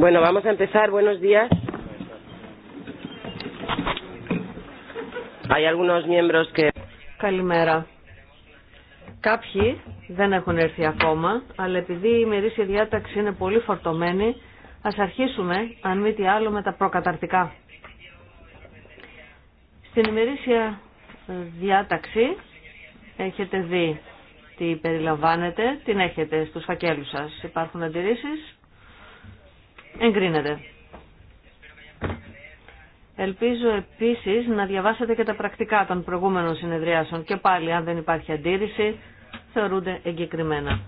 Bueno, vamos a empezar. Buenos días. Hay algunos miembros que... Καλημέρα. Κάποιοι δεν έχουν έρθει ακόμα, αλλά επειδή η μερίσια διάταξη είναι πολύ φορτωμένη, ας αρχίσουμε, αν μη τι άλλο, με τα προκαταρτικά. Στην ημερήσια ε, διάταξη έχετε δει τι περιλαμβάνεται, την έχετε στους φακέλους σας. Υπάρχουν αντιρρήσεις, Εγκρίνεται. Ελπίζω επίσης να διαβάσετε και τα πρακτικά των προηγούμενων συνεδριάσεων και πάλι αν δεν υπάρχει αντίρρηση θεωρούνται εγκεκριμένα.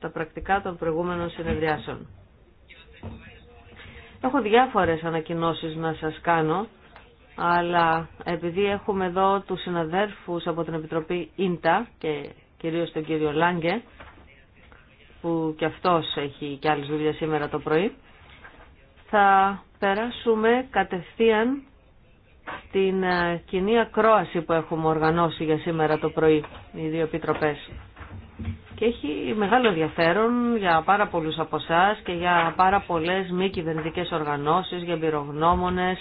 Τα πρακτικά των προηγούμενων συνεδριάσεων. Έχω διάφορες ανακοινώσεις να σας κάνω, αλλά επειδή έχουμε εδώ τους συναδέρφους από την Επιτροπή Ίντα και κυρίως τον κύριο Λάγκε, που και αυτός έχει και άλλες δουλειές σήμερα το πρωί, θα περάσουμε κατευθείαν την ε, κοινή ακρόαση που έχουμε οργανώσει για σήμερα το πρωί, οι δύο επιτροπές. Και έχει μεγάλο ενδιαφέρον για πάρα πολλούς από εσά και για πάρα πολλές μη κυβερνητικέ οργανώσεις, για εμπειρογνώμονες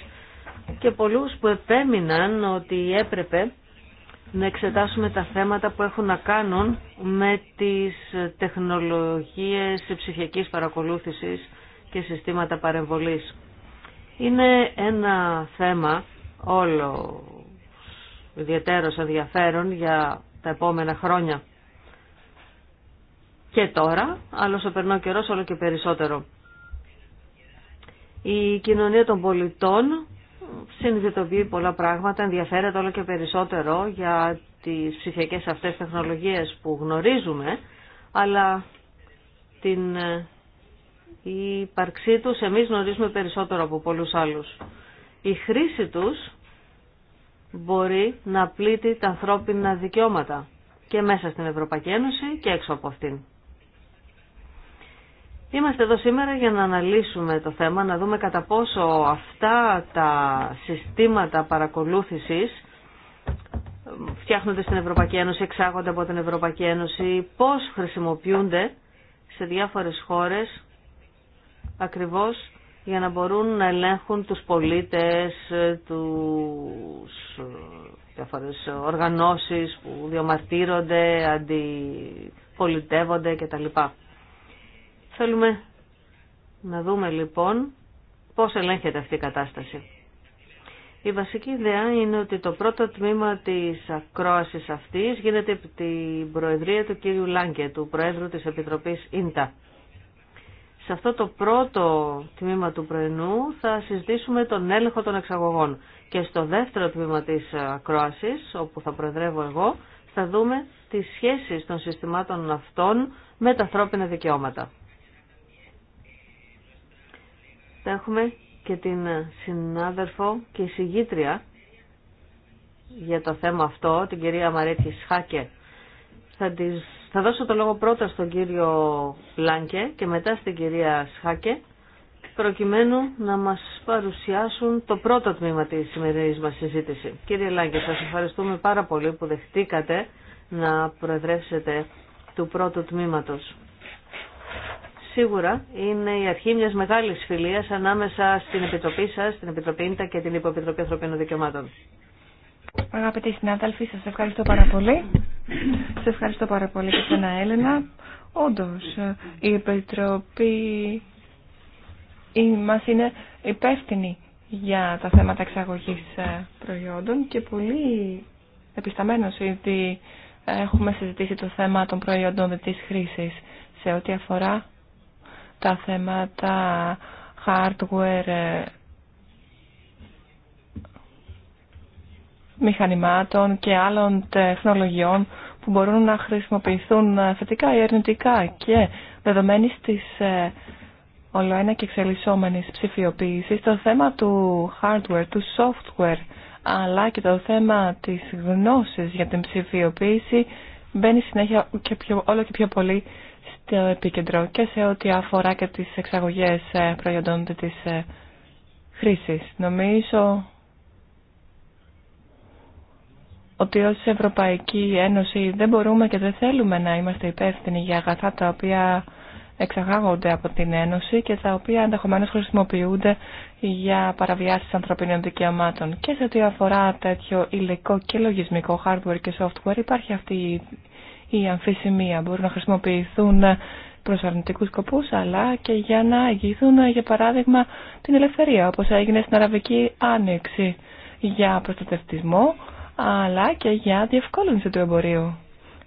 και πολλούς που επέμειναν ότι έπρεπε να εξετάσουμε τα θέματα που έχουν να κάνουν με τις τεχνολογίες ψυχιακής παρακολούθησης και συστήματα παρεμβολής. Είναι ένα θέμα όλο ιδιαίτερος ενδιαφέρον για τα επόμενα χρόνια. Και τώρα, αλλά όσο περνά καιρός όλο και περισσότερο. Η κοινωνία των πολιτών συνειδητοποιεί πολλά πράγματα, ενδιαφέρεται όλο και περισσότερο για τις ψηφιακές αυτές τεχνολογίες που γνωρίζουμε, αλλά την ε, ύπαρξή τους εμείς γνωρίζουμε περισσότερο από πολλούς άλλους. Η χρήση τους μπορεί να πλήττει τα ανθρώπινα δικαιώματα και μέσα στην Ευρωπαϊκή Ένωση και έξω από αυτήν. Είμαστε εδώ σήμερα για να αναλύσουμε το θέμα, να δούμε κατά πόσο αυτά τα συστήματα παρακολούθησης φτιάχνονται στην Ευρωπαϊκή Ένωση, εξάγονται από την Ευρωπαϊκή Ένωση, πώς χρησιμοποιούνται σε διάφορες χώρες ακριβώς για να μπορούν να ελέγχουν τους πολίτες, τους διάφορες οργανώσεις που διαμαρτύρονται, αντιπολιτεύονται κτλ. Θέλουμε να δούμε λοιπόν πώς ελέγχεται αυτή η κατάσταση. Η βασική ιδέα είναι ότι το πρώτο τμήμα της ακρόασης αυτής γίνεται από την Προεδρία του κύριου Λάγκε, του Προέδρου της Επιτροπής ΙΝΤΑ. Σε αυτό το πρώτο τμήμα του πρωινού θα συζητήσουμε τον έλεγχο των εξαγωγών. Και στο δεύτερο τμήμα της ακρόασης, όπου θα προεδρεύω εγώ, θα δούμε τις σχέσεις των συστημάτων αυτών με τα ανθρώπινα δικαιώματα έχουμε και την συνάδελφο και συγγήτρια για το θέμα αυτό, την κυρία Μαρέτη Σχάκε. Θα, της... θα δώσω το λόγο πρώτα στον κύριο Πλάνκε και μετά στην κυρία Σχάκε, προκειμένου να μας παρουσιάσουν το πρώτο τμήμα της σημερινής μας συζήτηση. Κύριε Λάγκε, σας ευχαριστούμε πάρα πολύ που δεχτήκατε να προεδρεύσετε του πρώτου τμήματος σίγουρα είναι η αρχή μιας μεγάλης φιλίας ανάμεσα στην Επιτροπή σας, την Επιτροπή Ίντα και την Υποεπιτροπή Ανθρωπίνων Δικαιωμάτων. Αγαπητοί συνάδελφοι, σας ευχαριστώ πάρα πολύ. Σας ευχαριστώ πάρα πολύ και σένα Έλενα. Όντως, η Επιτροπή μας είναι υπεύθυνη για τα θέματα εξαγωγής ε, προϊόντων και πολύ επισταμμένο ήδη έχουμε συζητήσει το θέμα των προϊόντων της χρήσης σε ό,τι αφορά τα θέματα hardware μηχανημάτων και άλλων τεχνολογιών που μπορούν να χρησιμοποιηθούν θετικά ή αρνητικά και δεδομένη της ε, ολοένα και εξελισσόμενης ψηφιοποίησης το θέμα του hardware, του software αλλά και το θέμα της γνώσης για την ψηφιοποίηση μπαίνει συνέχεια και πιο, όλο και πιο πολύ το επίκεντρο και σε ό,τι αφορά και τις εξαγωγές ε, προϊόντων της ε, χρήσης. Νομίζω ότι ως Ευρωπαϊκή Ένωση δεν μπορούμε και δεν θέλουμε να είμαστε υπεύθυνοι για αγαθά τα οποία εξαγάγονται από την Ένωση και τα οποία ενδεχομένως χρησιμοποιούνται για παραβιάσεις ανθρωπίνων δικαιωμάτων. Και σε ό,τι αφορά τέτοιο υλικό και λογισμικό hardware και software υπάρχει αυτή η η αμφισημία. Μπορούν να χρησιμοποιηθούν προς αρνητικούς σκοπούς, αλλά και για να αγγίθουν για παράδειγμα, την ελευθερία, όπως έγινε στην Αραβική Άνοιξη, για προστατευτισμό, αλλά και για διευκόλυνση του εμπορίου.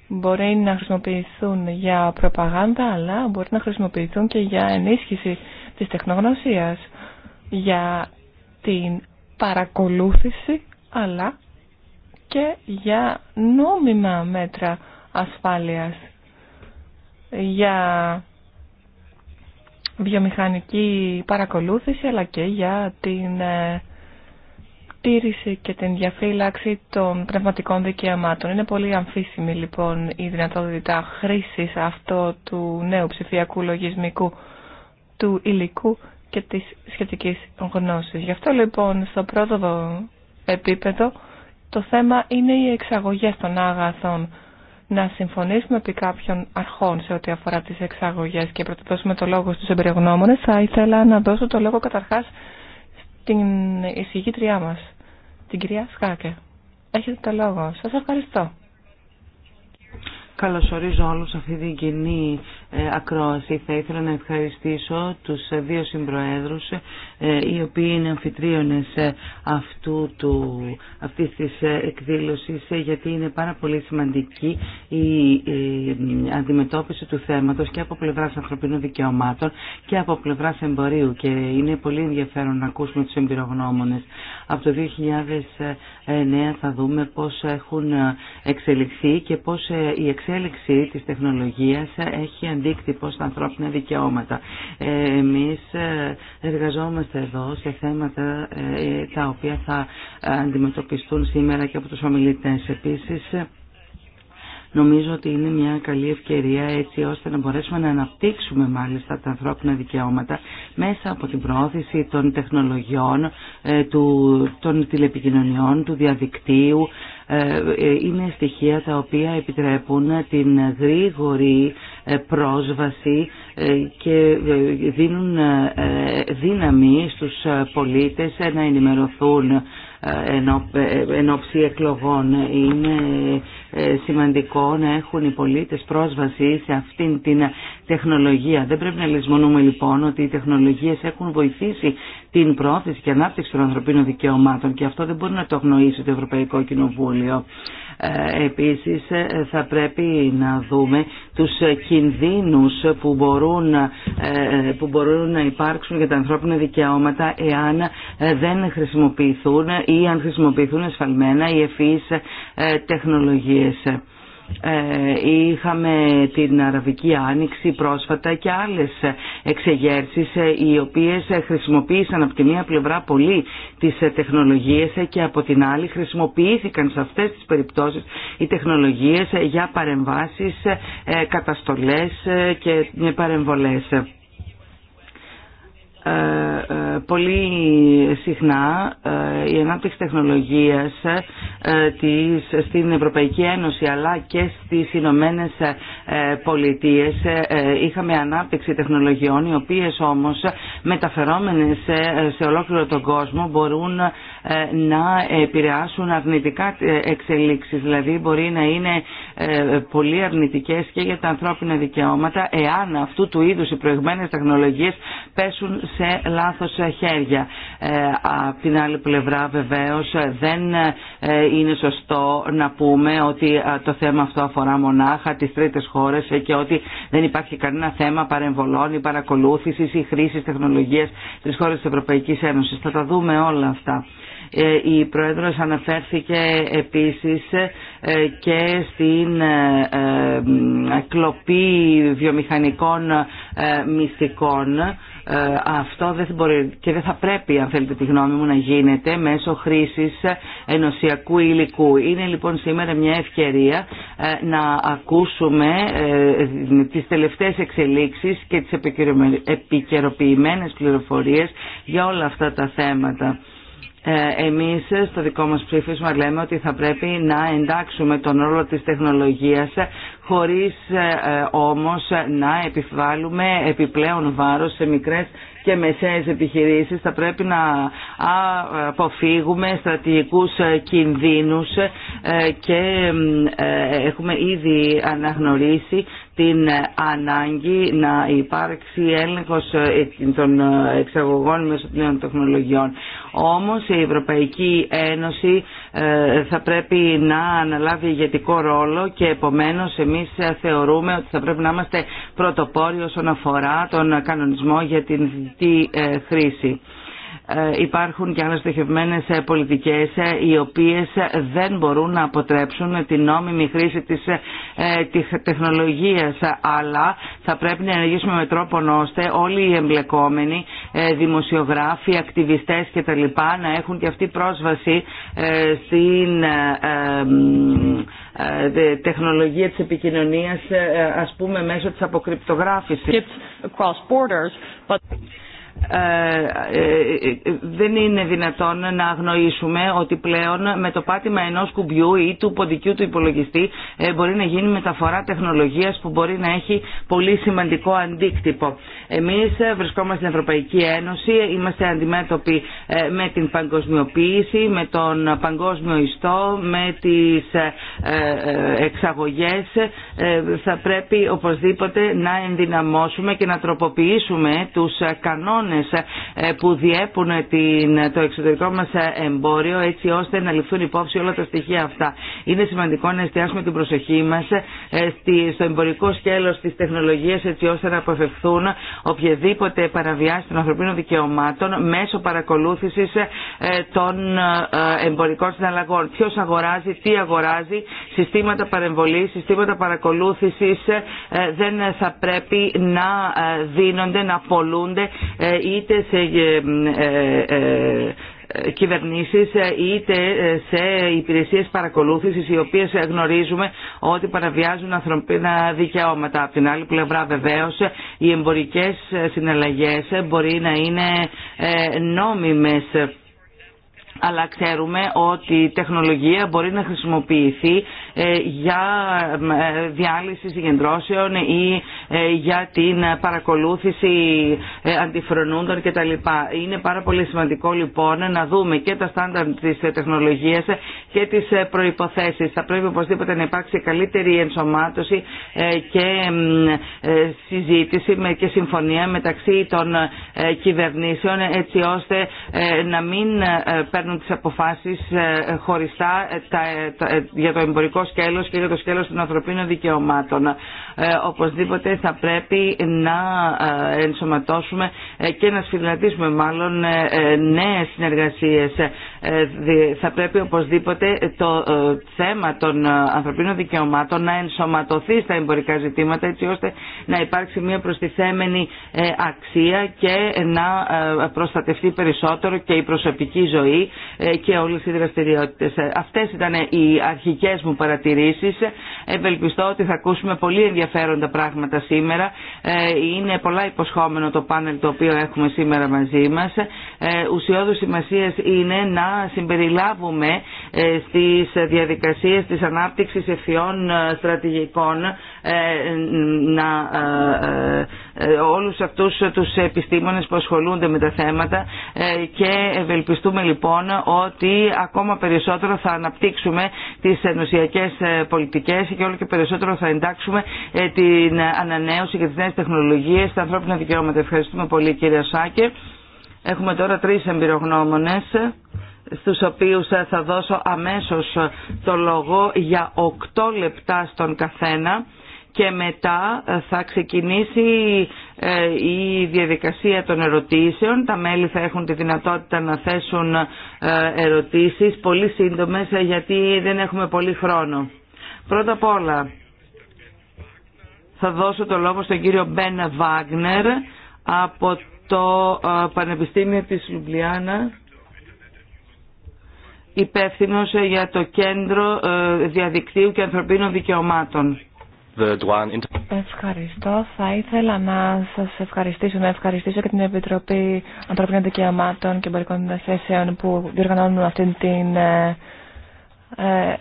Μπορεί να χρησιμοποιηθούν για προπαγάνδα, αλλά μπορεί να χρησιμοποιηθούν και για ενίσχυση της τεχνογνωσίας, για την παρακολούθηση, αλλά και για νόμιμα μέτρα ασφάλειας για βιομηχανική παρακολούθηση αλλά και για την ε, τήρηση και την διαφύλαξη των πνευματικών δικαιωμάτων. Είναι πολύ αμφίσιμη λοιπόν η δυνατότητα χρήσης αυτό του νέου ψηφιακού λογισμικού του υλικού και της σχετικής γνώσης. Γι' αυτό λοιπόν στο πρώτο επίπεδο το θέμα είναι οι εξαγωγές των άγαθων να συμφωνήσουμε επί κάποιων αρχών σε ό,τι αφορά τις εξαγωγές και πρώτα δώσουμε το λόγο στους εμπειρογνώμονες, θα ήθελα να δώσω το λόγο καταρχάς στην εισηγήτριά μας, την κυρία Σκάκε. Έχετε το λόγο. Σας ευχαριστώ. Καλωσορίζω όλους αυτή την κοινή ε, ακρόαση. Θα ήθελα να ευχαριστήσω τους δύο συμπροέδρους ε, οι οποίοι είναι αμφιτρίωνες ε, αυτού του, αυτής της εκδήλωσης γιατί είναι πάρα πολύ σημαντική η αντιμετώπιση του θέματος και από πλευράς ανθρωπίνων δικαιωμάτων και από πλευράς εμπορίου και είναι πολύ ενδιαφέρον να ακούσουμε τους εμπειρογνώμονες. Από το 2009 θα δούμε πώς έχουν εξελιχθεί και πώς η εξέλιξη της τεχνολογίας έχει αντίκτυπο στα ανθρώπινα δικαιώματα. Ε, εμείς ε, εργαζόμαστε εδώ σε θέματα ε, τα οποία θα αντιμετωπιστούν σήμερα και από τους ομιλητές. Επίσης, Νομίζω ότι είναι μια καλή ευκαιρία έτσι ώστε να μπορέσουμε να αναπτύξουμε μάλιστα τα ανθρώπινα δικαιώματα μέσα από την προώθηση των τεχνολογιών, του, των τηλεπικοινωνιών, του διαδικτύου, ε, είναι στοιχεία τα οποία επιτρέπουν την γρήγορη ε, πρόσβαση ε, και δίνουν δύναμη στους πολίτες να ενημερωθούν εν ώψη εκλογών. Είναι ε, σημαντικό να έχουν οι πολίτες πρόσβαση σε αυτήν την τεχνολογία. Δεν πρέπει να λησμονούμε λοιπόν ότι οι τεχνολογίες έχουν βοηθήσει την πρόθεση και ανάπτυξη των ανθρωπίνων δικαιωμάτων και αυτό δεν μπορεί να το αγνοήσει το Ευρωπαϊκό Κοινοβούλιο. Ε, επίσης ε, θα πρέπει να δούμε τους κινδύνους που μπορούν, που μπορούν να υπάρξουν για τα ανθρώπινα δικαιώματα εάν δεν χρησιμοποιηθούν ή αν χρησιμοποιηθούν εσφαλμένα οι ευφυείς ε Είχαμε την Αραβική Άνοιξη πρόσφατα και άλλες εξεγέρσεις ε, οι οποίες χρησιμοποίησαν από τη μία πλευρά πολύ τις ε, τεχνολογίες και από την άλλη χρησιμοποιήθηκαν σε αυτές τις περιπτώσεις οι τεχνολογίες ε, για παρεμβάσεις, καταστολές και παρεμβολές. Ε, ε, πολύ συχνά ε, η ανάπτυξη τεχνολογίας της, στην Ευρωπαϊκή Ένωση αλλά και στις Ηνωμένε Πολιτείες είχαμε ανάπτυξη τεχνολογιών οι οποίες όμως μεταφερόμενες σε, σε ολόκληρο τον κόσμο μπορούν ε, να επηρεάσουν αρνητικά ε, εξελίξεις. Δηλαδή μπορεί να είναι ε, πολύ αρνητικές και για τα ανθρώπινα δικαιώματα εάν αυτού του είδους οι προηγμένες τεχνολογίες πέσουν σε λάθος χέρια. Από την άλλη πλευρά βεβαίως δεν είναι σωστό να πούμε ότι το θέμα αυτό αφορά μονάχα τις τρίτες χώρες και ότι δεν υπάρχει κανένα θέμα παρεμβολών ή παρακολούθησης ή χρήσης τεχνολογίας στις χώρες της Ευρωπαϊκής Ένωσης. Θα τα δούμε όλα αυτά. Ε, η Πρόεδρος αναφέρθηκε επίσης ε, και στην ε, κλοπή βιομηχανικών μυστικών. Αυτό δεν μπορεί και δεν θα πρέπει, αν θέλετε τη γνώμη μου, να γίνεται μέσω χρήσης ενωσιακού υλικού. Είναι λοιπόν σήμερα μια ευκαιρία να ακούσουμε τις τελευταίες εξελίξεις και τις επικαιροποιημένες πληροφορίες για όλα αυτά τα θέματα. Ε, εμείς στο δικό μας ψήφισμα λέμε ότι θα πρέπει να εντάξουμε τον ρόλο της τεχνολογίας χωρίς ε, ε, όμως ε, να επιβάλλουμε επιπλέον βάρος σε μικρές και μεσαίες επιχειρήσεις. Θα πρέπει να αποφύγουμε στρατηγικούς κινδύνους και έχουμε ήδη αναγνωρίσει την ανάγκη να υπάρξει έλεγχος των εξαγωγών μέσω των τεχνολογιών. Όμως η Ευρωπαϊκή Ένωση ε, θα πρέπει να αναλάβει ηγετικό ρόλο και επομένως εμείς θεωρούμε ότι θα πρέπει να είμαστε πρωτοπόροι όσον αφορά τον κανονισμό για την ε, χρήση. Ε, υπάρχουν και άλλες πολιτικέ, ε, πολιτικές ε, οι οποίες δεν μπορούν να αποτρέψουν την νόμιμη χρήση της, της τεχνολογίας αλλά θα πρέπει να ενεργήσουμε με τρόπο ώστε όλοι οι εμπλεκόμενοι δημοσιογράφοι, ακτιβιστές κτλ να έχουν και αυτή πρόσβαση στην τεχνολογία της επικοινωνίας ας πούμε μέσω της αποκρυπτογράφησης ε, ε, ε, δεν είναι δυνατόν να αγνοήσουμε ότι πλέον με το πάτημα ενός κουμπιού ή του ποντικού του υπολογιστή μπορεί να γίνει μεταφορά τεχνολογίας που μπορεί να έχει πολύ σημαντικό αντίκτυπο. Εμείς βρισκόμαστε στην Ευρωπαϊκή Ένωση, είμαστε αντιμέτωποι με την παγκοσμιοποίηση, με τον παγκόσμιο ιστό, με τις εξαγωγές. Θα πρέπει οπωσδήποτε να ενδυναμώσουμε και να τροποποιήσουμε τους κανόνες ε, που διέπουν το εξωτερικό μας ε, εμπόριο έτσι ώστε να ληφθούν υπόψη όλα τα στοιχεία αυτά. Είναι σημαντικό να εστιάσουμε την προσοχή μας ε, στο εμπορικό σκέλος της τεχνολογίας έτσι ώστε να αποφευθούν οποιαδήποτε παραβιάση των ανθρωπίνων δικαιωμάτων μέσω παρακολούθησης των εμπορικών συναλλαγών. Ποιος αγοράζει, τι αγοράζει, συστήματα παρεμβολή, συστήματα παρακολούθησης δεν θα πρέπει να δίνονται, να πολλούνται είτε σε ε, ε, ε, κυβερνήσεις είτε σε υπηρεσίες παρακολούθησης οι οποίες γνωρίζουμε ότι παραβιάζουν ανθρωπίνα δικαιώματα. Από την άλλη πλευρά βεβαίως οι εμπορικές συναλλαγές μπορεί να είναι νόμιμες αλλά ξέρουμε ότι η τεχνολογία μπορεί να χρησιμοποιηθεί ε, για ε, διάλυση συγκεντρώσεων ή ε, για την παρακολούθηση αντιφρονούντων κτλ. Είναι πάρα πολύ σημαντικό λοιπόν να δούμε και τα στάνταρ της τεχνολογίας και τις προϋποθέσεις. Θα πρέπει οπωσδήποτε να υπάρξει καλύτερη ενσωμάτωση και συζήτηση και συμφωνία μεταξύ των κυβερνήσεων έτσι ώστε να μην παίρνουν τις αποφάσεις ε, χωριστά ε, ε, για το εμπορικό σκέλος και για το σκέλος των ανθρωπίνων δικαιωμάτων. Οπωσδήποτε θα πρέπει να ενσωματώσουμε και να σφυλατίσουμε μάλλον νέες συνεργασίες. Θα πρέπει οπωσδήποτε το θέμα των ανθρωπίνων δικαιωμάτων να ενσωματωθεί στα εμπορικά ζητήματα έτσι ώστε να υπάρξει μια προστιθέμενη αξία και να προστατευτεί περισσότερο και η προσωπική ζωή ε, και όλες οι δραστηριότητες. Ε, αυτές ήταν οι αρχικές μου παρατηρήσεις. Ευελπιστώ ότι θα ακούσουμε πολύ ενδιαφέροντα πράγματα σήμερα. Ε, είναι πολλά υποσχόμενο το πάνελ το οποίο έχουμε σήμερα μαζί μας. Ουσιώδου σημασία είναι να συμπεριλάβουμε στις διαδικασίες της ανάπτυξης ευθειών στρατηγικών να όλους αυτούς τους επιστήμονες που ασχολούνται με τα θέματα και ευελπιστούμε λοιπόν ότι ακόμα περισσότερο θα αναπτύξουμε τις ενωσιακές ε, πολιτικές και όλο και περισσότερο θα εντάξουμε ε, την ανανέωση και τις νέες τεχνολογίες στα ανθρώπινα δικαιώματα. Ευχαριστούμε πολύ κύριε Σάκη Έχουμε τώρα τρεις εμπειρογνώμονες στους οποίους ε, θα δώσω αμέσως το λόγο για 8 λεπτά στον καθένα και μετά θα ξεκινήσει ε, η διαδικασία των ερωτήσεων. Τα μέλη θα έχουν τη δυνατότητα να θέσουν ε, ερωτήσεις πολύ σύντομες ε, γιατί δεν έχουμε πολύ χρόνο. Πρώτα απ' όλα θα δώσω το λόγο στον κύριο Μπένα Βάγνερ από το Πανεπιστήμιο της Λουμπλιάνα υπεύθυνο για το Κέντρο Διαδικτύου και Ανθρωπίνων Δικαιωμάτων the Duan Ευχαριστώ. Θα ήθελα να σας ευχαριστήσω, να ευχαριστήσω και την Επιτροπή Ανθρωπίνων Δικαιωμάτων και Εμπορικών Θέσεων που διοργανώνουν αυτή την ε, ε,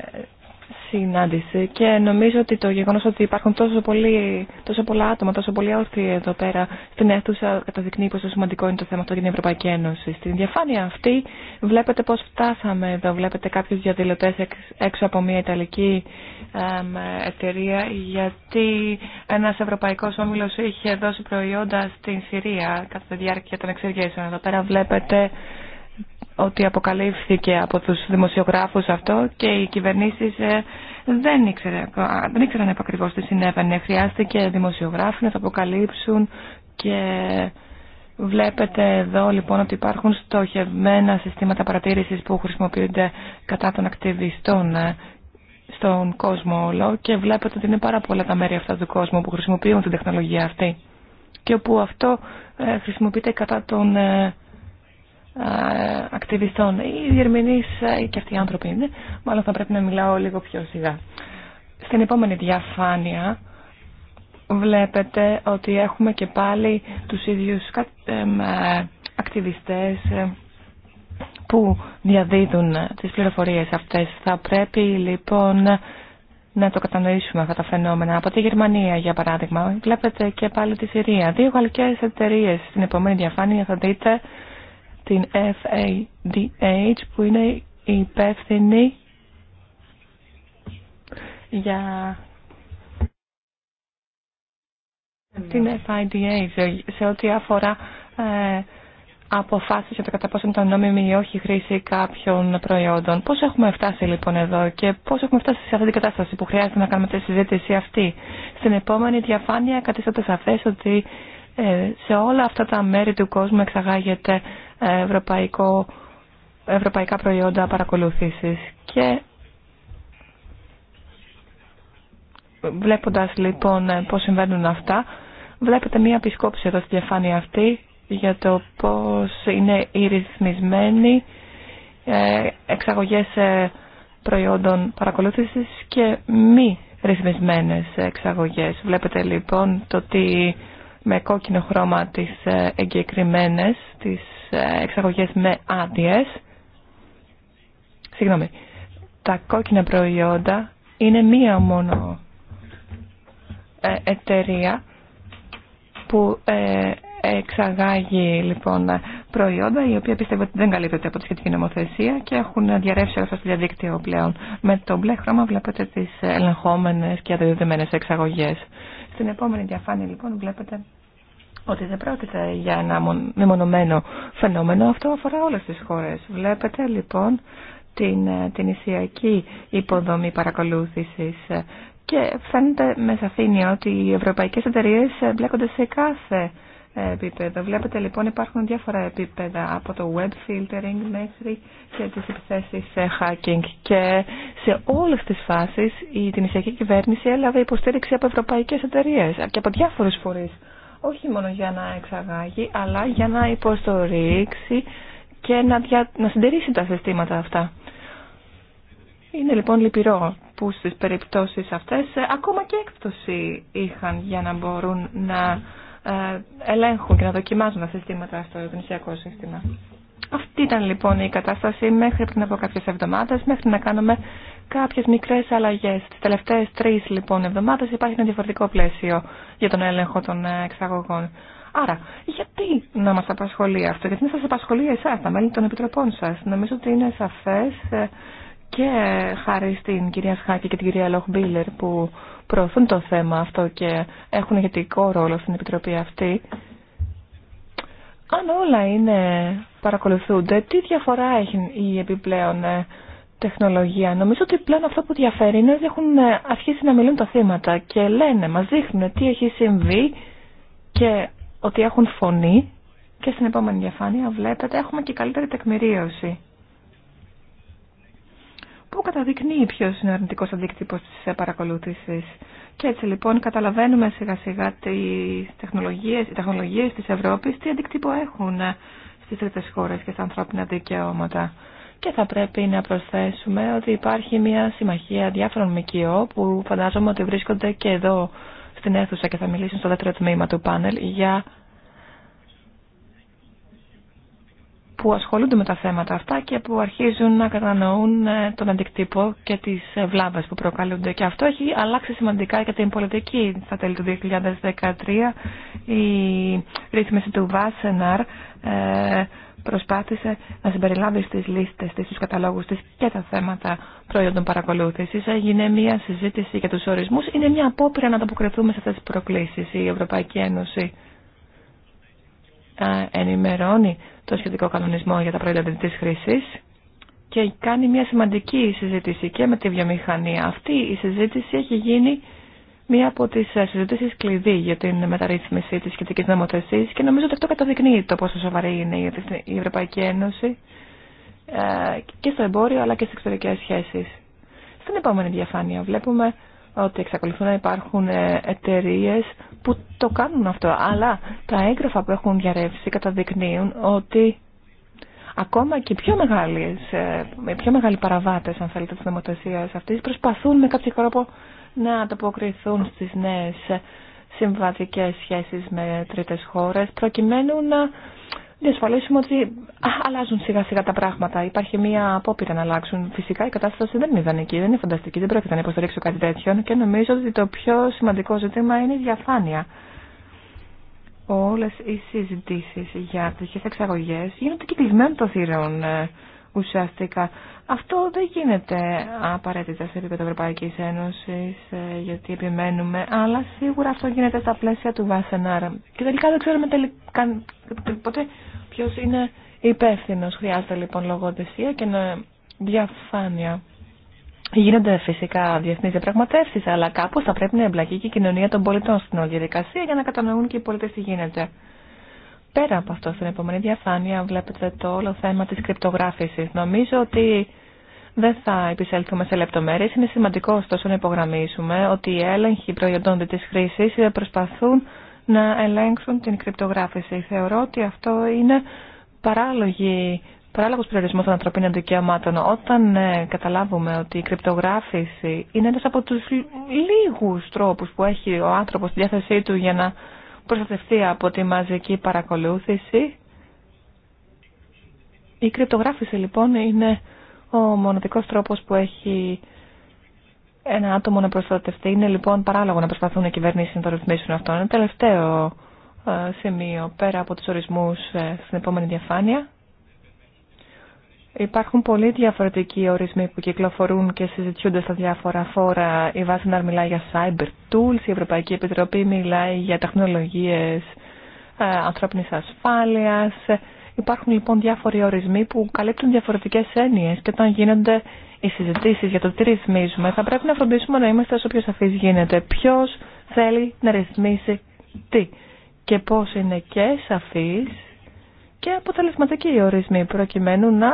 συνάντηση και νομίζω ότι το γεγονός ότι υπάρχουν τόσο, πολύ, τόσο πολλά άτομα, τόσο πολλοί όρθιοι εδώ πέρα στην αίθουσα καταδεικνύει πόσο σημαντικό είναι το θέμα αυτό για την Ευρωπαϊκή Ένωση. Στην διαφάνεια αυτή βλέπετε πώς φτάσαμε εδώ, βλέπετε κάποιους διαδηλωτές έξω από μια Ιταλική εταιρεία γιατί ένας Ευρωπαϊκός Όμιλος είχε δώσει προϊόντα στην Συρία κατά τη διάρκεια των εξεργέσεων. Εδώ πέρα βλέπετε ότι αποκαλύφθηκε από τους δημοσιογράφους αυτό και οι κυβερνήσεις ε, δεν, δεν ήξεραν επακριβώς τι συνέβαινε. Χρειάστηκε δημοσιογράφοι να το αποκαλύψουν και βλέπετε εδώ λοιπόν ότι υπάρχουν στοχευμένα συστήματα παρατήρησης που χρησιμοποιούνται κατά των ακτιβιστών ε, στον κόσμο όλο και βλέπετε ότι είναι πάρα πολλά τα μέρη αυτά του κόσμου που χρησιμοποιούν την τεχνολογία αυτή και όπου αυτό ε, χρησιμοποιείται κατά των ε, ακτιβιστών. Οι διερμηνείς ε, και αυτοί οι άνθρωποι είναι. Μάλλον θα πρέπει να μιλάω λίγο πιο σιγά. Στην επόμενη διαφάνεια βλέπετε ότι έχουμε και πάλι τους ίδιους ε, ακτιβιστές που διαδίδουν τις πληροφορίες αυτές. Θα πρέπει λοιπόν να το κατανοήσουμε αυτά τα φαινόμενα. Από τη Γερμανία, για παράδειγμα, βλέπετε και πάλι τη Συρία. Δύο γαλλικές εταιρείε στην επόμενη διαφάνεια θα δείτε την FADH που είναι υπεύθυνη για την FIDH σε ό,τι αφορά ε, αποφάσεις για το κατά πόσο είναι το νόμιμη ή όχι χρήση κάποιων προϊόντων. Πώς έχουμε φτάσει λοιπόν εδώ και πώς έχουμε φτάσει σε αυτή την κατάσταση που χρειάζεται να κάνουμε τη συζήτηση αυτή. Στην επόμενη διαφάνεια κατήσατε σαφές ότι ε, σε όλα αυτά τα μέρη του κόσμου εξαγάγεται ε, ευρωπαϊκό, ευρωπαϊκά προϊόντα παρακολουθήσεις και βλέποντας λοιπόν ε, πώς συμβαίνουν αυτά βλέπετε μία επισκόπηση εδώ στη διαφάνεια αυτή για το πώς είναι οι ρυθμισμένοι εξαγωγές προϊόντων παρακολούθησης και μη ρυθμισμένες εξαγωγές. Βλέπετε λοιπόν το τι με κόκκινο χρώμα τις ε, εγκεκριμένες, τις ε, εξαγωγές με άδειε. Συγγνώμη, τα κόκκινα προϊόντα είναι μία μόνο ε, εταιρεία που εξαγάγει λοιπόν προϊόντα η οποία πιστεύω ότι δεν καλύπτεται από τη σχετική νομοθεσία και έχουν διαρρεύσει αυτά στο διαδίκτυο πλέον. Με το μπλε χρώμα βλέπετε τις ελεγχόμενες και αδεδεδεμένες εξαγωγές. Στην επόμενη διαφάνεια λοιπόν βλέπετε ότι δεν πρόκειται για ένα μεμονωμένο φαινόμενο. Αυτό αφορά όλες τις χώρες. Βλέπετε λοιπόν την, ε, την ισιακή υποδομή παρακολούθησης ε, και φαίνεται με σαφήνεια ότι οι ευρωπαϊκές εταιρείες ε, μπλέκονται σε κάθε επίπεδο. Βλέπετε λοιπόν υπάρχουν διάφορα επίπεδα από το web filtering μέχρι και τις επιθέσεις hacking και σε όλες τις φάσεις η Τινησιακή Κυβέρνηση έλαβε υποστήριξη από ευρωπαϊκές εταιρείες και από διάφορους φορείς όχι μόνο για να εξαγάγει, αλλά για να υποστορίξει και να, να συντηρήσει τα συστήματα αυτά. Είναι λοιπόν λυπηρό που στις περιπτώσεις αυτές ε, ακόμα και έκπτωση είχαν για να μπορούν να ε, ελέγχουν και να δοκιμάζουν τα συστήματα στο ευνησιακό σύστημα. Αυτή ήταν λοιπόν η κατάσταση μέχρι πριν από κάποιες εβδομάδες, μέχρι να κάνουμε κάποιες μικρές αλλαγέ. Τι τελευταίες τρει λοιπόν εβδομάδες υπάρχει ένα διαφορετικό πλαίσιο για τον έλεγχο των ε, εξαγωγών. Άρα, γιατί να μας απασχολεί αυτό, γιατί να σας απασχολεί εσά τα μέλη των επιτροπών σας. Νομίζω ότι είναι σαφές ε, και χάρη στην κυρία Σχάκη και την κυρία Λοχμπίλερ που προωθούν το θέμα αυτό και έχουν ηγετικό ρόλο στην επιτροπή αυτή. Αν όλα είναι, παρακολουθούνται, τι διαφορά έχει η επιπλέον ε, τεχνολογία. Νομίζω ότι πλέον αυτό που διαφέρει είναι ότι έχουν ε, αρχίσει να μιλούν τα θύματα και λένε, μας δείχνουν τι έχει συμβεί και ότι έχουν φωνή και στην επόμενη διαφάνεια βλέπετε έχουμε και καλύτερη τεκμηρίωση που καταδεικνύει ποιο είναι ο αρνητικό αντίκτυπο τη ε, παρακολούθηση. Και έτσι λοιπόν καταλαβαίνουμε σιγά σιγά τι τεχνολογίε τη Ευρώπη, τι αντίκτυπο έχουν ε, στι τρίτε χώρε και στα ανθρώπινα δικαιώματα. Και θα πρέπει να προσθέσουμε ότι υπάρχει μια συμμαχία διάφορων ΜΚΟ που φαντάζομαι ότι βρίσκονται και εδώ στην αίθουσα και θα μιλήσουν στο δεύτερο τμήμα του πάνελ για που ασχολούνται με τα θέματα αυτά και που αρχίζουν να κατανοούν ε, τον αντικτύπο και τις ε, βλάβες που προκαλούνται. Και αυτό έχει αλλάξει σημαντικά και την πολιτική. Στα τέλη του 2013 η ρύθμιση του Βάσεναρ προσπάθησε να συμπεριλάβει στις λίστες της, στους καταλόγους της και τα θέματα προϊόντων παρακολούθησης. Έγινε μια συζήτηση για τους ορισμούς. Είναι μια απόπειρα να ανταποκριθούμε σε αυτές τις προκλήσεις η Ευρωπαϊκή Ένωση ενημερώνει το σχετικό κανονισμό για τα προϊόντα της χρήσης και κάνει μια σημαντική συζήτηση και με τη βιομηχανία. Αυτή η συζήτηση έχει γίνει μία από τις συζητήσεις κλειδί για την μεταρρύθμιση της σχετικής νομοθεσίας και νομίζω ότι αυτό καταδεικνύει το πόσο σοβαρή είναι η Ευρωπαϊκή Ένωση ε, και στο εμπόριο αλλά και στις εξωτερικές σχέσεις. Στην επόμενη διαφάνεια βλέπουμε ότι εξακολουθούν να υπάρχουν ε, εταιρείε που το κάνουν αυτό. Αλλά τα έγγραφα που έχουν διαρρεύσει καταδεικνύουν ότι ακόμα και οι πιο, μεγάλες, ε, πιο μεγάλοι παραβάτες, αν θέλετε, της νομοθεσίας αυτής προσπαθούν με κάποιο τρόπο να ανταποκριθούν στις νέες συμβατικές σχέσεις με τρίτες χώρες προκειμένου να διασφαλίσουμε ότι αλλάζουν σιγά σιγά τα πράγματα. Υπάρχει μία απόπειρα να αλλάξουν. Φυσικά η κατάσταση δεν είναι ιδανική, δεν είναι φανταστική, δεν πρόκειται να υποστηρίξω κάτι τέτοιο και νομίζω ότι το πιο σημαντικό ζήτημα είναι η διαφάνεια. Όλες οι συζητήσεις για τις εξαγωγές γίνονται κυκλισμένων των θύρων ε, ουσιαστικά. Αυτό δεν γίνεται απαραίτητα σε επίπεδο Ευρωπαϊκή Ένωση, ε, γιατί επιμένουμε, αλλά σίγουρα αυτό γίνεται στα πλαίσια του Βασενάρ. Και τελικά δεν ξέρουμε τελικά, ποτέ ποιο είναι υπεύθυνο. Χρειάζεται λοιπόν λογοδεσία και διαφάνεια. Γίνονται φυσικά διεθνεί διαπραγματεύσει, αλλά κάπω θα πρέπει να εμπλακεί και η κοινωνία των πολιτών στην όλη διαδικασία για να κατανοούν και οι πολίτε τι γίνεται. Πέρα από αυτό, στην επόμενη διαφάνεια βλέπετε το όλο θέμα τη κρυπτογράφηση. Νομίζω ότι δεν θα επισέλθουμε σε λεπτομέρειες. Είναι σημαντικό ωστόσο να υπογραμμίσουμε ότι οι έλεγχοι προϊόντων της χρήσης προσπαθούν να ελέγξουν την κρυπτογράφηση. Θεωρώ ότι αυτό είναι παράλογη, παράλογος περιορισμός των ανθρωπίνων δικαιωμάτων. Όταν ε, καταλάβουμε ότι η κρυπτογράφηση είναι ένας από τους λίγους τρόπους που έχει ο άνθρωπος στη διάθεσή του για να προστατευτεί από τη μαζική παρακολούθηση. Η κρυπτογράφηση λοιπόν είναι ο μοναδικός τρόπος που έχει ένα άτομο να προστατευτεί είναι λοιπόν παράλογο να προσπαθούν οι κυβερνήσει να το ρυθμίσουν αυτό. Ένα τελευταίο ε, σημείο πέρα από τους ορισμούς ε, στην επόμενη διαφάνεια. Υπάρχουν πολλοί διαφορετικοί ορισμοί που κυκλοφορούν και συζητιούνται στα διάφορα φόρα. Η Βάσιναρ μιλάει για cyber tools, η Ευρωπαϊκή Επιτροπή μιλάει για τεχνολογίες ε, ανθρώπινης ασφάλειας, Υπάρχουν λοιπόν διάφοροι ορισμοί που καλύπτουν διαφορετικέ έννοιε και όταν γίνονται οι συζητήσει, για το τι ρυθμίζουμε θα πρέπει να φροντίσουμε να είμαστε όσο πιο σαφεί γίνεται. Ποιο θέλει να ρυθμίσει τι και πώ είναι και σαφεί και αποτελεσματικοί οι ορισμοί προκειμένου να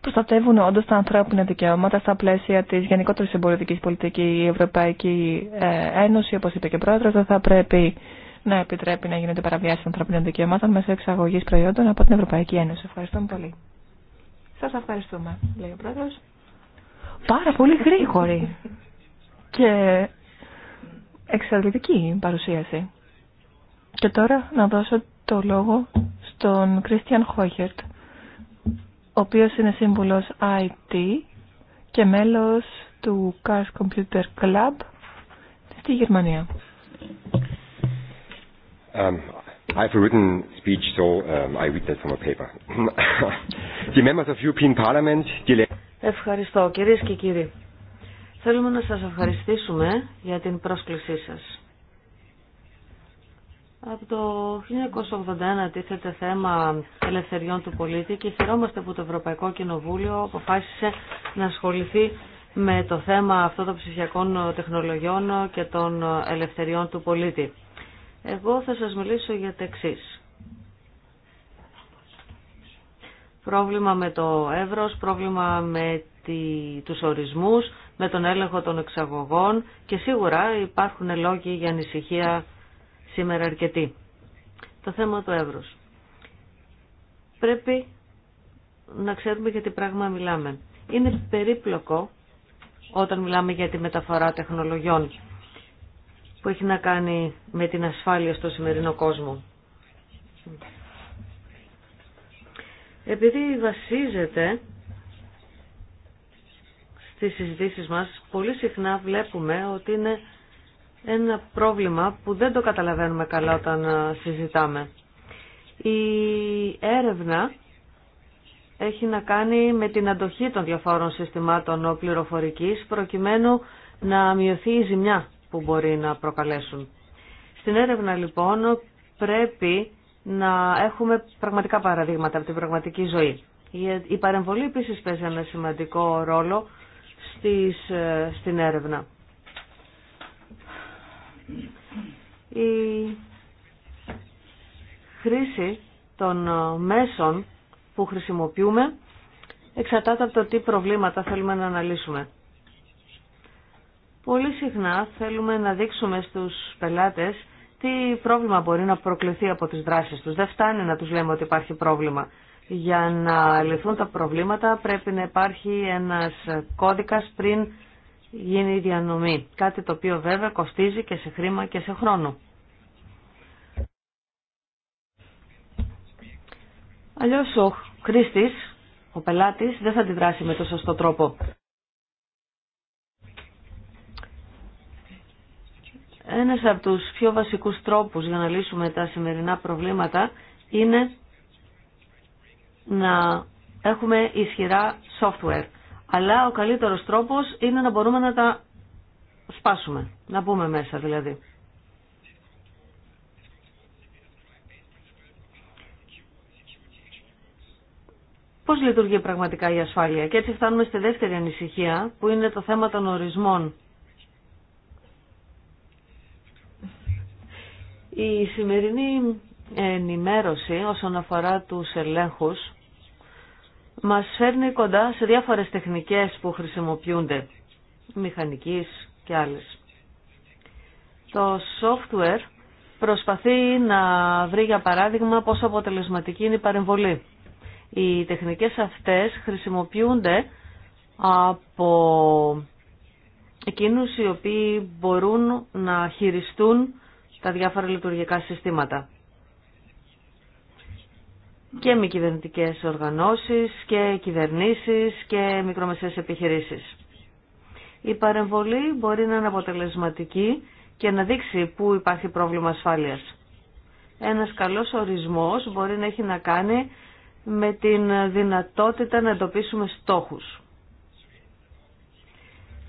προστατεύουν όντω τα ανθρώπινα δικαιώματα στα πλαίσια τη γενικότερη εμπορική πολιτική. Η Ευρωπαϊκή ε, Ένωση, όπω είπε και ο πρόεδρο, δεν θα πρέπει να επιτρέπει να γίνονται παραβιάσει ανθρωπίνων δικαιωμάτων μέσω εξαγωγή προϊόντων από την Ευρωπαϊκή Ένωση. Ευχαριστούμε πολύ. Σα ευχαριστούμε, λέει ο πρόεδρο. Πάρα πολύ γρήγορη και εξαρτητική παρουσίαση. Και τώρα να δώσω το λόγο στον Κρίστιαν Χόιχερτ, ο οποίος είναι σύμβουλος IT και μέλος του Cars Computer Club στη Γερμανία. Um, I have written speech, so um, I read that from paper. the members of European Parliament, Ευχαριστώ, κυρίες και κύριοι. Θέλουμε να σας ευχαριστήσουμε για την πρόσκλησή σας. Από το 1981 τίθεται θέμα ελευθεριών του πολίτη και χαιρόμαστε που το Ευρωπαϊκό Κοινοβούλιο αποφάσισε να ασχοληθεί με το θέμα αυτό των ψηφιακών τεχνολογιών και των ελευθεριών του πολίτη. Εγώ θα σας μιλήσω για τα Πρόβλημα με το εύρος, πρόβλημα με τη, τους ορισμούς, με τον έλεγχο των εξαγωγών και σίγουρα υπάρχουν λόγοι για ανησυχία σήμερα αρκετοί. Το θέμα του εύρους. Πρέπει να ξέρουμε για τι πράγμα μιλάμε. Είναι περίπλοκο όταν μιλάμε για τη μεταφορά τεχνολογιών που έχει να κάνει με την ασφάλεια στο σημερινό κόσμο. Επειδή βασίζεται στις συζητήσεις μας, πολύ συχνά βλέπουμε ότι είναι ένα πρόβλημα που δεν το καταλαβαίνουμε καλά όταν συζητάμε. Η έρευνα έχει να κάνει με την αντοχή των διαφόρων συστημάτων πληροφορικής προκειμένου να μειωθεί η ζημιά που μπορεί να προκαλέσουν. Στην έρευνα λοιπόν πρέπει να έχουμε πραγματικά παραδείγματα από την πραγματική ζωή. Η παρεμβολή επίση παίζει ένα σημαντικό ρόλο στις, ε, στην έρευνα. Η χρήση των ε, μέσων που χρησιμοποιούμε εξαρτάται από το τι προβλήματα θέλουμε να αναλύσουμε. Πολύ συχνά θέλουμε να δείξουμε στους πελάτες τι πρόβλημα μπορεί να προκληθεί από τις δράσεις τους. Δεν φτάνει να τους λέμε ότι υπάρχει πρόβλημα. Για να λυθούν τα προβλήματα πρέπει να υπάρχει ένας κώδικας πριν γίνει η διανομή. Κάτι το οποίο βέβαια κοστίζει και σε χρήμα και σε χρόνο. Αλλιώς ο χρήστης, ο πελάτης, δεν θα αντιδράσει με το σωστό τρόπο. Ένας από τους πιο βασικούς τρόπους για να λύσουμε τα σημερινά προβλήματα είναι να έχουμε ισχυρά software. Αλλά ο καλύτερος τρόπος είναι να μπορούμε να τα σπάσουμε, να μπούμε μέσα δηλαδή. Πώς λειτουργεί πραγματικά η ασφάλεια. Και έτσι φτάνουμε στη δεύτερη ανησυχία που είναι το θέμα των ορισμών Η σημερινή ενημέρωση όσον αφορά τους ελέγχους μας φέρνει κοντά σε διάφορες τεχνικές που χρησιμοποιούνται, μηχανικής και άλλες. Το software προσπαθεί να βρει για παράδειγμα πόσο αποτελεσματική είναι η παρεμβολή. Οι τεχνικές αυτές χρησιμοποιούνται από εκείνους οι οποίοι μπορούν να χειριστούν τα διάφορα λειτουργικά συστήματα. Και μη κυβερνητικέ οργανώσεις και κυβερνήσεις και μικρομεσαίες επιχειρήσεις. Η παρεμβολή μπορεί να είναι αποτελεσματική και να δείξει πού υπάρχει πρόβλημα ασφάλειας. Ένας καλός ορισμός μπορεί να έχει να κάνει με την δυνατότητα να εντοπίσουμε στόχους.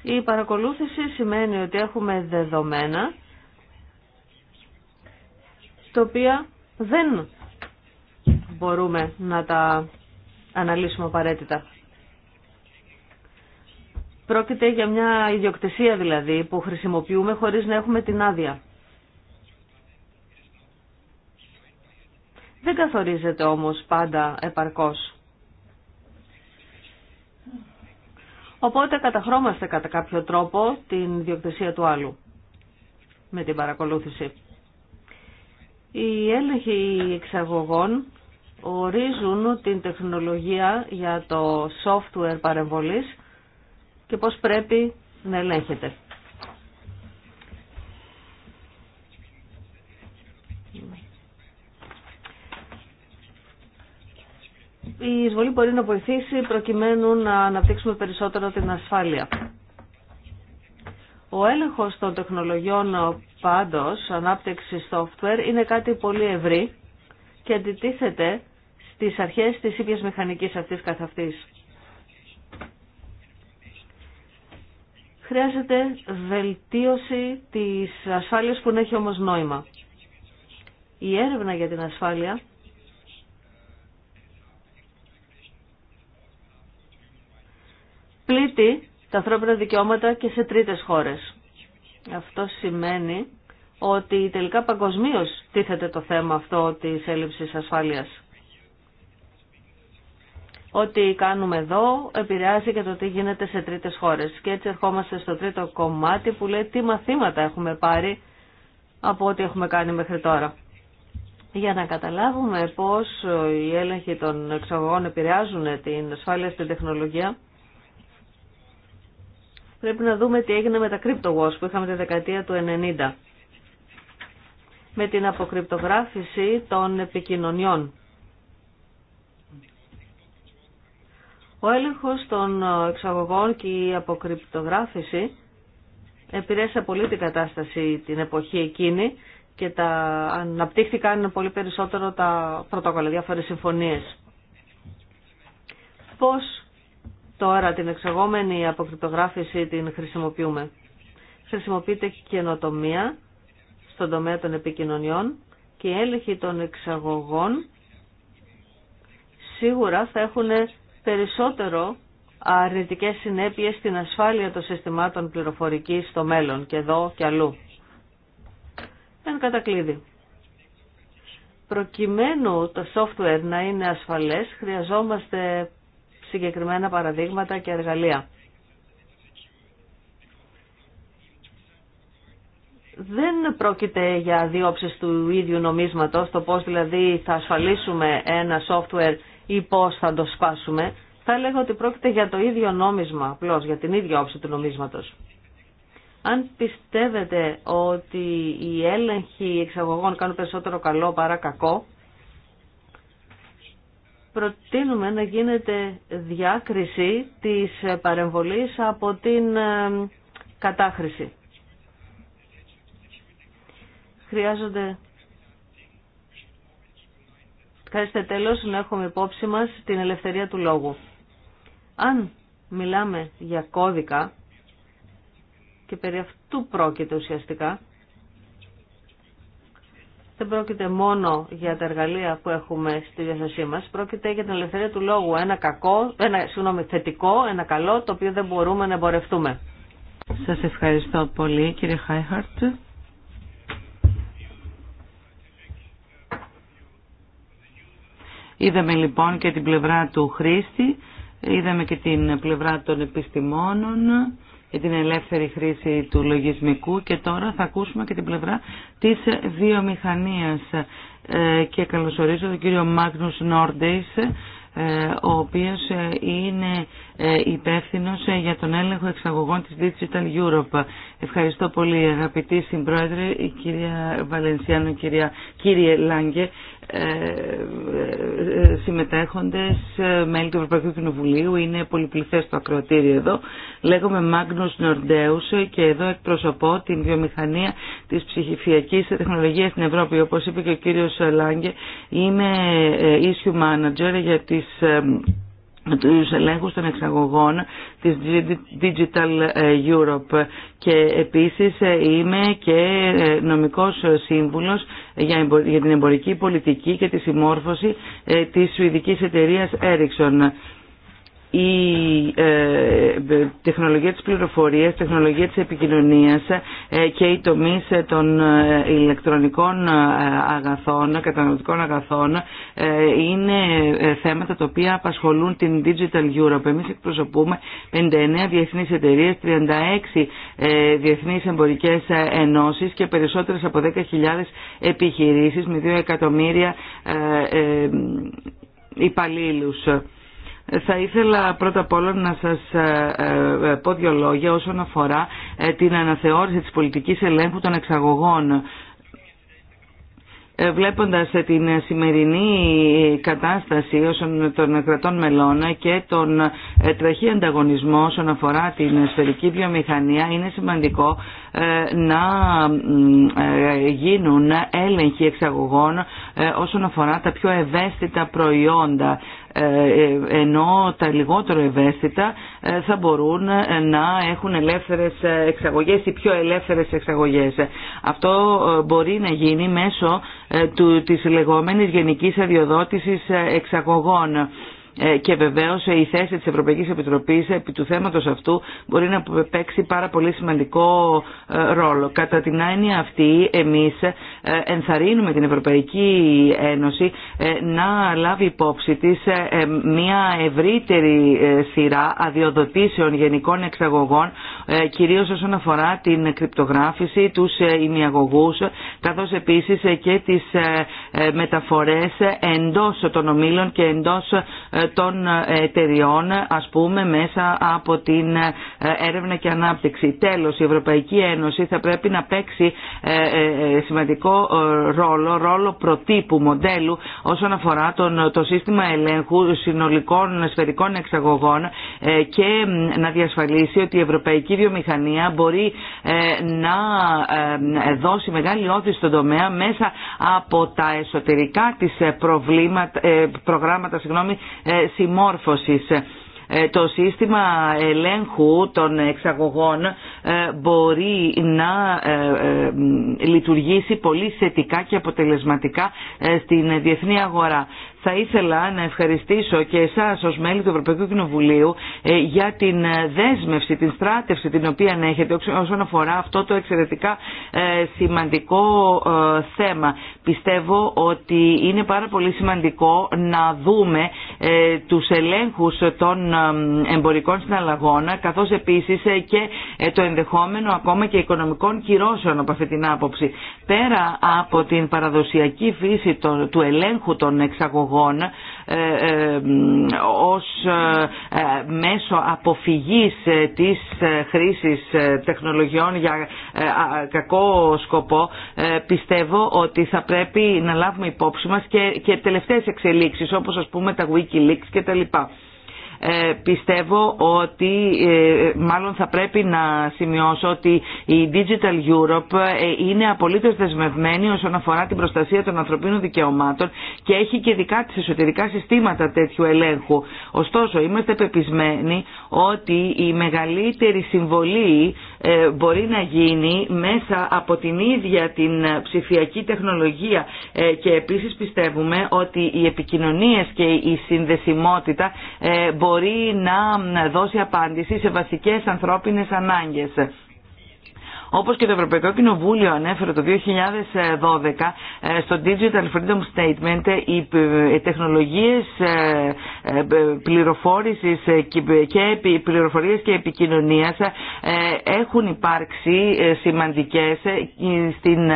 Η παρακολούθηση σημαίνει ότι έχουμε δεδομένα τα οποία δεν μπορούμε να τα αναλύσουμε απαραίτητα. Πρόκειται για μια ιδιοκτησία δηλαδή που χρησιμοποιούμε χωρίς να έχουμε την άδεια. Δεν καθορίζεται όμως πάντα επαρκώς. Οπότε καταχρώμαστε κατά κάποιο τρόπο την ιδιοκτησία του άλλου με την παρακολούθηση. Οι έλεγχοι εξαγωγών ορίζουν την τεχνολογία για το software παρεμβολής και πώς πρέπει να ελέγχεται. Η εισβολή μπορεί να βοηθήσει προκειμένου να αναπτύξουμε περισσότερο την ασφάλεια. Ο έλεγχος των τεχνολογιών πάντως, ανάπτυξη software, είναι κάτι πολύ ευρύ και αντιτίθεται στις αρχές της ίδιας μηχανικής αυτής καθ' αυτής. Χρειάζεται βελτίωση της ασφάλειας που έχει όμως νόημα. Η έρευνα για την ασφάλεια πλήττει τα ανθρώπινα δικαιώματα και σε τρίτες χώρες. Αυτό σημαίνει ότι τελικά παγκοσμίω τίθεται το θέμα αυτό της έλλειψης ασφάλειας. Ό,τι κάνουμε εδώ επηρεάζει και το τι γίνεται σε τρίτες χώρες. Και έτσι ερχόμαστε στο τρίτο κομμάτι που λέει τι μαθήματα έχουμε πάρει από ό,τι έχουμε κάνει μέχρι τώρα. Για να καταλάβουμε πώς οι έλεγχοι των εξαγωγών επηρεάζουν την ασφάλεια στην τεχνολογία, πρέπει να δούμε τι έγινε με τα crypto που είχαμε τη δεκαετία του 90 με την αποκρυπτογράφηση των επικοινωνιών. Ο έλεγχος των εξαγωγών και η αποκρυπτογράφηση επηρέασε πολύ την κατάσταση την εποχή εκείνη και τα αναπτύχθηκαν πολύ περισσότερο τα πρωτόκολλα, διάφορες συμφωνίες. Πώς Τώρα την εξαγόμενη αποκρυπτογράφηση την χρησιμοποιούμε. Χρησιμοποιείται καινοτομία στον τομέα των επικοινωνιών και οι έλεγχοι των εξαγωγών σίγουρα θα έχουν περισσότερο αρνητικές συνέπειες στην ασφάλεια των συστημάτων πληροφορικής στο μέλλον και εδώ και αλλού. Εν κατακλείδη. Προκειμένου το software να είναι ασφαλές, χρειαζόμαστε συγκεκριμένα παραδείγματα και εργαλεία. δεν πρόκειται για δύο του ίδιου νομίσματος, το πώς δηλαδή θα ασφαλίσουμε ένα software ή πώς θα το σπάσουμε. Θα έλεγα ότι πρόκειται για το ίδιο νόμισμα, απλώ για την ίδια όψη του νομίσματος. Αν πιστεύετε ότι οι έλεγχοι εξαγωγών κάνουν περισσότερο καλό παρά κακό, προτείνουμε να γίνεται διάκριση της παρεμβολής από την ε, κατάχρηση. Χρειάζονται... Χρειάζεται τέλος να έχουμε υπόψη μας την ελευθερία του λόγου. Αν μιλάμε για κώδικα, και περί αυτού πρόκειται ουσιαστικά, δεν πρόκειται μόνο για τα εργαλεία που έχουμε στη διάθεσή μας, πρόκειται για την ελευθερία του λόγου. Ένα, κακό, ένα συγγνώμη, θετικό, ένα καλό, το οποίο δεν μπορούμε να εμπορευτούμε. Σας ευχαριστώ πολύ κύριε Χάιχαρτ. Είδαμε λοιπόν και την πλευρά του χρήστη, είδαμε και την πλευρά των επιστημόνων για την ελεύθερη χρήση του λογισμικού και τώρα θα ακούσουμε και την πλευρά της βιομηχανίας ε, και καλωσορίζω τον κύριο Μάγνους Νόρντεϊς ε, ο οποίος ε, είναι υπεύθυνο για τον έλεγχο εξαγωγών της Digital Europe. Ευχαριστώ πολύ αγαπητή συμπρόεδρε, η κυρία Βαλενσιάνο, κυρία, κύριε Λάγκε. Ε, ε, ε, συμμετέχοντες μέλη του Ευρωπαϊκού Κοινοβουλίου είναι πολυπληθές το ακροατήριο εδώ λέγομαι Μάγνους Νορντέους και εδώ εκπροσωπώ την βιομηχανία της ψυχιφιακής τεχνολογίας στην Ευρώπη όπως είπε και ο κύριος Λάγκε είμαι issue manager για τις του ελέγχους των εξαγωγών της Digital Europe και επίσης ε, είμαι και ε, νομικός σύμβουλος για την εμπορική πολιτική και τη συμμόρφωση ε, της Σουηδικής εταιρείας Ericsson η ε, ε, τεχνολογία της πληροφορίας, τεχνολογία της επικοινωνίας ε, και οι τομείς ε, των ε, ηλεκτρονικών αγαθών, καταναλωτικών αγαθών είναι θέματα τα οποία απασχολούν την Digital Europe. Εμείς εκπροσωπούμε 59 διεθνείς εταιρείες, 36 διεθνείς εμπορικές ενώσεις και περισσότερες από 10.000 επιχειρήσεις με 2 εκατομμύρια υπαλλήλους. Θα ήθελα πρώτα απ' όλα να σας ε, ε, ε, πω δύο λόγια όσον αφορά την αναθεώρηση της πολιτικής ελέγχου των εξαγωγών. Βλέποντας την σημερινή κατάσταση όσων των κρατών μελών και τον τραχή ανταγωνισμό όσον αφορά την σφαιρική βιομηχανία είναι σημαντικό ε, να ε, γίνουν έλεγχοι εξαγωγών ε, όσον αφορά τα πιο ευαίσθητα προϊόντα ενώ τα λιγότερο ευαίσθητα θα μπορούν να έχουν ελεύθερες εξαγωγές ή πιο ελεύθερες εξαγωγές. Αυτό μπορεί να γίνει μέσω της λεγόμενης γενικής αδειοδότησης εξαγωγών ε, και βεβαίως η θέση της Ευρωπαϊκής Επιτροπής επί του θέματο αυτού μπορεί να παίξει πάρα πολύ σημαντικό ε, ρόλο. Κατά την άνοια αυτή εμείς ε, ενθαρρύνουμε την Ευρωπαϊκή Ένωση να λάβει υπόψη της μια ευρύτερη σειρά αδειοδοτήσεων γενικών εξαγωγών ε, κυρίως όσον αφορά την κρυπτογράφηση, τους ε, ημιαγωγούς, καθώς επίσης ε, και τις μεταφορές εντός των ομίλων και εντός των εταιριών, ας πούμε, μέσα από την έρευνα και ανάπτυξη. Τέλος, η Ευρωπαϊκή Ένωση θα πρέπει να παίξει σημαντικό ρόλο, ρόλο προτύπου, μοντέλου, όσον αφορά τον, το σύστημα ελέγχου συνολικών σφαιρικών εξαγωγών και να διασφαλίσει ότι η Ευρωπαϊκή η βιομηχανία μπορεί ε, να ε, δώσει μεγάλη όθηση στον τομέα μέσα από τα εσωτερικά της ε, προγράμματα συγγνώμη, συμμόρφωσης το σύστημα ελέγχου των εξαγωγών μπορεί να λειτουργήσει πολύ θετικά και αποτελεσματικά στην διεθνή αγορά. Θα ήθελα να ευχαριστήσω και εσάς ως μέλη του Ευρωπαϊκού Κοινοβουλίου ε, για την ε, δέσμευση, την στράτευση την οποία έχετε όσον αφορά αυτό το εξαιρετικά ε, σημαντικό θέμα. Πιστεύω ότι είναι πάρα πολύ σημαντικό να δούμε τους ελέγχους των εμπορικών συναλλαγών καθώς επίσης και το ενδεχόμενο ακόμα και οικονομικών κυρώσεων από αυτή την άποψη. Πέρα από την παραδοσιακή φύση του ελέγχου των εξαγωγών εκλογών ε, ε, ως ε, μέσο αποφυγής της χρήσης τεχνολογιών για κακό σκοπό πιστεύω ότι θα πρέπει να λάβουμε υπόψη μας και, και τελευταίες εξελίξεις όπως ας πούμε τα Wikileaks και τα λοιπά. Ε, πιστεύω ότι ε, μάλλον θα πρέπει να σημειώσω ότι η Digital Europe ε, είναι απολύτως δεσμευμένη όσον αφορά την προστασία των ανθρωπίνων δικαιωμάτων και έχει και δικά της εσωτερικά συστήματα τέτοιου ελέγχου. Ωστόσο, είμαστε πεπισμένοι ότι η μεγαλύτερη συμβολή ε, μπορεί να γίνει μέσα από την ίδια την ψηφιακή τεχνολογία ε, και επίσης πιστεύουμε ότι οι επικοινωνίες και η συνδεσιμότητα ε, μπορεί να δώσει απάντηση σε βασικές ανθρώπινες ανάγκες. Όπως και το Ευρωπαϊκό Κοινοβούλιο ανέφερε το 2012 ε, στο Digital Freedom Statement ε, ε, οι τεχνολογίες πληροφόρησης και πληροφορίες και επικοινωνίας έχουν υπάρξει σημαντικές στην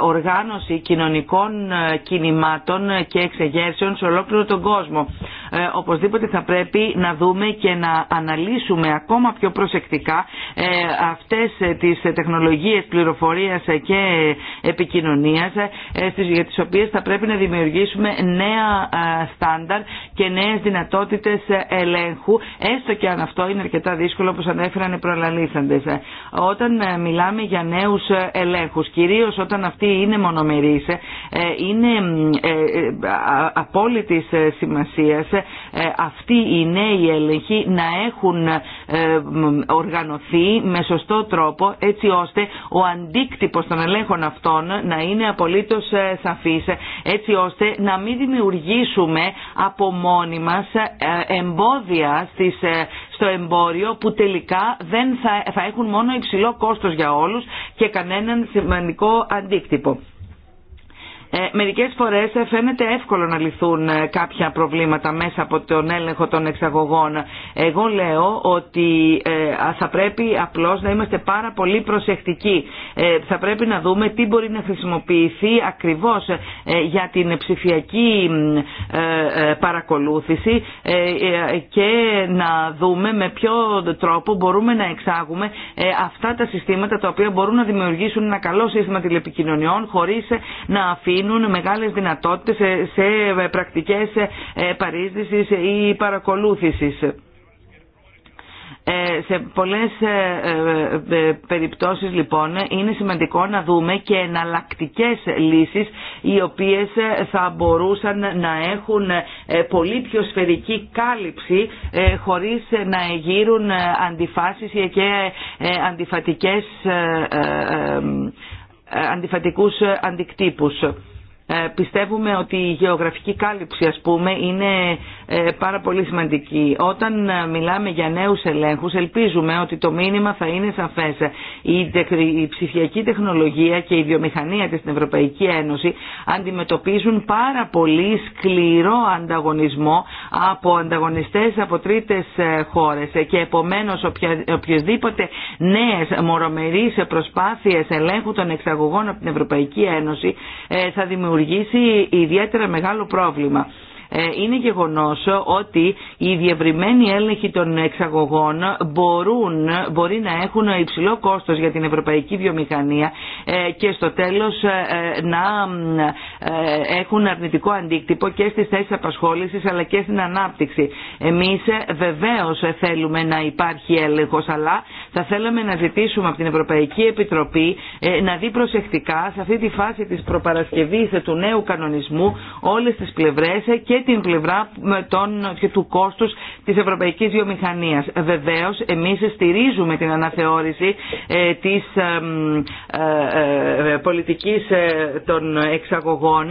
οργάνωση κοινωνικών κινημάτων και εξεγέρσεων σε ολόκληρο τον κόσμο. Ε, οπωσδήποτε θα πρέπει να δούμε και να αναλύσουμε ακόμα πιο προσεκτικά ε, αυτές ε, τις τεχνολογίες πληροφορίας και επικοινωνίας για τις οποίες θα πρέπει να δημιουργήσουμε νέα στάνταρ και νέες δυνατότητες ελέγχου έστω και αν αυτό είναι αρκετά δύσκολο όπως ανέφεραν οι προλαλήσαντες. Όταν μιλάμε για νέους ελέγχους, κυρίως όταν αυτοί είναι μονομερείς, είναι απόλυτης σημασίας ε, αυτοί οι νέοι έλεγχοι να έχουν ε, οργανωθεί με σωστό τρόπο έτσι ώστε ο αντίκτυπος των ελέγχων αυτών να είναι απολύτως ε, σαφής έτσι ώστε να μην δημιουργήσουμε από μόνοι μας εμπόδια στις στο εμπόριο που τελικά δεν θα, θα έχουν μόνο υψηλό κόστος για όλους και κανέναν σημαντικό αντίκτυπο. Ε, μερικές φορές ε, φαίνεται εύκολο να λυθούν ε, κάποια προβλήματα μέσα από τον έλεγχο των εξαγωγών. Εγώ λέω ότι θα πρέπει απλώς να είμαστε πάρα πολύ προσεκτικοί. Θα πρέπει να δούμε τι μπορεί να χρησιμοποιηθεί ακριβώς για την ψηφιακή παρακολούθηση και να δούμε με ποιο τρόπο μπορούμε να εξάγουμε αυτά τα συστήματα τα οποία μπορούν να δημιουργήσουν ένα καλό σύστημα τηλεπικοινωνιών χωρίς να αφήνουν δίνουν μεγάλες δυνατότητες σε ε, πρακτικές ε, ε, παρίσδησης ή παρακολούθησης. Σε πολλές περιπτώσεις λοιπόν είναι σημαντικό να δούμε και εναλλακτικέ λύσεις οι οποίες θα μπορούσαν να έχουν πολύ πιο σφαιρική κάλυψη χωρίς να εγείρουν αντιφάσεις και αντιφατικές, αντιφατικούς αντικτύπους. Ε, πιστεύουμε ότι η γεωγραφική κάλυψη, ας πούμε, είναι ε, πάρα πολύ σημαντική. Όταν ε, μιλάμε για νέους ελέγχους ελπίζουμε ότι το μήνυμα θα είναι σαφές. Η ψηφιακή τεχνολογία και η βιομηχανία της στην Ευρωπαϊκή Ένωση αντιμετωπίζουν πάρα πολύ σκληρό ανταγωνισμό από ανταγωνιστές από τρίτες ε, χώρες και επομένως οποιασδήποτε νέες μορομερείς προσπάθειες ελέγχου των εξαγωγών από την Ευρωπαϊκή Ένωση θα δημιουργήσει ιδιαίτερα μεγάλο πρόβλημα. Ε, είναι γεγονός ότι οι διευρυμένοι έλεγχοι των εξαγωγών μπορούν, μπορεί να έχουν υψηλό κόστος για την ευρωπαϊκή βιομηχανία ε, και στο τέλος ε, να έχουν αρνητικό αντίκτυπο και στις θέσεις απασχόλησης αλλά και στην ανάπτυξη. Εμείς βεβαίως θέλουμε να υπάρχει έλεγχος αλλά θα θέλαμε να ζητήσουμε από την Ευρωπαϊκή Επιτροπή να δει προσεκτικά σε αυτή τη φάση της προπαρασκευής του νέου κανονισμού όλες τις πλευρές και την πλευρά των, και του κόστους της ευρωπαϊκής βιομηχανίας. Βεβαίως, εμείς στηρίζουμε την αναθεώρηση ε, της ε, ε, πολιτικής των εξαγωγών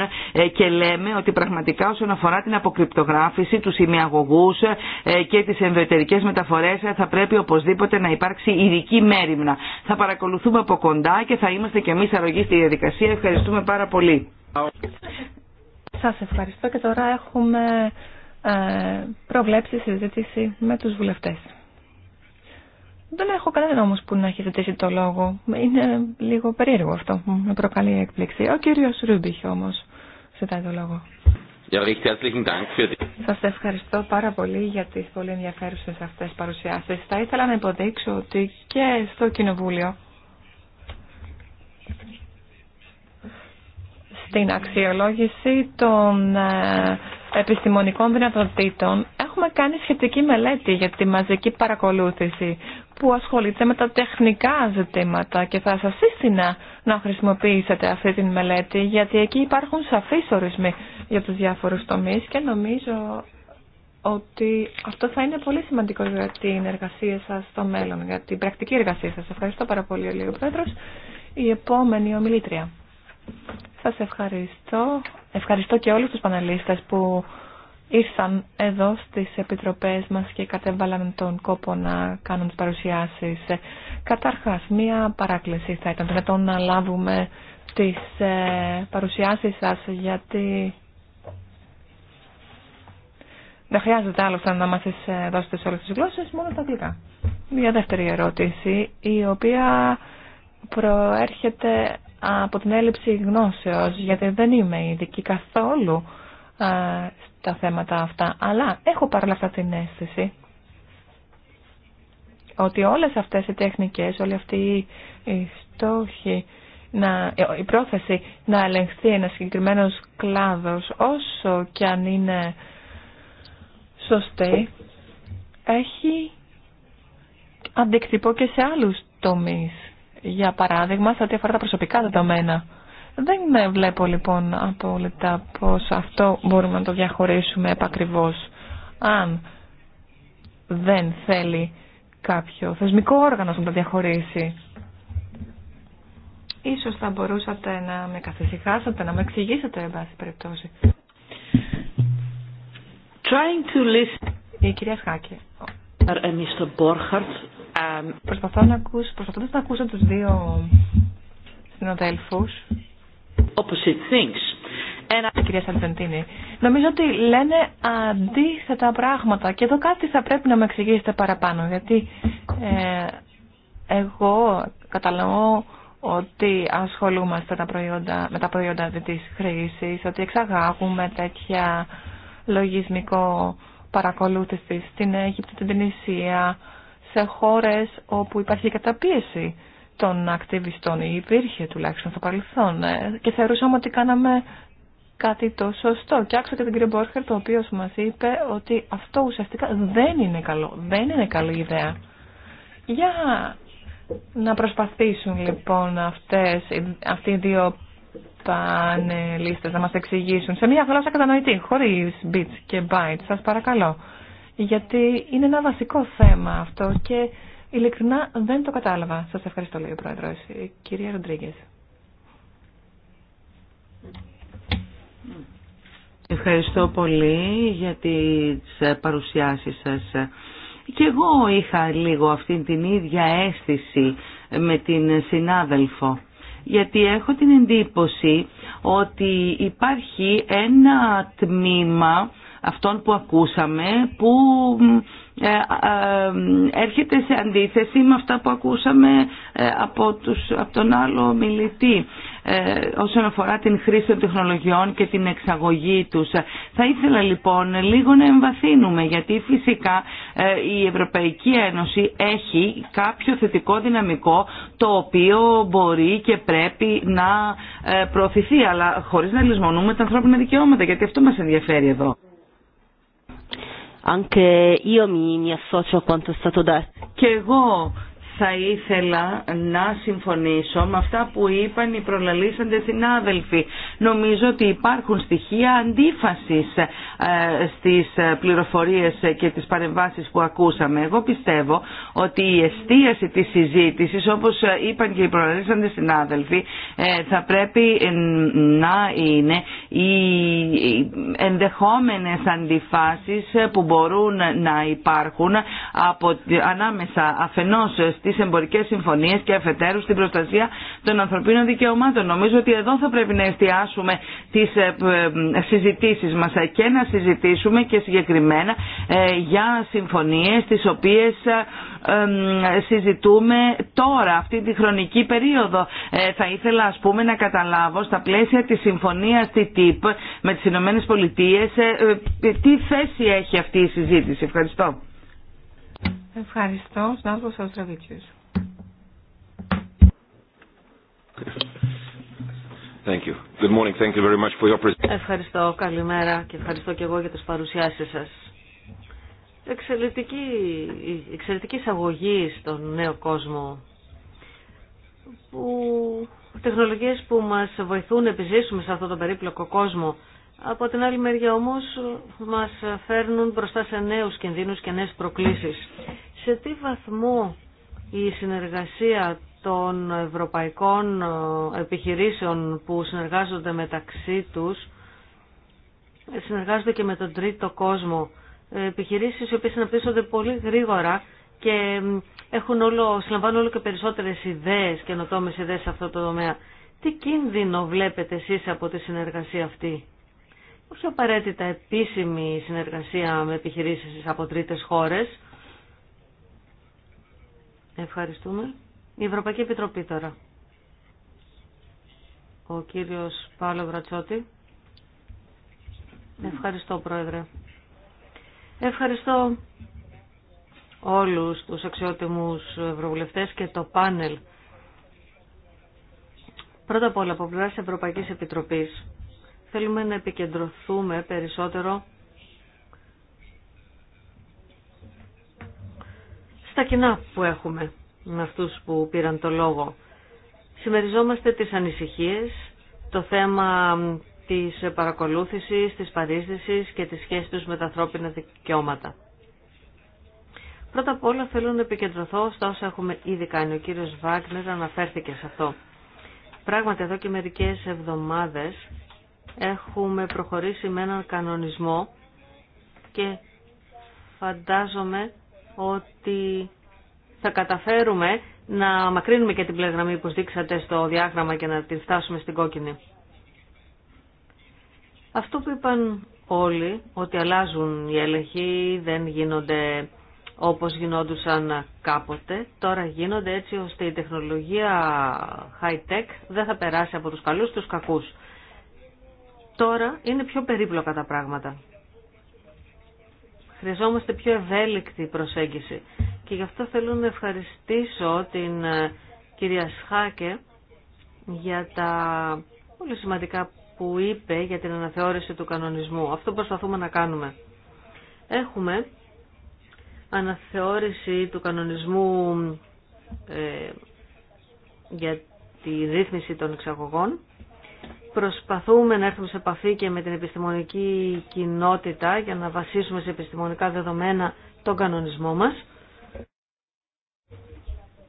και λέμε ότι πραγματικά όσον αφορά την αποκρυπτογράφηση, του ημιαγωγούς και τις εμβετερικές μεταφορές θα πρέπει οπωσδήποτε να υπάρξει ειδική μέρημνα. Θα παρακολουθούμε από κοντά και θα είμαστε και εμείς αρρωγοί στη διαδικασία. Ευχαριστούμε πάρα πολύ. Σας ευχαριστώ και τώρα έχουμε ε, προβλέψει συζήτηση με τους βουλευτές. Δεν έχω κανέναν όμως που να έχει ζητήσει το λόγο. Είναι λίγο περίεργο αυτό. Με προκαλεί έκπληξη. Ο κύριος Ρούμπιχ όμως ζητάει το λόγο. Σας ευχαριστώ πάρα πολύ για τις πολύ ενδιαφέρουσες αυτές παρουσιάσεις. Θα ήθελα να υποδείξω ότι και στο Κοινοβούλιο Στην αξιολόγηση των ε, επιστημονικών δυνατοτήτων έχουμε κάνει σχετική μελέτη για τη μαζική παρακολούθηση που ασχολείται με τα τεχνικά ζητήματα και θα σας σύστηνα να χρησιμοποιήσετε αυτή τη μελέτη γιατί εκεί υπάρχουν σαφείς ορισμοί για τους διάφορους τομείς και νομίζω ότι αυτό θα είναι πολύ σημαντικό για την εργασία σας στο μέλλον, για την πρακτική εργασία σας. Ευχαριστώ πάρα πολύ, Λίγο Η επόμενη ομιλήτρια. Σας ευχαριστώ. Ευχαριστώ και όλους τους πανελίστες που ήρθαν εδώ στις επιτροπές μας και κατέβαλαν τον κόπο να κάνουν τις παρουσιάσεις. Καταρχάς, μία παράκληση θα ήταν δυνατόν να λάβουμε τις ε, παρουσιάσεις σας γιατί δεν χρειάζεται άλλωστε να μας ε, δώσετε σε όλες τις γλώσσες, μόνο τα αγγλικά. Μια δεύτερη ερώτηση, η οποία προέρχεται από την έλλειψη γνώσεως, γιατί δεν είμαι ειδική καθόλου ε, στα θέματα αυτά. Αλλά έχω παρόλα αυτά την αίσθηση ότι όλες αυτές οι τεχνικές, όλη αυτή οι στόχοι, να, η πρόθεση να ελεγχθεί ένα συγκεκριμένο κλάδος όσο και αν είναι σωστή έχει αντικτυπώ και σε άλλους τομείς για παράδειγμα, σε ό,τι αφορά τα προσωπικά δεδομένα. Δεν βλέπω λοιπόν απόλυτα πώς αυτό μπορούμε να το διαχωρίσουμε επακριβώς. Αν δεν θέλει κάποιο θεσμικό όργανο να το διαχωρίσει. Ίσως θα μπορούσατε να με καθησυχάσετε, να με εξηγήσετε, εν πάση περιπτώσει. Trying to Η κυρία Σχάκη. Ε, Προσπαθώ να ακούσω, προσπαθώντας να ακούσω τους δύο συναδέλφους. Opposite things. Ένα... νομίζω ότι λένε αντίθετα πράγματα και εδώ κάτι θα πρέπει να με εξηγήσετε παραπάνω, γιατί ε, εγώ καταλαβαίνω ότι ασχολούμαστε με τα προϊόντα της χρήσης, ότι εξαγάγουμε τέτοια λογισμικό παρακολούθηση στην Αίγυπτο, την Τινησία, σε χώρες όπου υπάρχει καταπίεση των ακτιβιστών ή υπήρχε τουλάχιστον στο παρελθόν ε, και θεωρούσαμε ότι κάναμε κάτι το σωστό. Και άκουσα και τον κύριο Μπόρχερ, το οποίο μα είπε ότι αυτό ουσιαστικά δεν είναι καλό. Δεν είναι καλή ιδέα. Για να προσπαθήσουν λοιπόν αυτές, αυτοί οι δύο πανελίστες να μας εξηγήσουν σε μια γλώσσα κατανοητή, χωρίς bits και bytes, σας παρακαλώ γιατί είναι ένα βασικό θέμα αυτό και ειλικρινά δεν το κατάλαβα. Σας ευχαριστώ, λέει ο Πρόεδρος. Ε, κυρία Ροντρίγκες. Ευχαριστώ πολύ για τις ε, παρουσιάσεις σας. Και εγώ είχα λίγο αυτή την ίδια αίσθηση με την συνάδελφο γιατί έχω την εντύπωση ότι υπάρχει ένα τμήμα αυτόν που ακούσαμε που ε, ε, έρχεται σε αντίθεση με αυτά που ακούσαμε ε, από, τους, από τον άλλο μιλητή όσον αφορά την χρήση των τεχνολογιών και την εξαγωγή τους. Θα ήθελα λοιπόν λίγο να εμβαθύνουμε γιατί φυσικά η Ευρωπαϊκή Ένωση έχει κάποιο θετικό δυναμικό το οποίο μπορεί και πρέπει να προωθηθεί αλλά χωρίς να λησμονούμε τα ανθρώπινα δικαιώματα γιατί αυτό μας ενδιαφέρει εδώ. Anche io mi, mi associo a quanto è stato detto. Che io θα ήθελα να συμφωνήσω με αυτά που είπαν οι προλαλήσαντες συνάδελφοι. Νομίζω ότι υπάρχουν στοιχεία αντίφασης ε, στις πληροφορίες και τις παρεμβάσεις που ακούσαμε. Εγώ πιστεύω ότι η εστίαση της συζήτησης, όπως είπαν και οι προλαλήσαντες συνάδελφοι, ε, θα πρέπει ε, να είναι οι ενδεχόμενες αντιφάσεις που μπορούν να υπάρχουν από, ανάμεσα αφενός τις εμπορικές συμφωνίες και αφετέρου στην προστασία των ανθρωπίνων δικαιωμάτων. Νομίζω ότι εδώ θα πρέπει να εστιάσουμε τις ε, ε, συζητήσεις μας ε, και να συζητήσουμε και συγκεκριμένα για συμφωνίες τις οποίες συζητούμε τώρα, αυτή τη χρονική περίοδο. Θα ήθελα ας πούμε να καταλάβω στα πλαίσια της συμφωνίας TTIP με τις Ηνωμένε Πολιτείε. τι θέση έχει αυτή η συζήτηση. Ευχαριστώ. Ευχαριστώ. Συνάδελφος Αστραβίτσιος. Thank you. ευχαριστώ. Καλημέρα και ευχαριστώ και εγώ για τις παρουσιάσεις σας. Εξαιρετική, εξαιρετική εισαγωγή στον νέο κόσμο που τεχνολογίες που μας βοηθούν να επιζήσουμε σε αυτό τον περίπλοκο κόσμο. Από την άλλη μεριά όμως μας φέρνουν μπροστά σε νέους κινδύνους και νέες προκλήσεις σε τι βαθμό η συνεργασία των ευρωπαϊκών ε, επιχειρήσεων που συνεργάζονται μεταξύ τους, ε, συνεργάζονται και με τον τρίτο κόσμο, ε, επιχειρήσεις οι οποίες αναπτύσσονται πολύ γρήγορα και έχουν όλο, συλλαμβάνουν όλο και περισσότερες ιδέες, καινοτόμε ιδέες σε αυτό το τομέα. Τι κίνδυνο βλέπετε εσείς από τη συνεργασία αυτή. Όχι απαραίτητα επίσημη συνεργασία με επιχειρήσεις από τρίτες χώρες, Ευχαριστούμε. Η Ευρωπαϊκή Επιτροπή τώρα. Ο κύριος Πάλο Βρατσότη. Ευχαριστώ, Πρόεδρε. Ευχαριστώ όλους τους αξιότιμους ευρωβουλευτές και το πάνελ. Πρώτα απ' όλα, από πλευράς Ευρωπαϊκής Επιτροπής, θέλουμε να επικεντρωθούμε περισσότερο στα κοινά που έχουμε με αυτούς που πήραν το λόγο. Συμμεριζόμαστε τις ανησυχίες, το θέμα της παρακολούθησης, της παρίσδησης και της σχέσης τους με τα ανθρώπινα δικαιώματα. Πρώτα απ' όλα θέλω να επικεντρωθώ στα όσα έχουμε ήδη κάνει. Ο κύριος Βάγκνερ αναφέρθηκε σε αυτό. Πράγματι εδώ και μερικές εβδομάδες έχουμε προχωρήσει με έναν κανονισμό και φαντάζομαι ότι θα καταφέρουμε να μακρύνουμε και την πλεγραμμή που δείξατε στο διάγραμμα και να την φτάσουμε στην κόκκινη. Αυτό που είπαν όλοι, ότι αλλάζουν οι έλεγχοι, δεν γίνονται όπως γινόντουσαν κάποτε, τώρα γίνονται έτσι ώστε η τεχνολογία high-tech δεν θα περάσει από τους καλούς τους κακούς. Τώρα είναι πιο περίπλοκα τα πράγματα. Χρειαζόμαστε πιο ευέλικτη προσέγγιση. Και γι' αυτό θέλω να ευχαριστήσω την ε, κυρία Σχάκε για τα πολύ σημαντικά που είπε για την αναθεώρηση του κανονισμού. Αυτό προσπαθούμε να κάνουμε. Έχουμε αναθεώρηση του κανονισμού ε, για τη ρύθμιση των εξαγωγών Προσπαθούμε να έρθουμε σε επαφή και με την επιστημονική κοινότητα για να βασίσουμε σε επιστημονικά δεδομένα τον κανονισμό μας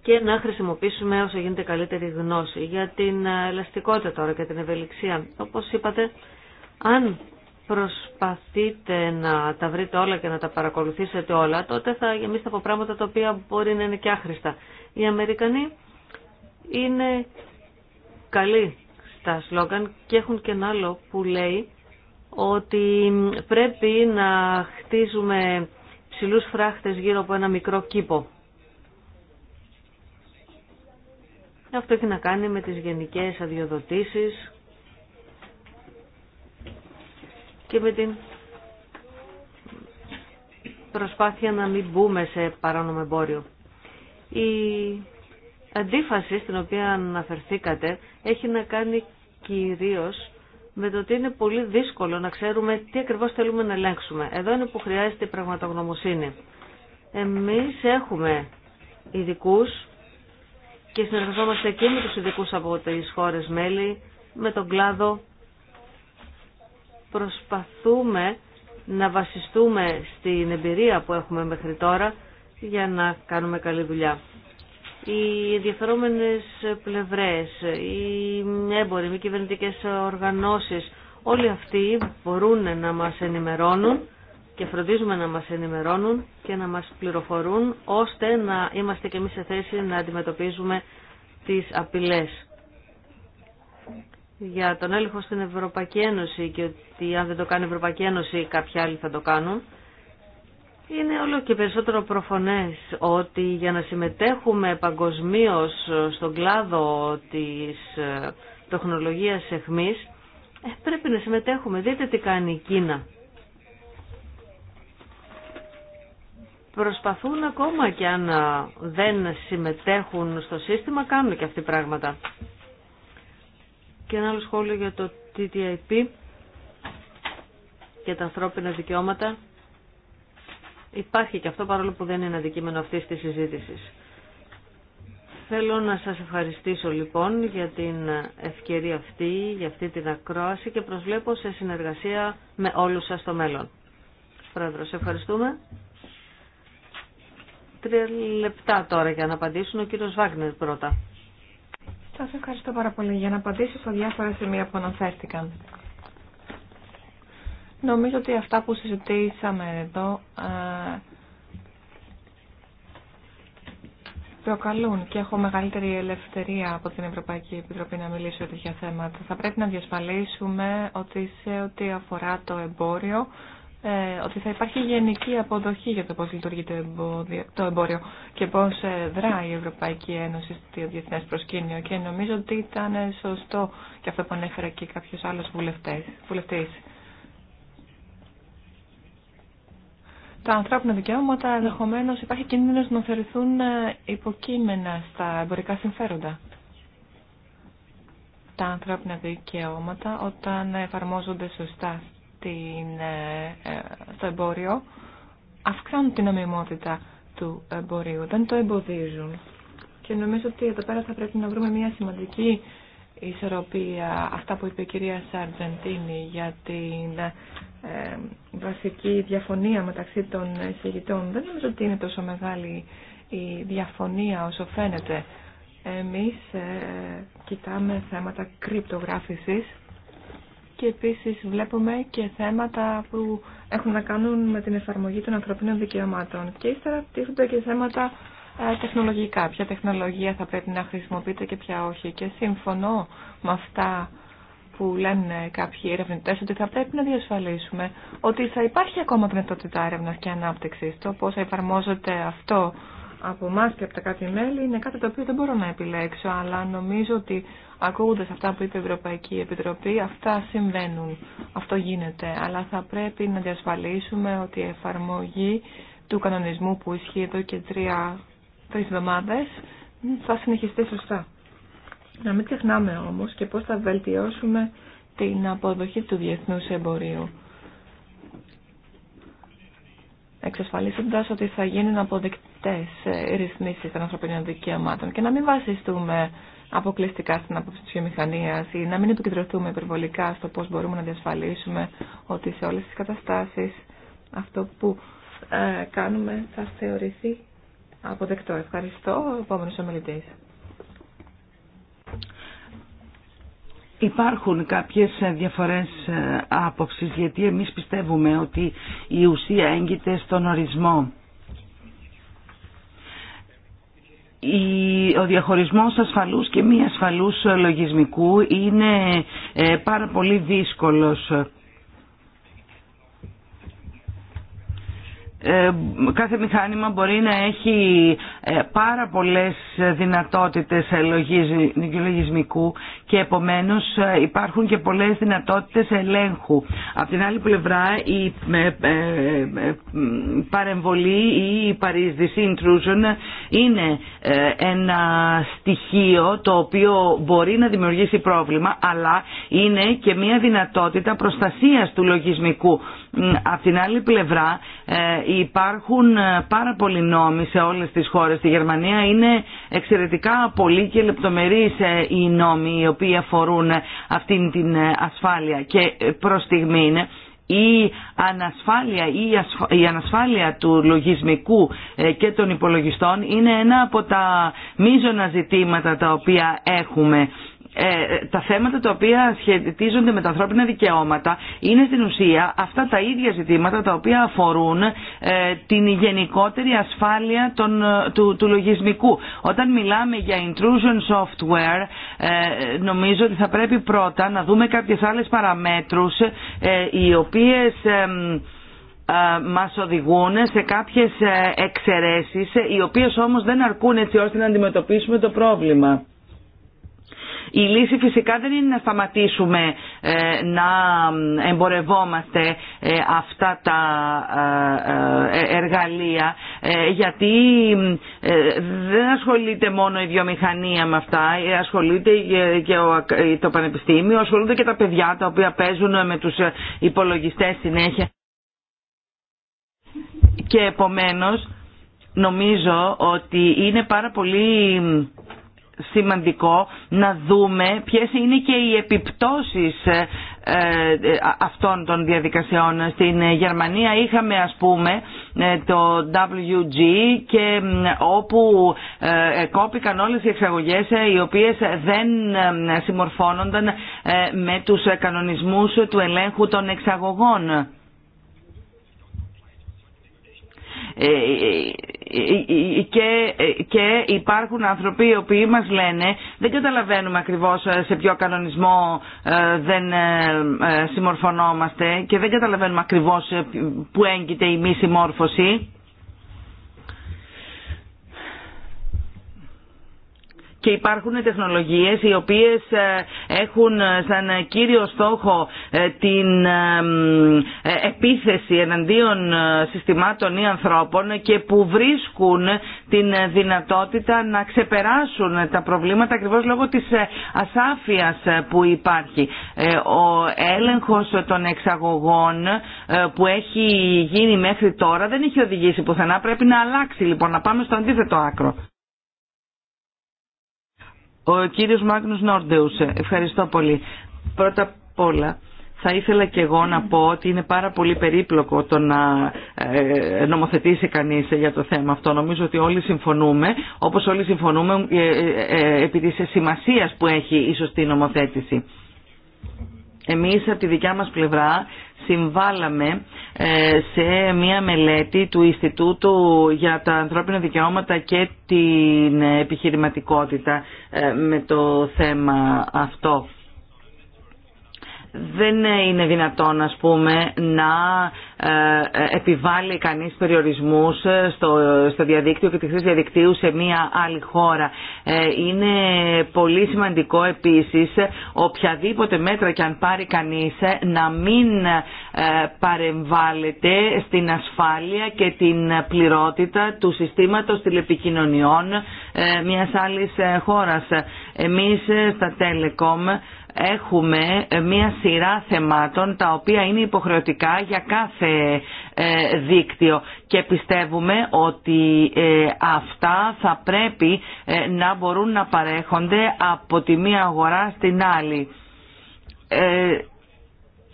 και να χρησιμοποιήσουμε όσο γίνεται καλύτερη γνώση. Για την ε, ελαστικότητα τώρα και την ευελιξία, όπως είπατε, αν προσπαθείτε να τα βρείτε όλα και να τα παρακολουθήσετε όλα, τότε θα γεμίσετε από πράγματα τα οποία μπορεί να είναι και άχρηστα. Οι Αμερικανοί είναι καλοί τα και έχουν και ένα άλλο που λέει ότι πρέπει να χτίζουμε ψηλούς φράχτες γύρω από ένα μικρό κήπο. Αυτό έχει να κάνει με τις γενικές αδειοδοτήσεις και με την προσπάθεια να μην μπούμε σε παράνομο εμπόριο. Η αντίφαση στην οποία αναφερθήκατε έχει να κάνει κυρίως με το ότι είναι πολύ δύσκολο να ξέρουμε τι ακριβώς θέλουμε να ελέγξουμε. Εδώ είναι που χρειάζεται η πραγματογνωμοσύνη. Εμείς έχουμε ειδικού και συνεργαζόμαστε και με τους ειδικού από τις χώρες μέλη, με τον κλάδο. Προσπαθούμε να βασιστούμε στην εμπειρία που έχουμε μέχρι τώρα για να κάνουμε καλή δουλειά οι ενδιαφερόμενες πλευρές, οι έμποροι, οι κυβερνητικέ οργανώσεις, όλοι αυτοί μπορούν να μας ενημερώνουν και φροντίζουμε να μας ενημερώνουν και να μας πληροφορούν ώστε να είμαστε και εμείς σε θέση να αντιμετωπίζουμε τις απειλές. Για τον έλεγχο στην Ευρωπαϊκή Ένωση και ότι αν δεν το κάνει η Ευρωπαϊκή Ένωση κάποιοι άλλοι θα το κάνουν. Είναι όλο και περισσότερο προφωνές ότι για να συμμετέχουμε παγκοσμίως στον κλάδο της ε, τεχνολογίας εχμής ε, πρέπει να συμμετέχουμε. Δείτε τι κάνει η Κίνα. Προσπαθούν ακόμα και αν ε, δεν συμμετέχουν στο σύστημα κάνουν και αυτοί πράγματα. Και ένα άλλο σχόλιο για το TTIP και τα ανθρώπινα δικαιώματα. Υπάρχει και αυτό παρόλο που δεν είναι αντικείμενο αυτής της συζήτησης. Θέλω να σας ευχαριστήσω λοιπόν για την ευκαιρία αυτή, για αυτή την ακρόαση και προσβλέπω σε συνεργασία με όλους σας στο μέλλον. σε ευχαριστούμε. Τρία λεπτά τώρα για να απαντήσουν ο κύριος Βάγνερ πρώτα. Σας ευχαριστώ πάρα πολύ για να απαντήσω στα διάφορα σημεία που αναφέρθηκαν. Νομίζω ότι αυτά που συζητήσαμε εδώ ε, προκαλούν και έχω μεγαλύτερη ελευθερία από την Ευρωπαϊκή Επιτροπή να μιλήσω για τέτοια θέματα. Θα πρέπει να διασφαλίσουμε ότι σε ό,τι αφορά το εμπόριο, ε, ότι θα υπάρχει γενική αποδοχή για το πώς λειτουργεί το, εμπόριο και πώς ε, δράει η Ευρωπαϊκή Ένωση στο διεθνές προσκήνιο και νομίζω ότι ήταν σωστό και αυτό που ανέφερε και κάποιος άλλος βουλευτής. τα ανθρώπινα δικαιώματα ενδεχομένω υπάρχει κίνδυνο να θεωρηθούν ε, υποκείμενα στα εμπορικά συμφέροντα. Τα ανθρώπινα δικαιώματα όταν εφαρμόζονται σωστά στην, ε, ε, στο εμπόριο αυξάνουν την νομιμότητα του εμπορίου, δεν το εμποδίζουν. Και νομίζω ότι εδώ πέρα θα πρέπει να βρούμε μια σημαντική ισορροπία, αυτά που είπε η κυρία Σαρτζεντίνη για την ε, βασική διαφωνία μεταξύ των εισηγητών. Δεν νομίζω ότι είναι τόσο μεγάλη η διαφωνία όσο φαίνεται. Εμείς ε, κοιτάμε θέματα κρυπτογράφησης και επίσης βλέπουμε και θέματα που έχουν να κάνουν με την εφαρμογή των ανθρωπίνων δικαιωμάτων. Και ύστερα πτύχονται και θέματα ε, τεχνολογικά. Ποια τεχνολογία θα πρέπει να χρησιμοποιείται και ποια όχι. Και συμφωνώ με αυτά που λένε κάποιοι ερευνητέ ότι θα πρέπει να διασφαλίσουμε ότι θα υπάρχει ακόμα πνευτότητα έρευνα και ανάπτυξη. Το πώ θα εφαρμόζεται αυτό από εμά και από τα κάτι μέλη είναι κάτι το οποίο δεν μπορώ να επιλέξω, αλλά νομίζω ότι ακούγοντα αυτά που είπε η Ευρωπαϊκή Επιτροπή, αυτά συμβαίνουν, αυτό γίνεται. Αλλά θα πρέπει να διασφαλίσουμε ότι η εφαρμογή του κανονισμού που ισχύει εδώ και τρία, τρεις εβδομάδες θα συνεχιστεί σωστά. Να μην ξεχνάμε όμως και πώς θα βελτιώσουμε την αποδοχή του διεθνούς εμπορίου. Εξασφαλίζοντας ότι θα γίνουν αποδεκτές ρυθμίσεις των ανθρωπίνων δικαιωμάτων και να μην βασιστούμε αποκλειστικά στην άποψη της βιομηχανίας ή να μην επικεντρωθούμε υπερβολικά στο πώς μπορούμε να διασφαλίσουμε ότι σε όλες τις καταστάσεις αυτό που ε, κάνουμε θα θεωρηθεί αποδεκτό. Ευχαριστώ. Επόμενος ομιλητής. Υπάρχουν κάποιες διαφορές ε, άποψης γιατί εμείς πιστεύουμε ότι η ουσία έγκυται στον ορισμό. Ο διαχωρισμός ασφαλούς και μη ασφαλούς λογισμικού είναι ε, πάρα πολύ δύσκολος Ε, κάθε μηχάνημα μπορεί να έχει ε, πάρα πολλές δυνατότητες λογισμικού και επομένως ε, υπάρχουν και πολλές δυνατότητες ελέγχου. Από την άλλη πλευρά η ε, ε, παρεμβολή ή η η παρισδηση intrusion είναι ένα στοιχείο το οποίο μπορεί να δημιουργήσει πρόβλημα αλλά είναι και μια δυνατότητα προστασίας του λογισμικού. Από την άλλη πλευρά υπάρχουν πάρα πολλοί νόμοι σε όλες τις χώρες. Στη Γερμανία είναι εξαιρετικά πολλοί και λεπτομερείς οι νόμοι οποίοι αφορούν αυτήν την ασφάλεια και προς είναι. η ανασφάλεια ή η ανασφάλεια του λογισμικού ε, και των υπολογιστών είναι ένα από τα μείζωνα ζητήματα τα οποία έχουμε ε, τα θέματα τα οποία σχετίζονται με τα ανθρώπινα δικαιώματα είναι στην ουσία αυτά τα ίδια ζητήματα τα οποία αφορούν ε, την γενικότερη ασφάλεια του, του λογισμικού. Όταν μιλάμε για intrusion software ε, νομίζω ότι θα πρέπει πρώτα να δούμε κάποιες άλλες παραμέτρους οι οποίες μας οδηγούν σε κάποιες εξαιρέσεις οι οποίες όμως δεν αρκούν έτσι ώστε να αντιμετωπίσουμε το πρόβλημα. Η λύση φυσικά δεν είναι να σταματήσουμε ε, να εμπορευόμαστε ε, αυτά τα ε, εργαλεία γιατί δεν ασχολείται μόνο η βιομηχανία με αυτά, ασχολείται και το πανεπιστήμιο, ασχολούνται και τα παιδιά τα οποία παίζουν με τους υπολογιστές συνέχεια. Και επομένως νομίζω ότι είναι πάρα πολύ σημαντικό να δούμε ποιες είναι και οι επιπτώσεις ε, ε, αυτών των διαδικασιών. Στην Γερμανία είχαμε ας πούμε ε, το WG και όπου κόπηκαν όλες οι εξαγωγές οι οποίες δεν συμμορφώνονταν με τους κανονισμούς του ελέγχου των εξαγωγών. Ε, ε, ε, και, και υπάρχουν άνθρωποι οι οποίοι μας λένε δεν καταλαβαίνουμε ακριβώς σε ποιο κανονισμό δεν συμμορφωνόμαστε και δεν καταλαβαίνουμε ακριβώς που έγκυται η μη συμμόρφωση και υπάρχουν τεχνολογίες οι οποίες ε, έχουν σαν κύριο στόχο ε, την ε, επίθεση εναντίον συστημάτων ή ανθρώπων και που βρίσκουν την δυνατότητα να ξεπεράσουν τα προβλήματα ακριβώς λόγω της ασάφειας που υπάρχει. Ο έλεγχος των εξαγωγών που έχει γίνει μέχρι τώρα δεν έχει οδηγήσει πουθενά. Πρέπει να αλλάξει λοιπόν, να πάμε στο αντίθετο άκρο. Ο κύριος Μάγνους Νόρντεους, ε, ευχαριστώ πολύ. Πρώτα απ' όλα, θα ήθελα και εγώ να πω ότι είναι πάρα πολύ περίπλοκο το να ε, νομοθετήσει κανείς για το θέμα αυτό. Νομίζω ότι όλοι συμφωνούμε, όπως όλοι συμφωνούμε ε, επί της σημασίας που έχει η σωστή νομοθέτηση. Εμείς από τη δικιά μας πλευρά συμβάλαμε ε, σε μία μελέτη του Ινστιτούτου για τα ανθρώπινα δικαιώματα και την επιχειρηματικότητα ε, με το θέμα αυτό δεν είναι δυνατόν ας πούμε να ε, επιβάλλει κανείς περιορισμούς ε, στο, στο διαδίκτυο και τη χρήση διαδικτύου σε μία άλλη χώρα. Ε, είναι πολύ σημαντικό επίσης οποιαδήποτε μέτρα και αν πάρει κανείς να μην παρεμβάλλεται στην ασφάλεια και την πληρότητα του συστήματος τηλεπικοινωνιών μιας άλλης χώρας. Εμείς στα Telecom έχουμε μία σειρά θεμάτων τα οποία είναι υποχρεωτικά για κάθε ε, δίκτυο και πιστεύουμε ότι ε, αυτά θα πρέπει ε, να μπορούν να παρέχονται από τη μία αγορά στην άλλη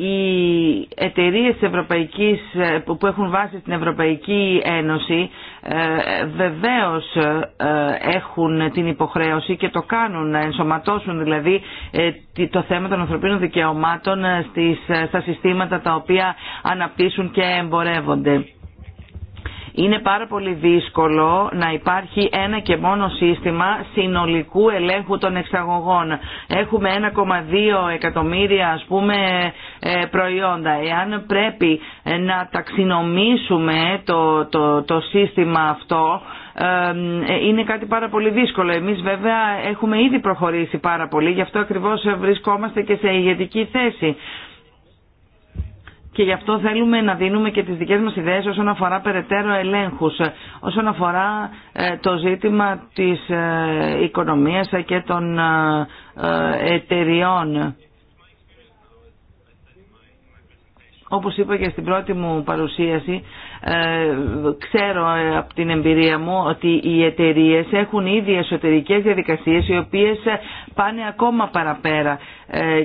οι εταιρείε Ευρωπαϊκής, που έχουν βάσει στην Ευρωπαϊκή Ένωση ε, βεβαίως ε, έχουν την υποχρέωση και το κάνουν να ενσωματώσουν δηλαδή ε, το θέμα των ανθρωπίνων δικαιωμάτων στις, στα συστήματα τα οποία αναπτύσσουν και εμπορεύονται είναι πάρα πολύ δύσκολο να υπάρχει ένα και μόνο σύστημα συνολικού ελέγχου των εξαγωγών. Έχουμε 1,2 εκατομμύρια ας πούμε ε, προϊόντα. Εάν πρέπει ε, να ταξινομήσουμε το, το, το σύστημα αυτό ε, είναι κάτι πάρα πολύ δύσκολο. Εμείς βέβαια έχουμε ήδη προχωρήσει πάρα πολύ, γι' αυτό ακριβώς βρισκόμαστε και σε ηγετική θέση και γι' αυτό θέλουμε να δίνουμε και τις δικές μας ιδέες όσον αφορά περαιτέρω ελέγχους, όσον αφορά ε, το ζήτημα της ε, οικονομίας και των ε, εταιριών. Όπως είπα και στην πρώτη μου παρουσίαση, ε, ξέρω ε, από την εμπειρία μου ότι οι εταιρείε έχουν ήδη εσωτερικές διαδικασίες οι οποίες ε, πάνε ακόμα παραπέρα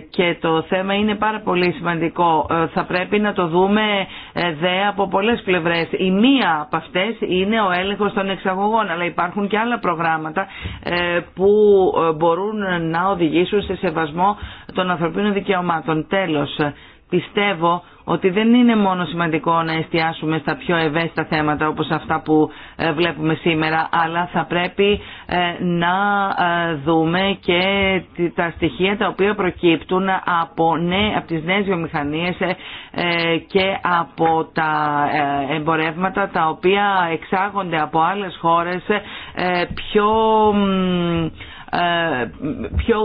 και το θέμα είναι πάρα πολύ σημαντικό. Θα πρέπει να το δούμε δε από πολλές πλευρές. Η μία από αυτές είναι ο έλεγχος των εξαγωγών, αλλά υπάρχουν και άλλα προγράμματα που μπορούν να οδηγήσουν σε σεβασμό των ανθρωπίνων δικαιωμάτων. Τέλος, Πιστεύω ότι δεν είναι μόνο σημαντικό να εστιάσουμε στα πιο ευαίσθητα θέματα όπως αυτά που ε, βλέπουμε σήμερα, αλλά θα πρέπει ε, να ε, δούμε και τα στοιχεία τα οποία προκύπτουν από, ναι, από τις νέες βιομηχανίες και από τα εμπορεύματα τα οποία εξάγονται από άλλες χώρες πιο πιο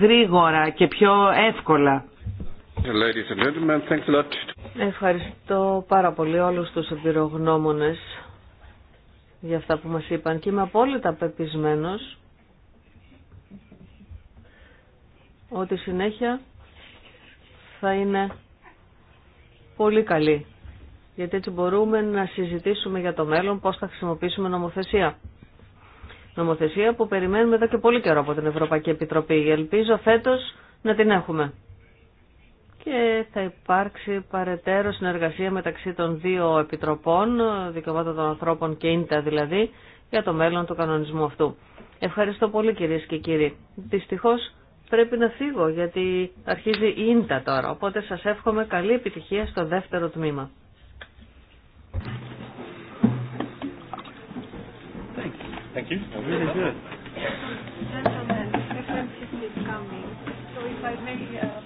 γρήγορα και πιο εύκολα. Ευχαριστώ πάρα πολύ όλους τους εμπειρογνώμονες για αυτά που μας είπαν και είμαι απόλυτα πεπισμένος ότι συνέχεια θα είναι πολύ καλή. Γιατί έτσι μπορούμε να συζητήσουμε για το μέλλον πώς θα χρησιμοποιήσουμε νομοθεσία. Νομοθεσία που περιμένουμε εδώ και πολύ καιρό από την Ευρωπαϊκή Επιτροπή. Ελπίζω φέτος να την έχουμε και θα υπάρξει παρετέρω συνεργασία μεταξύ των δύο επιτροπών, δικαιωμάτων των ανθρώπων και ίντα δηλαδή, για το μέλλον του κανονισμού αυτού. Ευχαριστώ πολύ κυρίες και κύριοι. Δυστυχώς πρέπει να φύγω γιατί αρχίζει η ίντα τώρα, οπότε σας εύχομαι καλή επιτυχία στο δεύτερο τμήμα. Thank you.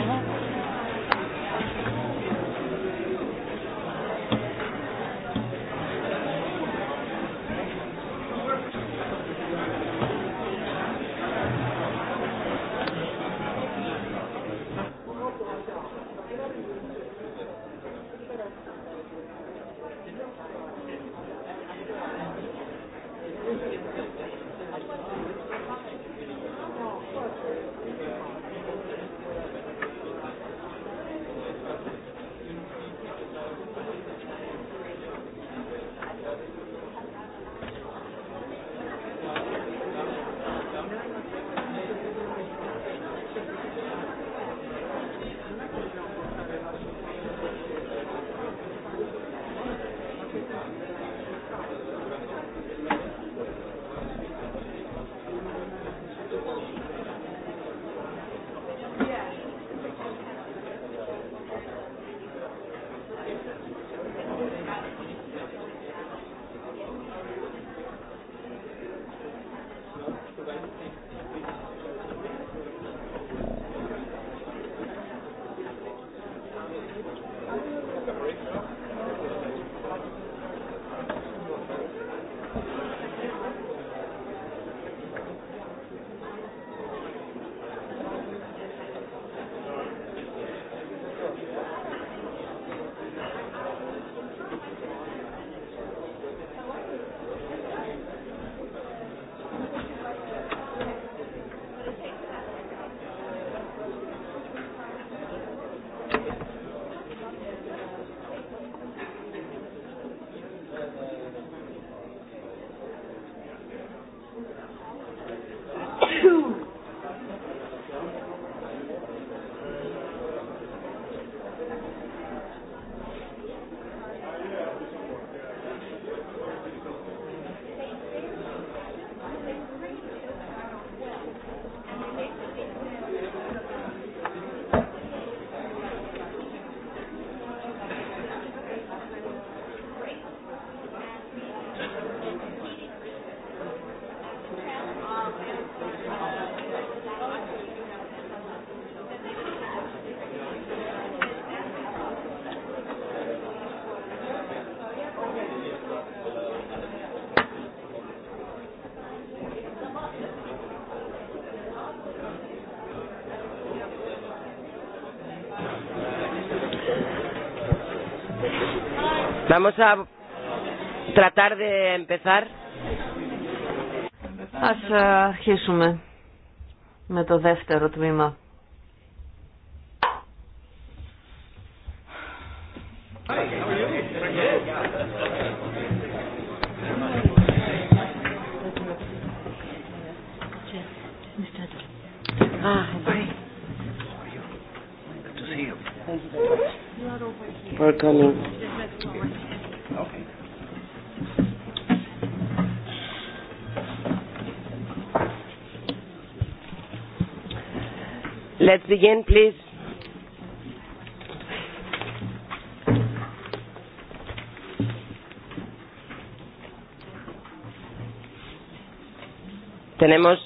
Vamos a tratar de empezar. Ας ε, αρχίσουμε με το δεύτερο τμήμα. Let's begin, please. Tenemos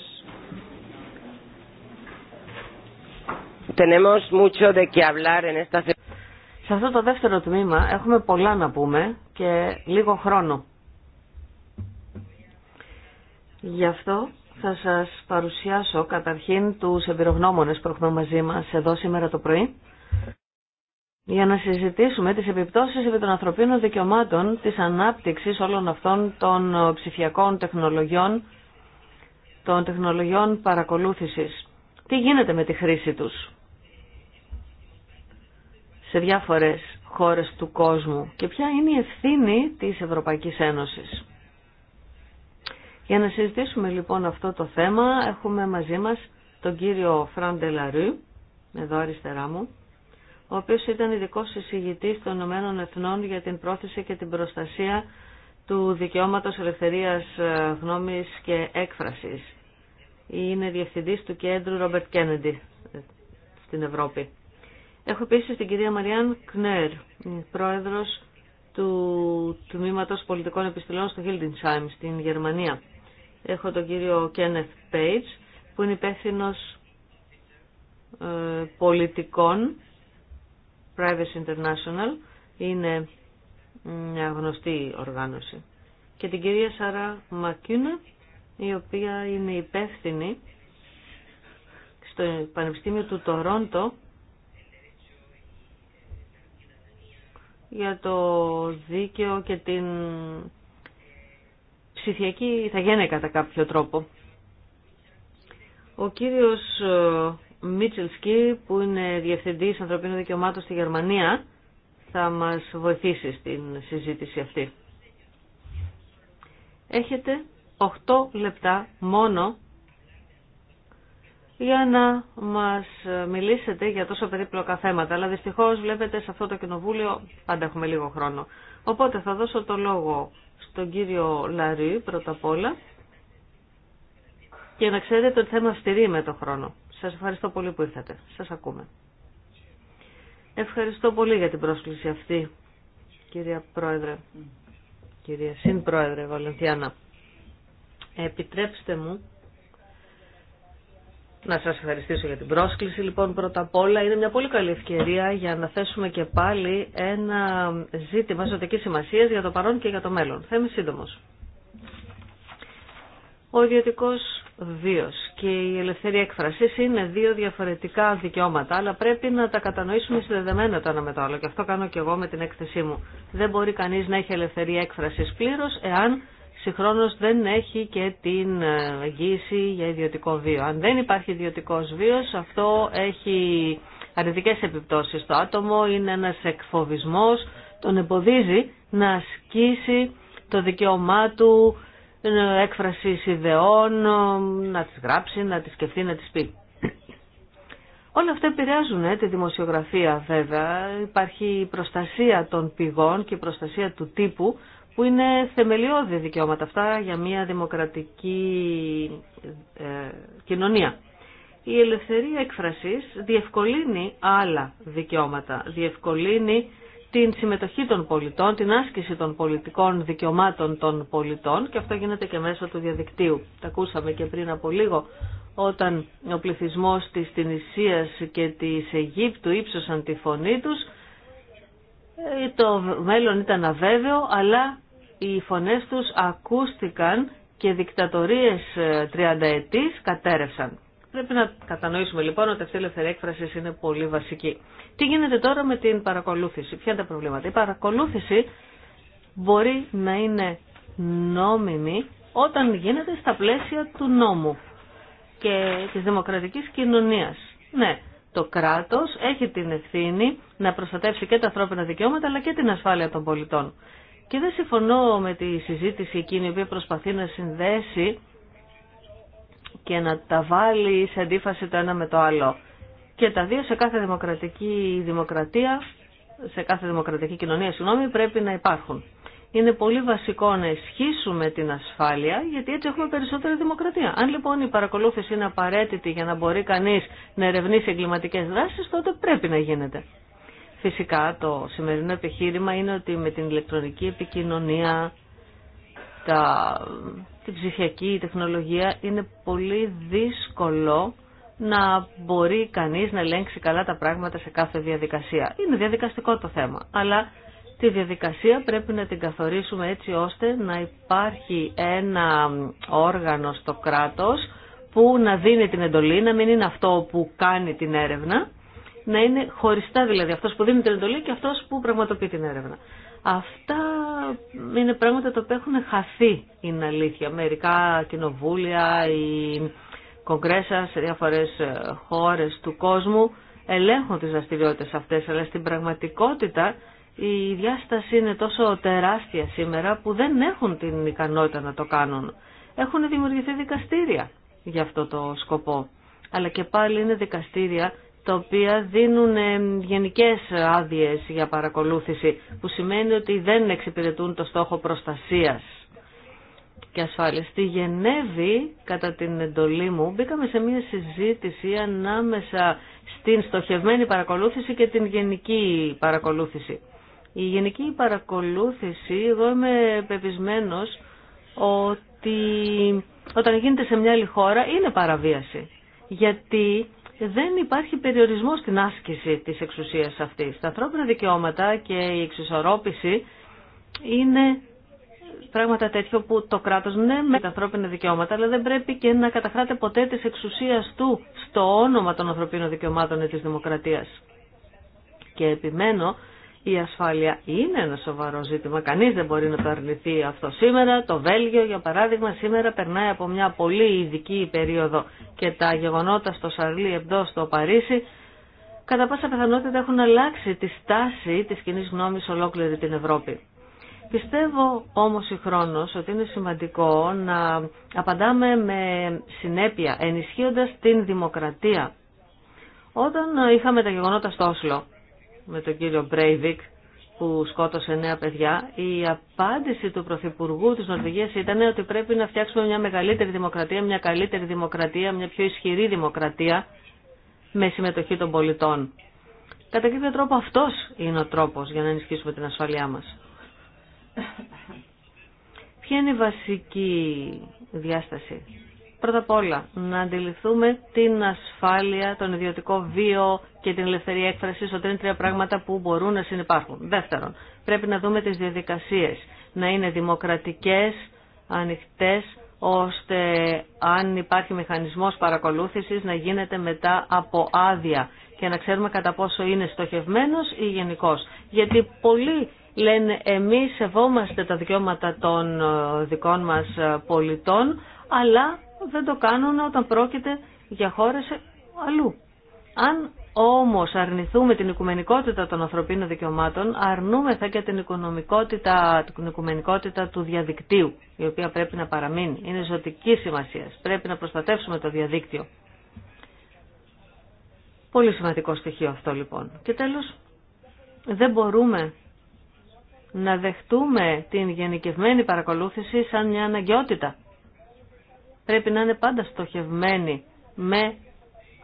tenemos mucho de qué hablar en esta Σε αυτό το δεύτερο τμήμα έχουμε πολλά να πούμε και λίγο χρόνο. Γι' αυτό θα σας παρουσιάσω καταρχήν τους εμπειρογνώμονες που έχουμε μαζί μας εδώ σήμερα το πρωί για να συζητήσουμε τις επιπτώσεις επί των ανθρωπίνων δικαιωμάτων της ανάπτυξης όλων αυτών των ψηφιακών τεχνολογιών, των τεχνολογιών παρακολούθησης. Τι γίνεται με τη χρήση τους σε διάφορες χώρες του κόσμου και ποια είναι η ευθύνη της Ευρωπαϊκής Ένωσης. Για να συζητήσουμε λοιπόν αυτό το θέμα έχουμε μαζί μας τον κύριο Φραν με εδώ αριστερά μου, ο οποίος ήταν ειδικό συζητητή των Ηνωμένων Εθνών για την πρόθεση και την προστασία του δικαιώματος ελευθερίας ε, γνώμης και έκφρασης. Είναι διευθυντής του κέντρου Ρόμπερτ Κέννεντι ε, στην Ευρώπη. Έχω επίση την κυρία Μαριάν Κνέρ, πρόεδρος του Τμήματος Πολιτικών Επιστηλών στο Χίλτινσάιμ στην Γερμανία. Έχω τον κύριο Κένεθ Πέιτς που είναι υπεύθυνο ε, πολιτικών Privacy International είναι μια γνωστή οργάνωση και την κυρία Σαρά Μακίνα, η οποία είναι υπεύθυνη στο Πανεπιστήμιο του Τορόντο για το δίκαιο και την ψηφιακή ηθαγένεια κατά κάποιο τρόπο. Ο κύριος ε, Μίτσελσκι που είναι Διευθυντής Ανθρωπίνων Δικαιωμάτων στη Γερμανία θα μας βοηθήσει στην συζήτηση αυτή. Έχετε 8 λεπτά μόνο για να μας μιλήσετε για τόσο περίπλοκα θέματα. Αλλά δυστυχώς βλέπετε σε αυτό το κοινοβούλιο πάντα έχουμε λίγο χρόνο. Οπότε θα δώσω το λόγο στον κύριο Λαρή πρώτα απ' όλα και να ξέρετε ότι θα είμαι με το χρόνο. Σας ευχαριστώ πολύ που ήρθατε. Σας ακούμε. Ευχαριστώ πολύ για την πρόσκληση αυτή, κυρία Πρόεδρε, κυρία Συν Πρόεδρε Επιτρέψτε μου να σας ευχαριστήσω για την πρόσκληση. Λοιπόν, πρώτα απ' όλα είναι μια πολύ καλή ευκαιρία για να θέσουμε και πάλι ένα ζήτημα ζωτικής σημασίας για το παρόν και για το μέλλον. Θα είμαι σύντομος. Ο ιδιωτικό βίος και η ελευθερία έκφραση είναι δύο διαφορετικά δικαιώματα, αλλά πρέπει να τα κατανοήσουμε συνδεδεμένα το ένα με το άλλο. Και αυτό κάνω και εγώ με την έκθεσή μου. Δεν μπορεί κανείς να έχει ελευθερία εκφρασής πλήρω εάν συγχρόνως δεν έχει και την ε, εγγύηση για ιδιωτικό βίο. Αν δεν υπάρχει ιδιωτικός βίος, αυτό έχει αρνητικές επιπτώσεις στο άτομο, είναι ένας εκφοβισμός, τον εμποδίζει να ασκήσει το δικαίωμά του ε, έκφραση ιδεών, ε, να τις γράψει, να τις σκεφτεί, να τις πει. Όλα αυτά επηρεάζουν τη δημοσιογραφία βέβαια. Υπάρχει η προστασία των πηγών και η προστασία του τύπου που είναι θεμελιώδη δικαιώματα αυτά για μια δημοκρατική ε, κοινωνία. Η ελευθερία έκφρασης διευκολύνει άλλα δικαιώματα, διευκολύνει την συμμετοχή των πολιτών, την άσκηση των πολιτικών δικαιωμάτων των πολιτών και αυτό γίνεται και μέσω του διαδικτύου. Τα ακούσαμε και πριν από λίγο όταν ο πληθυσμός της Τινησίας και της Αιγύπτου ύψωσαν τη φωνή τους. Ε, το μέλλον ήταν αβέβαιο αλλά οι φωνές τους ακούστηκαν και δικτατορίες 30 ε, ετής κατέρευσαν. Πρέπει να κατανοήσουμε λοιπόν ότι αυτή η ελευθερία έκφραση είναι πολύ βασική. Τι γίνεται τώρα με την παρακολούθηση, ποια είναι τα προβλήματα. Η παρακολούθηση μπορεί να είναι νόμιμη όταν γίνεται στα πλαίσια του νόμου και της δημοκρατικής κοινωνίας. Ναι, το κράτος έχει την ευθύνη να προστατεύσει και τα ανθρώπινα δικαιώματα αλλά και την ασφάλεια των πολιτών. Και δεν συμφωνώ με τη συζήτηση εκείνη η οποία προσπαθεί να συνδέσει και να τα βάλει σε αντίφαση το ένα με το άλλο. Και τα δύο σε κάθε δημοκρατική δημοκρατία, σε κάθε δημοκρατική κοινωνία, συγγνώμη, πρέπει να υπάρχουν. Είναι πολύ βασικό να ισχύσουμε την ασφάλεια, γιατί έτσι έχουμε περισσότερη δημοκρατία. Αν λοιπόν η παρακολούθηση είναι απαραίτητη για να μπορεί κανείς να ερευνήσει εγκληματικέ δράσεις, τότε πρέπει να γίνεται. Φυσικά το σημερινό επιχείρημα είναι ότι με την ηλεκτρονική επικοινωνία, τα, την ψηφιακή τεχνολογία είναι πολύ δύσκολο να μπορεί κανείς να ελέγξει καλά τα πράγματα σε κάθε διαδικασία. Είναι διαδικαστικό το θέμα, αλλά τη διαδικασία πρέπει να την καθορίσουμε έτσι ώστε να υπάρχει ένα όργανο στο κράτος που να δίνει την εντολή, να μην είναι αυτό που κάνει την έρευνα να είναι χωριστά δηλαδή αυτός που δίνει την εντολή και αυτός που πραγματοποιεί την έρευνα. Αυτά είναι πράγματα τα οποία έχουν χαθεί, είναι αλήθεια. Μερικά κοινοβούλια, οι κογκρέσα σε διάφορες ε, χώρες του κόσμου ελέγχουν τις δραστηριότητε αυτές, αλλά στην πραγματικότητα η διάσταση είναι τόσο τεράστια σήμερα που δεν έχουν την ικανότητα να το κάνουν. Έχουν δημιουργηθεί δικαστήρια για αυτό το σκοπό. Αλλά και πάλι είναι δικαστήρια τα οποία δίνουν ε, γενικές άδειες για παρακολούθηση, που σημαίνει ότι δεν εξυπηρετούν το στόχο προστασίας και ασφάλειας. Στη Γενέβη, κατά την εντολή μου, μπήκαμε σε μια συζήτηση ανάμεσα στην στοχευμένη παρακολούθηση και την γενική παρακολούθηση. Η γενική παρακολούθηση, εγώ είμαι πεπισμένος ότι όταν γίνεται σε μια άλλη χώρα είναι παραβίαση. Γιατί δεν υπάρχει περιορισμό στην άσκηση της εξουσίας αυτής. Τα ανθρώπινα δικαιώματα και η εξισορρόπηση είναι πράγματα τέτοια που το κράτος ναι με τα ανθρώπινα δικαιώματα αλλά δεν πρέπει και να καταχράτε ποτέ της εξουσίας του στο όνομα των ανθρωπίνων δικαιωμάτων ή της δημοκρατίας. Και επιμένω η ασφάλεια είναι ένα σοβαρό ζήτημα. Κανείς δεν μπορεί να το αρνηθεί αυτό σήμερα. Το Βέλγιο, για παράδειγμα, σήμερα περνάει από μια πολύ ειδική περίοδο και τα γεγονότα στο Σαρλί Εμπτό στο Παρίσι κατά πάσα πιθανότητα έχουν αλλάξει τη στάση της κοινή γνώμης ολόκληρη την Ευρώπη. Πιστεύω όμως η χρόνος ότι είναι σημαντικό να απαντάμε με συνέπεια, ενισχύοντας την δημοκρατία. Όταν είχαμε τα γεγονότα στο Όσλο, με τον κύριο Μπρέιβικ που σκότωσε νέα παιδιά, η απάντηση του Πρωθυπουργού της Νορβηγίας ήταν ότι πρέπει να φτιάξουμε μια μεγαλύτερη δημοκρατία, μια καλύτερη δημοκρατία, μια πιο ισχυρή δημοκρατία με συμμετοχή των πολιτών. Κατά κάποιο τρόπο αυτός είναι ο τρόπος για να ενισχύσουμε την ασφαλειά μας. Ποια είναι η βασική διάσταση Πρώτα απ' όλα, να αντιληφθούμε την ασφάλεια, τον ιδιωτικό βίο και την ελευθερία έκφραση ότι είναι τρία πράγματα που μπορούν να συνεπάρχουν. Δεύτερον, πρέπει να δούμε τις διαδικασίες να είναι δημοκρατικές, ανοιχτές, ώστε αν υπάρχει μηχανισμός παρακολούθησης να γίνεται μετά από άδεια και να ξέρουμε κατά πόσο είναι στοχευμένος ή γενικός. Γιατί πολλοί λένε εμείς σεβόμαστε τα δικαιώματα των ε, δικών μας ε, πολιτών, αλλά δεν το κάνουν όταν πρόκειται για χώρες αλλού. Αν όμως αρνηθούμε την οικουμενικότητα των ανθρωπίνων δικαιωμάτων, αρνούμεθα και την οικονομικότητα, την οικουμενικότητα του διαδικτύου, η οποία πρέπει να παραμείνει. Είναι ζωτική σημασία. Πρέπει να προστατεύσουμε το διαδίκτυο. Πολύ σημαντικό στοιχείο αυτό λοιπόν. Και τέλος, δεν μπορούμε να δεχτούμε την γενικευμένη παρακολούθηση σαν μια αναγκαιότητα πρέπει να είναι πάντα στοχευμένη με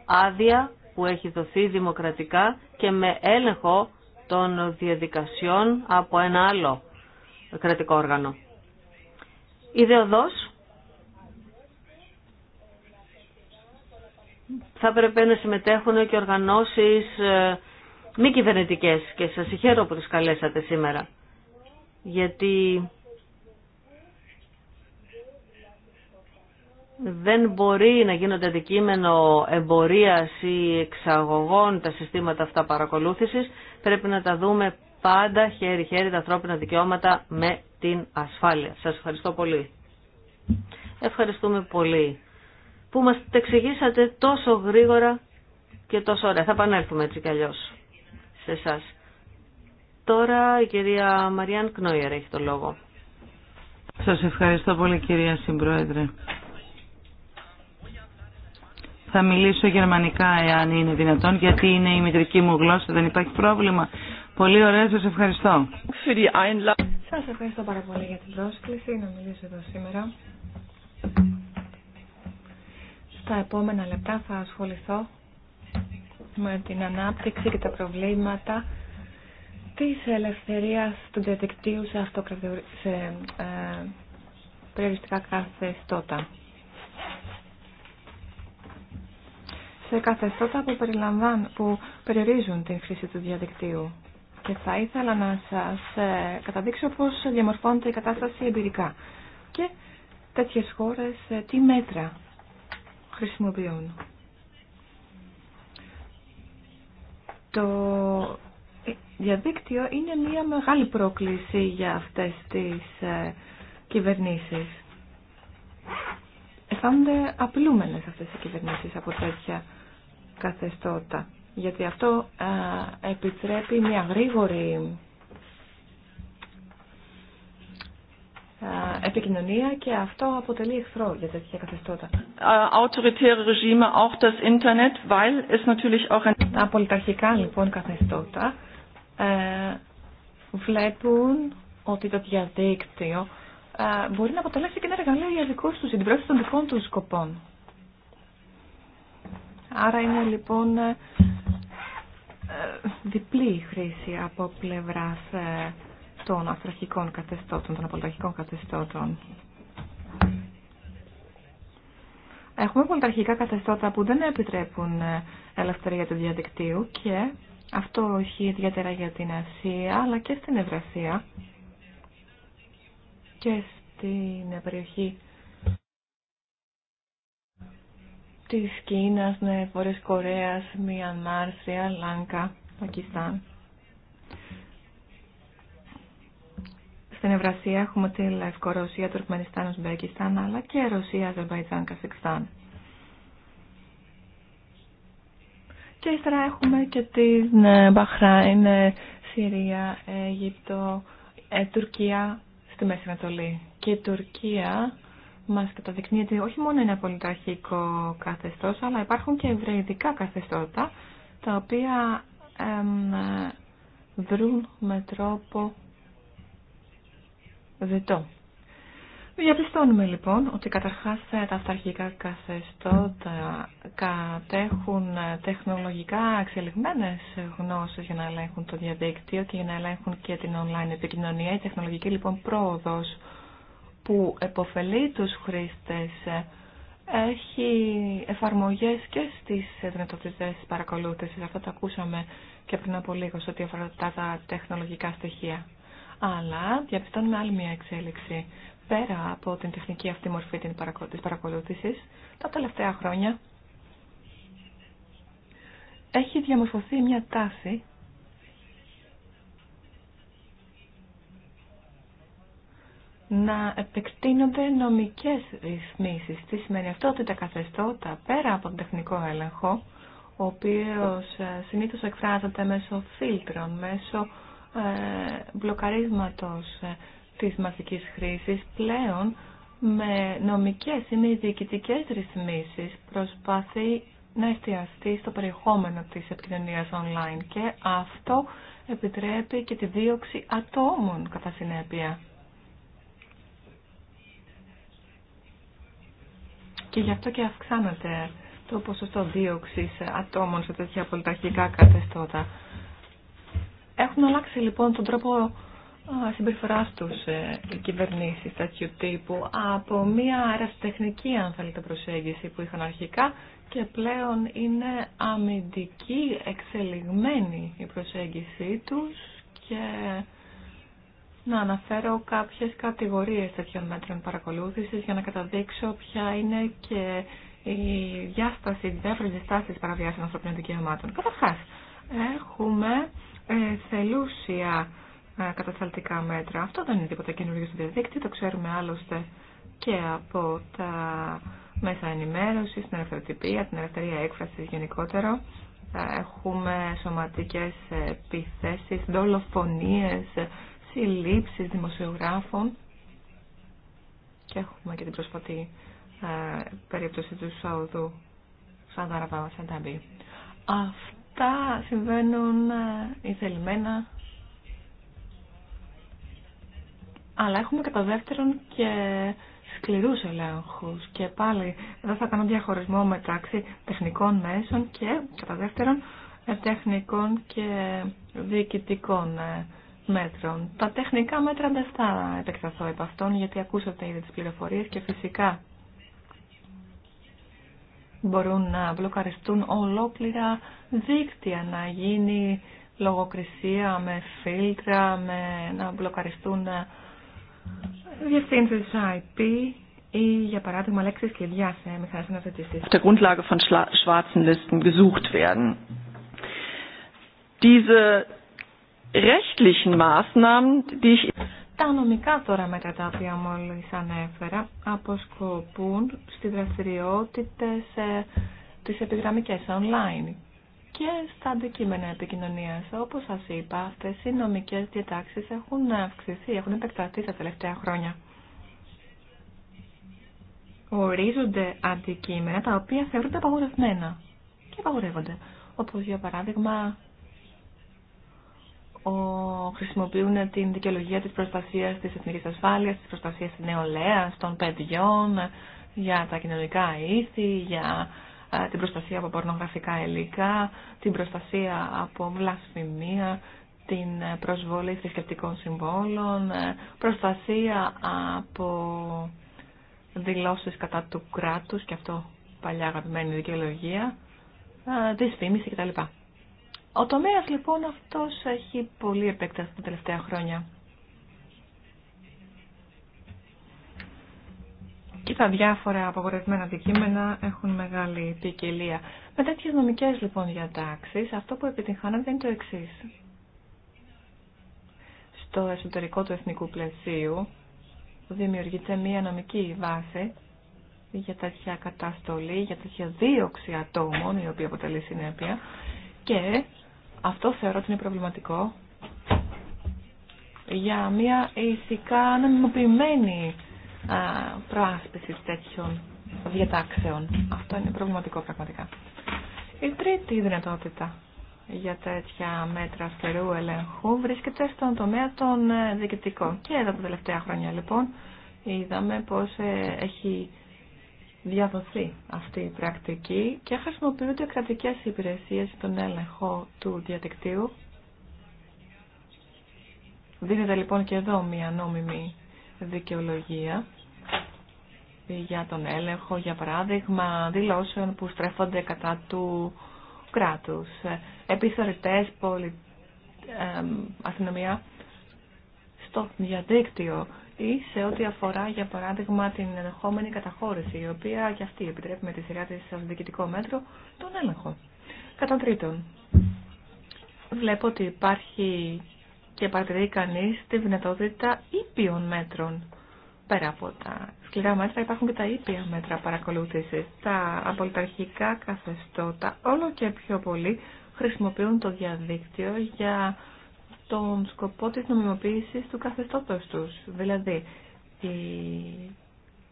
άδεια που έχει δοθεί δημοκρατικά και με έλεγχο των διαδικασιών από ένα άλλο κρατικό όργανο. Ιδεοδός θα πρέπει να συμμετέχουν και οργανώσεις ε, μη κυβερνητικές και σας συγχαίρω που τις καλέσατε σήμερα γιατί δεν μπορεί να γίνονται αντικείμενο εμπορίας ή εξαγωγών τα συστήματα αυτά παρακολούθησης. Πρέπει να τα δούμε πάντα χέρι-χέρι τα ανθρώπινα δικαιώματα με την ασφάλεια. Σας ευχαριστώ πολύ. Ευχαριστούμε πολύ που μας τα εξηγήσατε τόσο γρήγορα και τόσο ωραία. Θα επανέλθουμε έτσι κι αλλιώς σε εσά. Τώρα η κυρία Μαριάν Κνόιερ έχει το λόγο. Σας ευχαριστώ πολύ κυρία Συμπρόεδρε. Θα μιλήσω γερμανικά εάν είναι δυνατόν γιατί είναι η μητρική μου γλώσσα, δεν υπάρχει πρόβλημα. Πολύ ωραία, σας ευχαριστώ. Σας ευχαριστώ πάρα πολύ για την πρόσκληση να μιλήσω εδώ σήμερα. Στα επόμενα λεπτά θα ασχοληθώ με την ανάπτυξη και τα προβλήματα της ελευθερίας του διαδικτύου σε, σε ε, περιοριστικά καθεστώτα. σε καθεστώτα που, που περιορίζουν την χρήση του διαδικτύου. Και θα ήθελα να σας ε, καταδείξω πώς διαμορφώνεται η κατάσταση εμπειρικά. Και τέτοιες χώρες ε, τι μέτρα χρησιμοποιούν. Το διαδίκτυο είναι μια μεγάλη πρόκληση για αυτές τις ε, κυβερνήσεις. Αισθάνονται απλούμενες αυτές οι κυβερνήσεις από τέτοια καθεστώτα. Γιατί αυτό ε, επιτρέπει μια γρήγορη ε, επικοινωνία και αυτό αποτελεί εχθρό για τέτοια καθεστώτα. Äh, Regime auch das Internet, weil es natürlich auch ein... Τα πολιταρχικά λοιπόν καθεστώτα ε, βλέπουν ότι το διαδίκτυο ε, μπορεί να αποτελέσει και ένα εργαλείο για δικούς τους, την των δικών τους σκοπών. Άρα είναι λοιπόν ε, ε, διπλή η χρήση από πλευράς ε, των αυταρχικών καθεστώτων, των απολυταρχικών καθεστώτων. Έχουμε πολιταρχικά καθεστώτα που δεν επιτρέπουν ελευθερία του διαδικτύου και αυτό έχει ιδιαίτερα για την Ασία αλλά και στην Ευρασία και στην περιοχή της Κίνας, ναι, Βορειας Κορέας, Μιανμάρ, Σρια Λάνκα, Πακιστάν. Στην Ευρασία έχουμε τη Λευκορωσία, Τουρκμενιστάν, Ουσμπεκιστάν, αλλά και Ρωσία, Αζερβαϊτζάν, Καζακστάν. Και ύστερα έχουμε και την ε, Μπαχράιν, ε, Συρία, Αίγυπτο, ε, Τουρκία στη Μέση Ανατολή. Και η Τουρκία μας καταδεικνύει ότι όχι μόνο είναι πολυταρχικό καθεστώς, αλλά υπάρχουν και ευρεϊδικά καθεστώτα, τα οποία εμ, δρούν με τρόπο διτό. Διαπιστώνουμε λοιπόν ότι καταρχάς τα αυταρχικά καθεστώτα κατέχουν τεχνολογικά εξελιγμένες γνώσεις για να ελέγχουν το διαδίκτυο και για να ελέγχουν και την online επικοινωνία. Η τεχνολογική λοιπόν πρόοδος που επωφελεί τους χρήστες ε, έχει εφαρμογές και στις δυνατότητες παρακολούθησης. Αυτό το ακούσαμε και πριν από λίγο σε ό,τι αφορά τα τεχνολογικά στοιχεία. Αλλά διαπιστώνουμε άλλη μια εξέλιξη. Πέρα από την τεχνική αυτή μορφή της παρακολούθησης, τα τελευταία χρόνια έχει διαμορφωθεί μια τάση να επεκτείνονται νομικές ρυθμίσεις. Τι σημαίνει αυτό, ότι τα καθεστώτα πέρα από τον τεχνικό έλεγχο, ο οποίος ε, συνήθως εκφράζεται μέσω φίλτρων, μέσω ε, μπλοκαρίσματος ε, της μαζικής χρήσης, πλέον με νομικές ή με διοικητικές ρυθμίσεις προσπαθεί να εστιαστεί στο περιεχόμενο της επικοινωνίας online και αυτό επιτρέπει και τη δίωξη ατόμων κατά συνέπεια. Και γι' αυτό και αυξάνεται το ποσοστό δίωξη ατόμων σε τέτοια πολιταρχικά καθεστώτα. Έχουν αλλάξει λοιπόν τον τρόπο συμπεριφορά του ε, οι κυβερνήσει τέτοιου τύπου από μια αεραστεχνική, αν θέλετε, προσέγγιση που είχαν αρχικά και πλέον είναι αμυντική, εξελιγμένη η προσέγγιση τους και να αναφέρω κάποιες κατηγορίες τέτοιων μέτρων παρακολούθησης για να καταδείξω ποια είναι και η διάσταση, διάφορη διάφορε της παραβιάσεων ανθρωπίνων δικαιωμάτων. Καταρχάς, έχουμε ε, θελούσια ε, κατασταλτικά μέτρα. Αυτό δεν είναι τίποτα καινούργιο στο διαδίκτυο, το ξέρουμε άλλωστε και από τα μέσα ενημέρωση, την ελευθεροτυπία, την ελευθερία έκφρασης γενικότερο. Ε, έχουμε σωματικές επιθέσεις, δολοφονίες, συλλήψεις δημοσιογράφων και έχουμε και την πρόσφατη ε, περίπτωση του Σαουδού σαν Σανταμπή. Αυτά συμβαίνουν ε, αλλά έχουμε κατά δεύτερον και σκληρούς ελέγχους και πάλι δεν θα κάνω διαχωρισμό μεταξύ τεχνικών μέσων και κατά δεύτερον ε, τεχνικών και διοικητικών ε, μέτρων. Τα τεχνικά μέτρα δεν θα επεκταθώ επ' αυτών γιατί ακούσατε ήδη τις πληροφορίες και φυσικά μπορούν να μπλοκαριστούν ολόκληρα δίκτυα, να γίνει λογοκρισία με φίλτρα, με, να μπλοκαριστούν διευθύνσεις IP ή για παράδειγμα λέξεις κλειδιά σε μηχανές αναθετήσεις. Auf der Grundlage von schwarzen Listen gesucht werden. Diese τα νομικά τώρα μέτρα τα οποία μόλις ανέφερα αποσκοπούν στι δραστηριότητε ε, τις online και στα αντικείμενα επικοινωνίας. Όπως σας είπα, αυτές οι νομικές διατάξεις έχουν αυξηθεί, έχουν επεκταθεί τα τελευταία χρόνια. Ορίζονται αντικείμενα τα οποία θεωρούνται απαγορευμένα και απαγορεύονται. Όπως για παράδειγμα ο, χρησιμοποιούν την δικαιολογία της προστασίας της εθνικής ασφάλειας, της προστασίας της νεολαίας, των παιδιών, για τα κοινωνικά ήθη, για ε, την προστασία από πορνογραφικά υλικά, την προστασία από βλασφημία, την προσβολή θρησκευτικών συμβόλων, ε, προστασία από δηλώσεις κατά του κράτους και αυτό παλιά αγαπημένη δικαιολογία, ε, δυσφήμιση κτλ. Ο τομέας λοιπόν αυτός έχει πολύ επέκταση τα τελευταία χρόνια. Και τα διάφορα απαγορευμένα αντικείμενα έχουν μεγάλη ποικιλία. Με τέτοιε νομικέ λοιπόν διατάξει, αυτό που επιτυγχάνεται είναι το εξή. Στο εσωτερικό του εθνικού πλαισίου δημιουργείται μία νομική βάση για τέτοια καταστολή, για τέτοια δίωξη ατόμων, η οποία αποτελεί συνέπεια, και αυτό θεωρώ ότι είναι προβληματικό για μια ηθικά νομιμοποιημένη προάσπιση τέτοιων διατάξεων. Αυτό είναι προβληματικό πραγματικά. Η τρίτη δυνατότητα για τέτοια μέτρα αυστηρού ελέγχου βρίσκεται στον τομέα των ε, διοικητικών. Και εδώ τα τελευταία χρόνια λοιπόν είδαμε πως ε, έχει διαδοθεί αυτή η πρακτική και χρησιμοποιούνται κρατικές υπηρεσίες στον έλεγχο του διαδικτύου. Δίνεται λοιπόν και εδώ μια νόμιμη δικαιολογία για τον έλεγχο, για παράδειγμα, δηλώσεων που στρέφονται κατά του κράτους, επιθεωρητές, πολι... Ε, αστυνομία στο διαδίκτυο ή σε ό,τι αφορά, για παράδειγμα, την ενδεχόμενη καταχώρηση, η σε οτι αφορα για παραδειγμα την ενεχομενη καταχωρηση η οποια και αυτή επιτρέπει με τη σειρά της ως διοικητικό μέτρο τον έλεγχο. Κατά τρίτον, βλέπω ότι υπάρχει και παρατηρεί κανεί τη δυνατότητα ήπιων μέτρων. Πέρα από τα σκληρά μέτρα υπάρχουν και τα ήπια μέτρα παρακολούθησης. Τα απολυταρχικά καθεστώτα όλο και πιο πολύ χρησιμοποιούν το διαδίκτυο για τον σκοπό της νομιμοποίησης του καθεστώτος τους. Δηλαδή, οι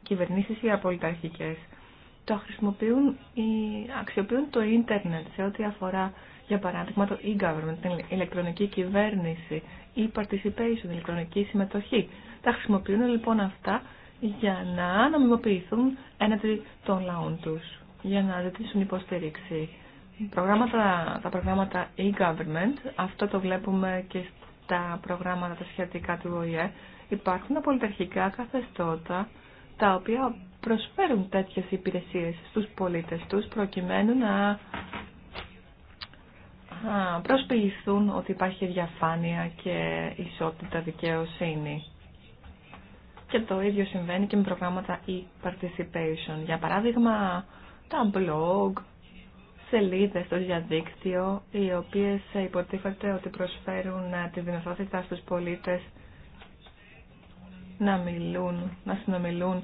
κυβερνήσεις ή απολυταρχικές το χρησιμοποιούν, αξιοποιούν το ίντερνετ σε ό,τι αφορά, για παράδειγμα, το e-government, την ηλεκτρονική κυβέρνηση ή participation, ηλεκτρονική συμμετοχή. Τα χρησιμοποιούν λοιπόν αυτά για να νομιμοποιηθούν έναντι των λαών τους, για να ζητήσουν υποστήριξη. Προγράμματα, τα προγράμματα e-government, αυτό το βλέπουμε και στα προγράμματα τα σχετικά του ΟΗΕ, υπάρχουν απολυταρχικά καθεστώτα τα οποία προσφέρουν τέτοιες υπηρεσίες στους πολίτες τους προκειμένου να προσποιηθούν ότι υπάρχει διαφάνεια και ισότητα δικαιοσύνη. Και το ίδιο συμβαίνει και με προγράμματα e-participation. Για παράδειγμα, τα blog, σελίδες στο διαδίκτυο οι οποίες υποτίθεται ότι προσφέρουν ε, τη δυνατότητα στους πολίτες να μιλούν, να συνομιλούν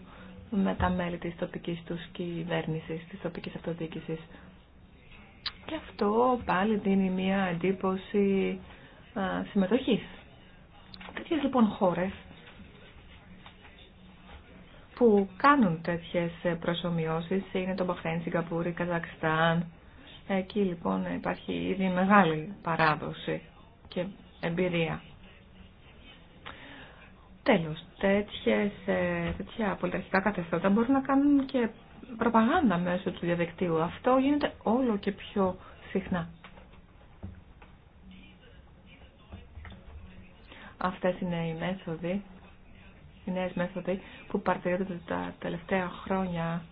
με τα μέλη της τοπικής τους κυβέρνησης, της τοπικής αυτοδιοίκησης. Και αυτό πάλι δίνει μια εντύπωση α, ε, συμμετοχής. Τέτοιες λοιπόν χώρες που κάνουν τέτοιες ε, προσωμιώσεις είναι το Μπαχρέν, Σιγκαπούρη, Καζακστάν, Εκεί λοιπόν υπάρχει ήδη μεγάλη παράδοση και εμπειρία. Τέλος, τέτοιες, ε, τέτοια πολιταρχικά καθεστώτα μπορούν να κάνουν και προπαγάνδα μέσω του διαδικτύου. Αυτό γίνεται όλο και πιο συχνά. Αυτές είναι οι μέθοδοι, οι νέες μέθοδοι που παρατηρούνται τα τελευταία χρόνια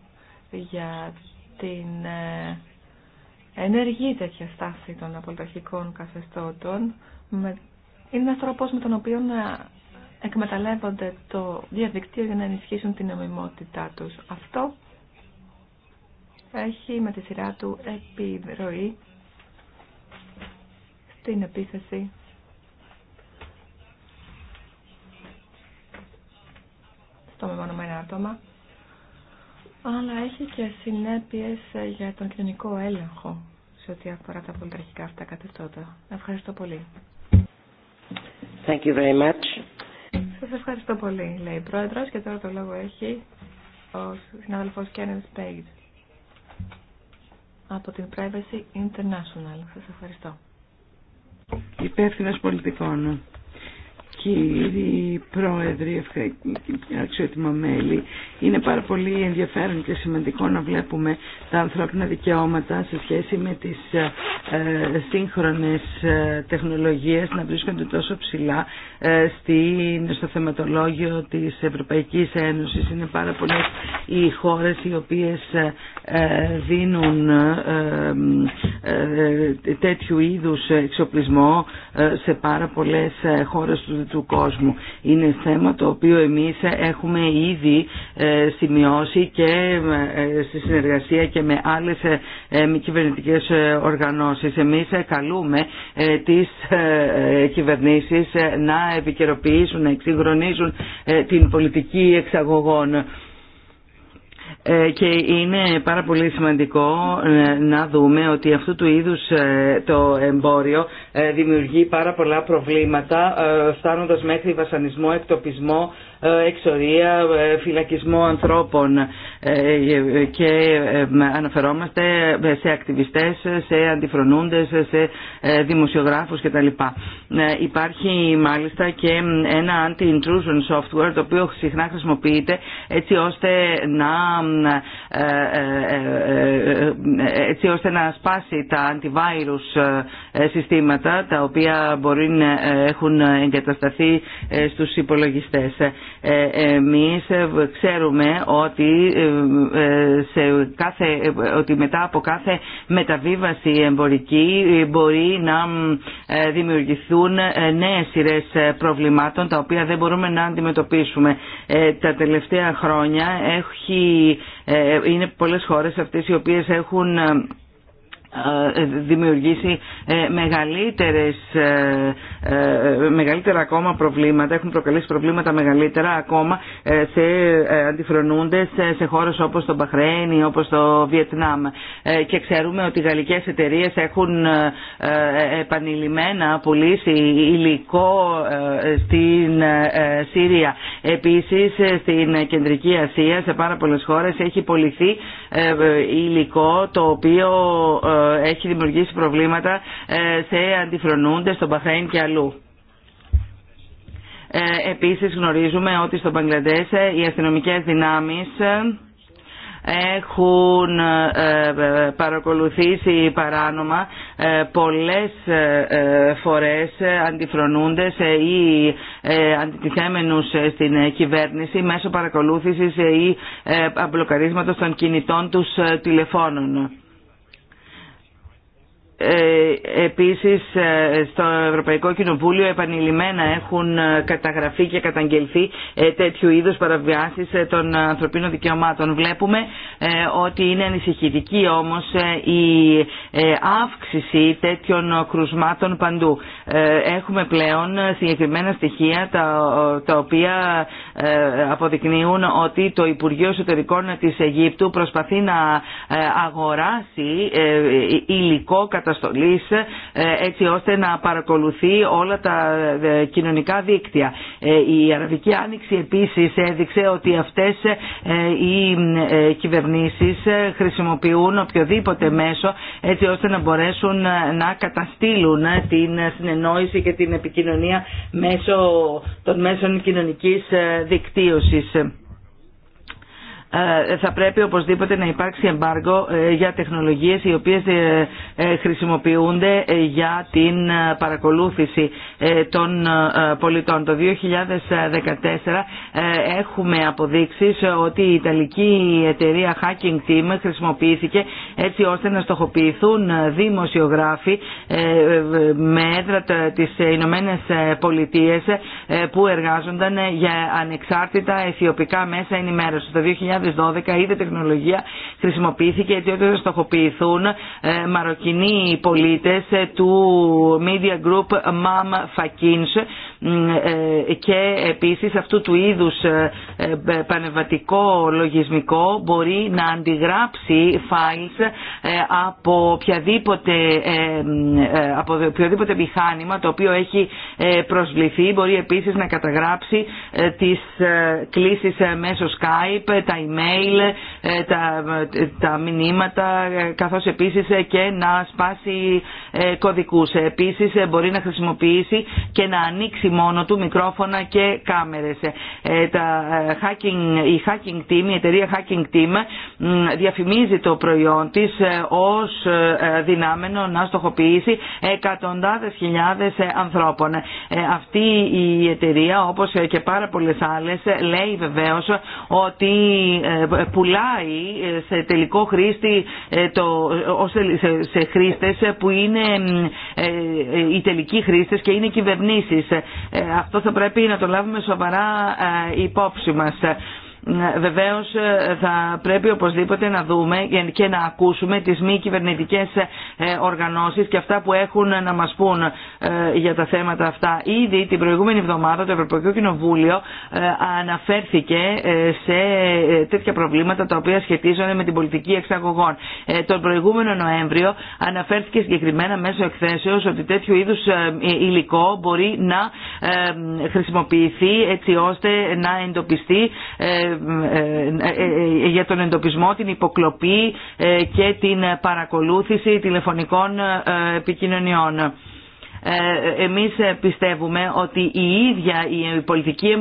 για την ε, Ενεργεί τέτοια στάση των απολυταρχικών καθεστώτων με... είναι ένας τρόπος με τον οποίο να ε, εκμεταλλεύονται το διαδικτύο για να ενισχύσουν την νομιμότητά τους. Αυτό έχει με τη σειρά του επιρροή στην επίθεση στο μεμονωμένο άτομα αλλά έχει και συνέπειες ε, για τον κοινωνικό έλεγχο σε ό,τι αφορά τα πολυταρχικά αυτά καθεστώτα. Ευχαριστώ πολύ. Thank you very much. Σας ευχαριστώ πολύ, λέει η Πρόεδρος και τώρα το λόγο έχει ο συνάδελφος Kenneth Page από την Privacy International. Σας ευχαριστώ. Υπεύθυνος πολιτικών. Κύριοι Πρόεδροι, αξιότιμα μέλη, είναι πάρα πολύ ενδιαφέρον και σημαντικό να βλέπουμε τα ανθρώπινα δικαιώματα σε σχέση με τις ε, σύγχρονες ε, τεχνολογίες να βρίσκονται τόσο ψηλά ε, στο θεματολόγιο της Ευρωπαϊκής Ένωσης. Είναι πάρα πολλές οι χώρες οι οποίες δίνουν τέτοιου είδους εξοπλισμό σε πάρα πολλές χώρες του είναι θέμα το οποίο εμείς έχουμε ήδη ε, σημειώσει και ε, ε, στη συνεργασία και με άλλες μη κυβερνητικές οργανώσεις. Εμείς καλούμε τις κυβερνήσεις να επικαιροποιήσουν, να εξυγχρονίζουν την πολιτική εξαγωγών ε, και είναι πάρα πολύ σημαντικό ε, να δούμε ότι αυτού του είδους ε, το εμπόριο δημιουργεί πάρα πολλά προβλήματα φτάνοντας μέχρι βασανισμό, εκτοπισμό ε, εξορία, ε, φυλακισμό ανθρώπων ε, και αναφερόμαστε σε ακτιβιστές, σε αντιφρονούντες, σε δημοσιογράφους κτλ. Υπάρχει μάλιστα και ένα anti-intrusion software το οποίο συχνά χρησιμοποιείται έτσι ώστε να, έτσι ώστε να σπάσει τα antivirus συστήματα τα οποία μπορεί να έχουν εγκατασταθεί στους υπολογιστές. Ε, εμείς ε, ξέρουμε ότι, ε, σε κάθε, ότι μετά από κάθε μεταβίβαση εμπορική μπορεί να δημιουργηθούν νέες σειρές προβλημάτων τα οποία δεν μπορούμε να αντιμετωπίσουμε. Τα τελευταία χρόνια έχει, είναι πολλές χώρες αυτές οι οποίες έχουν δημιουργήσει μεγαλύτερες ε, ε, μεγαλύτερα ακόμα προβλήματα, έχουν προκαλέσει προβλήματα μεγαλύτερα ακόμα ε, σε αντιφρονούντες σε χώρες όπως το Μπαχρέιν ή όπως το Βιετνάμ. Και ξέρουμε ότι οι γαλλικές εταιρείες έχουν επανειλημμένα πουλήσει υλικό στην Σύρια. Επίσης στην Κεντρική Ασία σε πάρα πολλές χώρες έχει πολιθεί υλικό το οποίο έχει δημιουργήσει προβλήματα σε αντιφρονούντες, στο Μπαχρέιν και αλλού αλλού. Ε, επίσης γνωρίζουμε ότι στο Μπαγκλαντές ε, οι αστυνομικές δυνάμεις ε, έχουν παρακολουθήσει παράνομα πολλές φορές αντιφρονούντες ή αντιτιθέμενους στην κυβέρνηση μέσω παρακολούθησης ή αμπλοκαρίσματος των κινητών τους τηλεφώνων. Ε, επίσης ε, στο Ευρωπαϊκό Κοινοβούλιο επανειλημμένα έχουν ε, καταγραφεί και καταγγελθεί τέτοιου είδους παραβιάσεις των ανθρωπίνων δικαιωμάτων. Βλέπουμε ότι είναι ανησυχητική όμως η αύξηση τέτοιων κρουσμάτων παντού. Έχουμε πλέον συγκεκριμένα στοιχεία τα οποία αποδεικνύουν ότι το Υπουργείο Εσωτερικών της Αιγύπτου προσπαθεί να αγοράσει υλικό καταστολής ε, έτσι ώστε να παρακολουθεί όλα τα ε, κοινωνικά δίκτυα. Ε, η Αραβική Άνοιξη επίσης έδειξε ότι αυτές οι κυβερνήσεις χρησιμοποιούν οποιοδήποτε μέσο έτσι ώστε να μπορέσουν να καταστήλουν την συνεννόηση και την επικοινωνία μέσω των μέσων κοινωνικής δικτύωσης. Ε, θα πρέπει οπωσδήποτε να υπάρξει εμπάργο ε, για τεχνολογίες οι οποίες ε, χρησιμοποιούνται για την παρακολούθηση των πολιτών. Το 2014 έχουμε αποδείξεις ότι η Ιταλική εταιρεία Hacking Team χρησιμοποιήθηκε έτσι ώστε να στοχοποιηθούν δημοσιογράφοι με έδρα της Ηνωμένε Πολιτείες που εργάζονταν για ανεξάρτητα αιθιοπικά μέσα ενημέρωση. Το 2012 είδε τεχνολογία χρησιμοποιήθηκε έτσι ώστε να στοχοποιηθούν ε, μαροκινοί πολίτες ε, του Media Group Mam Fakins και επίσης αυτού του είδους ε, ε, πανευατικό λογισμικό μπορεί να αντιγράψει files ε, από οποιαδήποτε, από μηχάνημα το οποίο έχει προσβληθεί. Μπορεί επίσης να καταγράψει τις κλήσεις μέσω Skype, τα email, τα, τα μηνύματα καθώς επίσης και να σπάσει κωδικούς. Επίσης μπορεί να χρησιμοποιήσει και να ανοίξει μόνο του μικρόφωνα και κάμερες. Ε, τα ε, hacking, η hacking team, η εταιρεία hacking team διαφημίζει το προϊόν της ε, ως δυνάμενο να στοχοποιήσει εκατοντάδες χιλιάδες ανθρώπων. Αυτή η εταιρεία όπως και πάρα πολλές άλλες λέει βεβαίως ότι πουλάει σε τελικό χρήστη το, σε, σε χρήστες που είναι οι τελικοί χρήστες και είναι κυβερνήσεις. Ε, αυτό θα πρέπει να το λάβουμε σοβαρά ε, υπόψη μας. Βεβαίω ε, θα πρέπει οπωσδήποτε να δούμε και να ακούσουμε τις μη κυβερνητικέ ε, οργανώσεις και αυτά που έχουν να μας πούν ε, για τα θέματα αυτά. Ήδη την προηγούμενη εβδομάδα το Ευρωπαϊκό Κοινοβούλιο αναφέρθηκε σε τέτοια προβλήματα τα οποία σχετίζονται με την πολιτική εξαγωγών. Τον προηγούμενο Νοέμβριο αναφέρθηκε συγκεκριμένα μέσω εκθέσεως ότι τέτοιου είδους υλικό μπορεί να χρησιμοποιηθεί έτσι ώστε να εντοπιστεί για τον εντοπισμό, την υποκλοπή ε, και την παρακολούθηση τηλεφωνικών ε, επικοινωνιών. Ε, εμείς ε, πιστεύουμε ότι η ίδια η πολιτική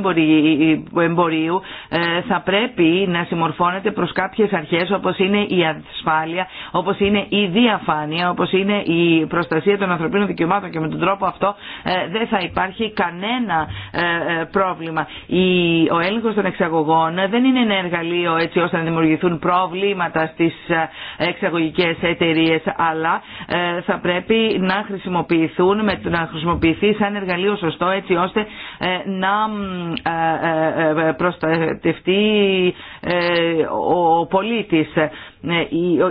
εμπορίου ε, θα πρέπει να συμμορφώνεται προς κάποιες αρχές όπως είναι η ασφάλεια, όπως είναι η διαφάνεια, όπως είναι η προστασία των ανθρωπίνων δικαιωμάτων και με τον τρόπο αυτό δεν θα υπάρχει κανένα πρόβλημα. Ο έλεγχος των εξαγωγών δεν είναι ένα εργαλείο έτσι ώστε να δημιουργηθούν προβλήματα στις εξαγωγικές εταιρείε, αλλά θα πρέπει να χρησιμοποιηθούν με, να χρησιμοποιηθεί σαν εργαλείο σωστό έτσι ώστε ε, να ε, ε, προστατευτεί ε, ο πολίτης. Ε,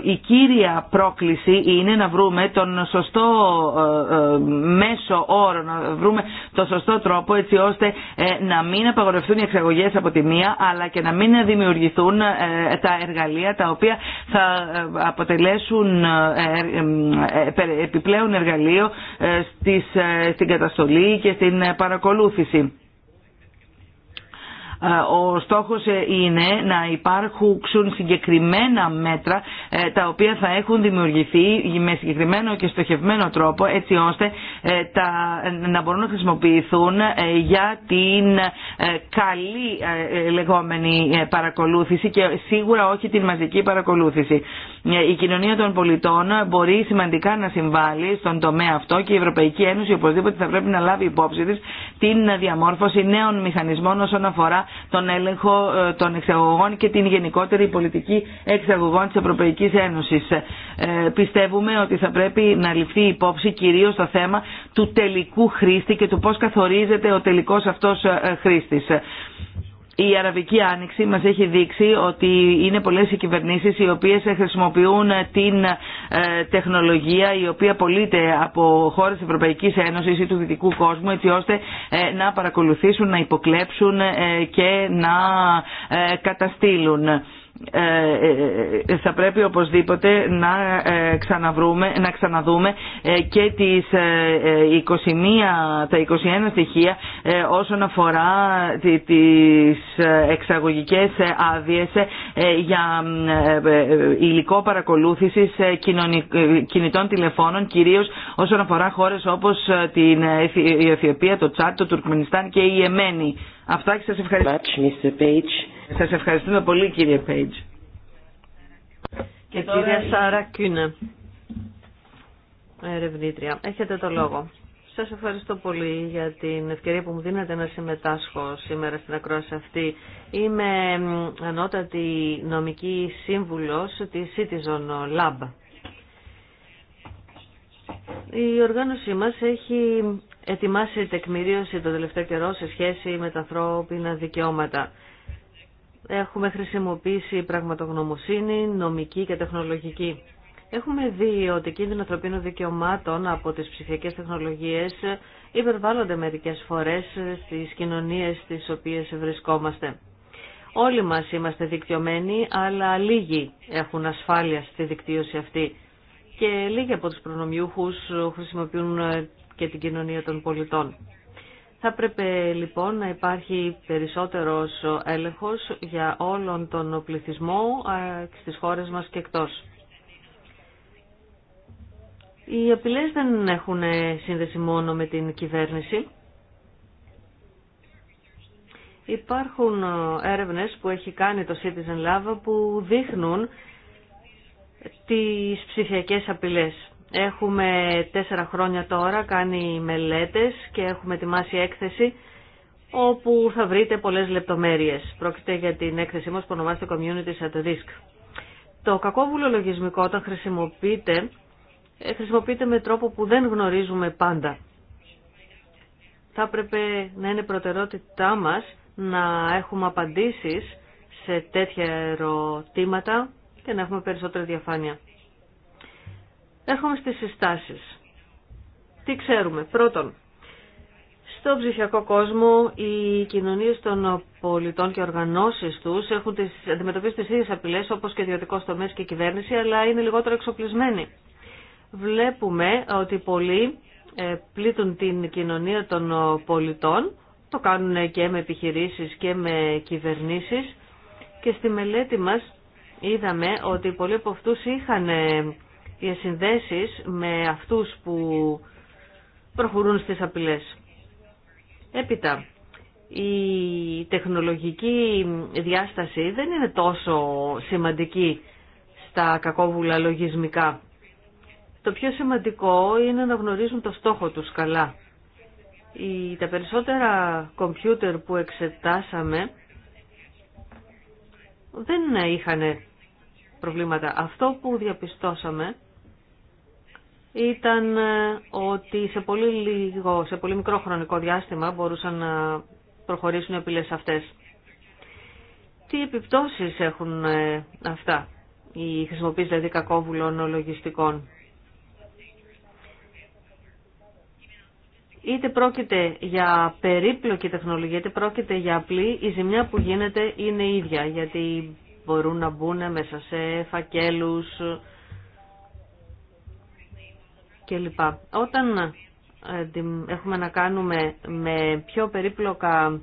η κύρια πρόκληση είναι να βρούμε τον σωστό ε, μέσο όρο, να βρούμε τον σωστό τρόπο έτσι ώστε να μην απαγορευτούν οι εξαγωγές από τη μία αλλά και να μην δημιουργηθούν τα εργαλεία τα οποία θα αποτελέσουν επιπλέον εργαλείο στην καταστολή και στην παρακολούθηση. Ο στόχος ε, είναι να υπάρχουν συγκεκριμένα μέτρα ε, τα οποία θα έχουν δημιουργηθεί με συγκεκριμένο και στοχευμένο τρόπο έτσι ώστε ε, να μπορούν να χρησιμοποιηθούν για την καλή λεγόμενη παρακολούθηση και σίγουρα όχι την μαζική παρακολούθηση. Η κοινωνία των πολιτών μπορεί σημαντικά να συμβάλλει στον τομέα αυτό και η Ευρωπαϊκή Ένωση οπωσδήποτε θα πρέπει να λάβει υπόψη της την διαμόρφωση νέων μηχανισμών όσον αφορά τον έλεγχο ε, των εξαγωγών και την γενικότερη πολιτική εξαγωγών της Ευρωπαϊκής Ένωσης. Ε, πιστεύουμε ότι θα πρέπει να ληφθεί υπόψη κυρίως το θέμα του τελικού χρήστη και του πώς καθορίζεται ο τελικός αυτός ε, χρήστης η Αραβική Άνοιξη μας έχει δείξει ότι είναι πολλές οι κυβερνήσεις οι οποίες χρησιμοποιούν την ε, τεχνολογία η οποία πωλείται από χώρες της Ευρωπαϊκής Ένωσης ή του δυτικού κόσμου έτσι ώστε ε, να παρακολουθήσουν, να υποκλέψουν ε, και να καταστήλουν. Ε, ε, ε, θα πρέπει οπωσδήποτε να ξαναβρούμε, να ξαναδούμε και τις 21, τα 21 στοιχεία όσον αφορά τις εξαγωγικές άδειες για υλικό παρακολούθησης κινητών τηλεφώνων κυρίως όσον αφορά χώρες όπως την Αιθιοπία, το Τσάτ, το Τουρκμενιστάν και η Εμένη. Αυτά και σας ευχαριστώ. Σα ευχαριστούμε πολύ κύριε Πέιτζ. Και κυρία Σάρα Κίνε, ερευνήτρια. Έχετε το λόγο. Σας ευχαριστώ πολύ για την ευκαιρία που μου δίνετε να συμμετάσχω σήμερα στην ακρόαση αυτή. Είμαι ανώτατη νομική σύμβουλος της Citizen Lab. Η οργάνωσή μας έχει ετοιμάσει τεκμηρίωση το τελευταίο καιρό σε σχέση με τα ανθρώπινα δικαιώματα. Έχουμε χρησιμοποιήσει πραγματογνωμοσύνη, νομική και τεχνολογική. Έχουμε δει ότι κίνδυνο ανθρωπίνων δικαιωμάτων από τις ψηφιακές τεχνολογίες υπερβάλλονται μερικές φορές στις κοινωνίες στις οποίες βρισκόμαστε. Όλοι μας είμαστε δικτυωμένοι, αλλά λίγοι έχουν ασφάλεια στη δικτύωση αυτή και λίγοι από τους προνομιούχους χρησιμοποιούν και την κοινωνία των πολιτών. Θα πρέπει λοιπόν να υπάρχει περισσότερος έλεγχος για όλον τον πληθυσμό ε, στις χώρες μας και εκτός. Οι απειλές δεν έχουν σύνδεση μόνο με την κυβέρνηση. Υπάρχουν ε, έρευνες που έχει κάνει το Citizen Lab που δείχνουν τις ψηφιακές απειλές. Έχουμε τέσσερα χρόνια τώρα κάνει μελέτες και έχουμε ετοιμάσει έκθεση όπου θα βρείτε πολλές λεπτομέρειες. Πρόκειται για την έκθεσή μας που ονομάζεται Communities at Risk. Το κακόβουλο λογισμικό όταν χρησιμοποιείται, ε, χρησιμοποιείται με τρόπο που δεν γνωρίζουμε πάντα. Θα έπρεπε να είναι προτερότητά μας να έχουμε απαντήσεις σε τέτοια ερωτήματα και να έχουμε περισσότερη διαφάνεια. Έρχομαι στις συστάσεις. Τι ξέρουμε. Πρώτον, στον ψηφιακό κόσμο οι κοινωνίες των πολιτών και οργανώσεις τους έχουν τις, αντιμετωπίσει τις ίδιες απειλές όπως και ιδιωτικό τομέα και κυβέρνηση, αλλά είναι λιγότερο εξοπλισμένοι. Βλέπουμε ότι πολλοί ε, πλήττουν την κοινωνία των πολιτών, το κάνουν και με επιχειρήσεις και με κυβερνήσεις και στη μελέτη μας είδαμε ότι πολλοί από αυτούς είχαν ε, συνδέσεις με αυτούς που προχωρούν στις απειλές. Έπειτα, η τεχνολογική διάσταση δεν είναι τόσο σημαντική στα κακόβουλα λογισμικά. Το πιο σημαντικό είναι να γνωρίζουν το στόχο τους καλά. Οι, τα περισσότερα κομπιούτερ που εξετάσαμε δεν είχαν προβλήματα. Αυτό που διαπιστώσαμε ήταν ε, ότι σε πολύ λίγο, σε πολύ μικρό χρονικό διάστημα μπορούσαν να προχωρήσουν οι απειλές αυτές. Τι επιπτώσεις έχουν ε, αυτά, η χρησιμοποίηση δηλαδή κακόβουλων λογιστικών. Είτε πρόκειται για περίπλοκη τεχνολογία, είτε πρόκειται για απλή, η ζημιά που γίνεται είναι ίδια, γιατί μπορούν να μπουν μέσα σε φακέλους, όταν ε, έχουμε να κάνουμε με πιο περίπλοκα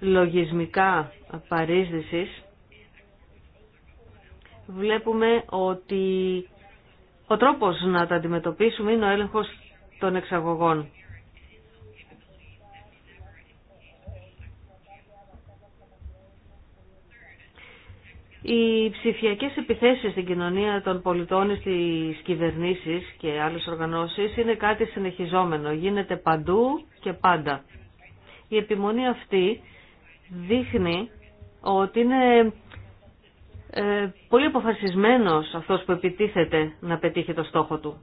λογισμικά παρίσδησης, βλέπουμε ότι ο τρόπος να τα αντιμετωπίσουμε είναι ο έλεγχος των εξαγωγών. Οι ψηφιακές επιθέσεις στην κοινωνία των πολιτών, στις κυβερνήσεις και άλλες οργανώσεις είναι κάτι συνεχιζόμενο. Γίνεται παντού και πάντα. Η επιμονή αυτή δείχνει ότι είναι ε, πολύ αποφασισμένος αυτός που επιτίθεται να πετύχει το στόχο του.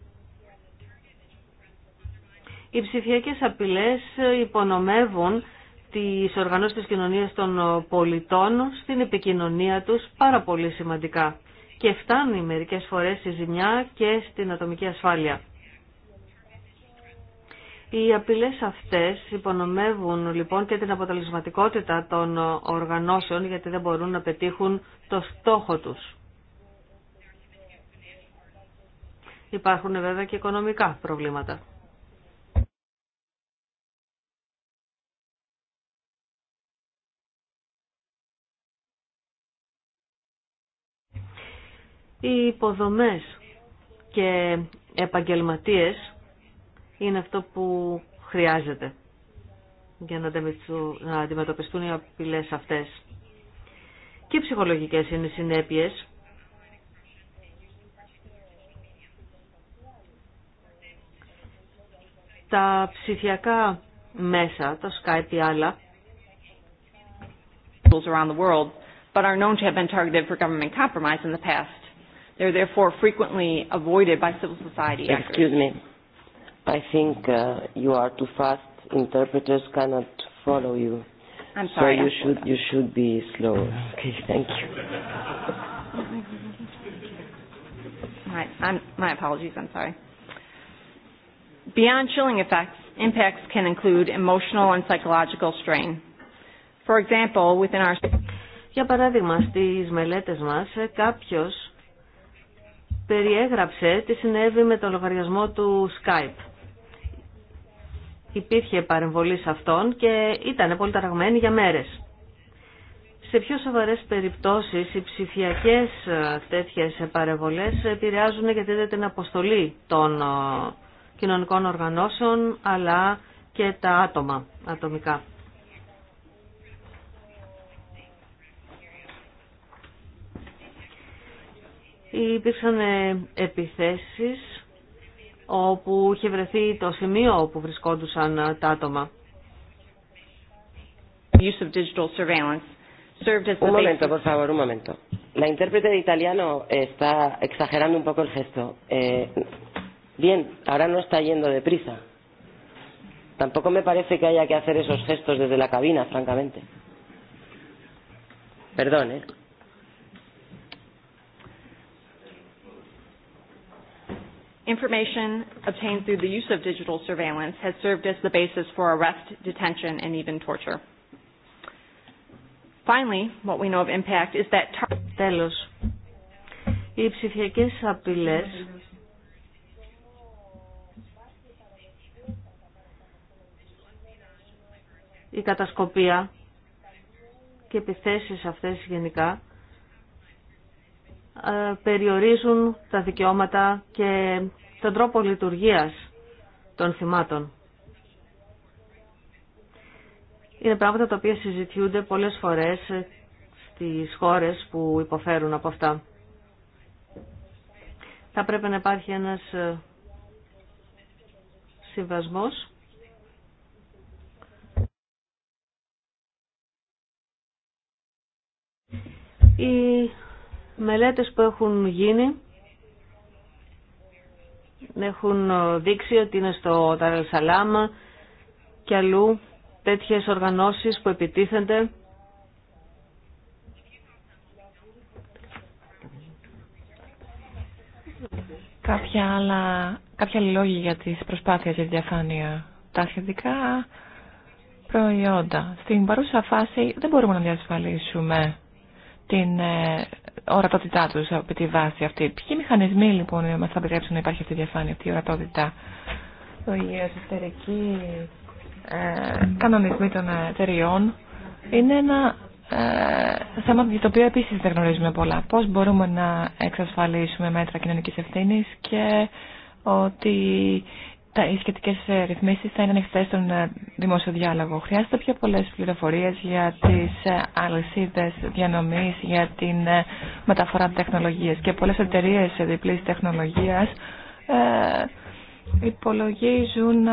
Οι ψηφιακές απειλές υπονομεύουν τις οργανώσεις της κοινωνίας των πολιτών στην επικοινωνία τους πάρα πολύ σημαντικά και φτάνει μερικές φορές στη ζημιά και στην ατομική ασφάλεια. Οι απειλές αυτές υπονομεύουν λοιπόν και την αποτελεσματικότητα των οργανώσεων γιατί δεν μπορούν να πετύχουν το στόχο τους. Υπάρχουν βέβαια και οικονομικά προβλήματα. Οι υποδομές και επαγγελματίες είναι αυτό που χρειάζεται για να αντιμετωπιστούν οι απειλές αυτές. Και οι ψυχολογικές είναι οι συνέπειες. Τα ψηφιακά μέσα, το Skype ή άλλα, around the world, but are known to have been targeted for government compromise in the past. They therefore frequently avoided by civil society actors. Excuse me. I think uh, you are too fast. Interpreters cannot follow you. I'm sorry. So you should, you should be slow. Okay, thank you. My, my apologies, I'm sorry. Beyond chilling effects, impacts can include emotional and psychological strain. For example, within our... Για παράδειγμα, στις μελέτες μας κάποιος περιέγραψε τι συνέβη με το λογαριασμό του Skype. Υπήρχε παρεμβολή σε αυτόν και ήταν πολύ ταραγμένη για μέρες. Σε πιο σοβαρές περιπτώσεις οι ψηφιακές ε, τέτοιες παρεμβολές επηρεάζουν γιατί την αποστολή των ε, κοινωνικών οργανώσεων αλλά και τα άτομα ατομικά. Υπήρξαν επιθέσεις όπου είχε βρεθεί το σημείο όπου βρισκόντουσαν τα άτομα. un momento, por favor, un momento. La intérprete de italiano está exagerando un poco el gesto. Eh, bien, ahora no está yendo deprisa. Tampoco me parece que haya que hacer esos gestos desde la cabina, francamente. Perdón, ¿eh? Information obtained through the use of digital surveillance has served as the basis for arrest, detention, and even torture. Finally, what we know of impact is that... Τέλος, οι ψηφιακές απειλές η κατασκοπία και επιθέσεις αυτές γενικά ε, περιορίζουν τα δικαιώματα και τον τρόπο λειτουργίας των θυμάτων. Είναι πράγματα τα οποία συζητιούνται πολλές φορές στις χώρες που υποφέρουν από αυτά. Θα πρέπει να υπάρχει ένας ε, συμβασμός η μελέτες που έχουν γίνει έχουν δείξει ότι είναι στο Ταραλσαλάμα και αλλού τέτοιες οργανώσεις που επιτίθενται Κάποια άλλα, κάποια λόγια για τις προσπάθειες για διαφάνεια. Τα σχετικά προϊόντα. Στην παρούσα φάση δεν μπορούμε να διασφαλίσουμε την ε, ορατότητά τους από τη βάση αυτή. Ποιοι μηχανισμοί λοιπόν μας θα επιτρέψουν να υπάρχει αυτή η διαφάνεια, αυτή η ορατότητα. Οι εσωτερικοί ε, κανονισμοί των εταιριών είναι ένα ε, θέμα για το οποίο επίσης δεν γνωρίζουμε πολλά. Πώς μπορούμε να εξασφαλίσουμε μέτρα κοινωνικής ευθύνης και ότι τα, οι σχετικέ ε, ρυθμίσει θα είναι ανοιχτέ στον ε, δημόσιο διάλογο. Χρειάζεται πιο πολλέ πληροφορίε για τι ε, αλυσίδε διανομή, για την μεταφορά τεχνολογία. Και πολλέ εταιρείε διπλή τεχνολογία ε, υπολογίζουν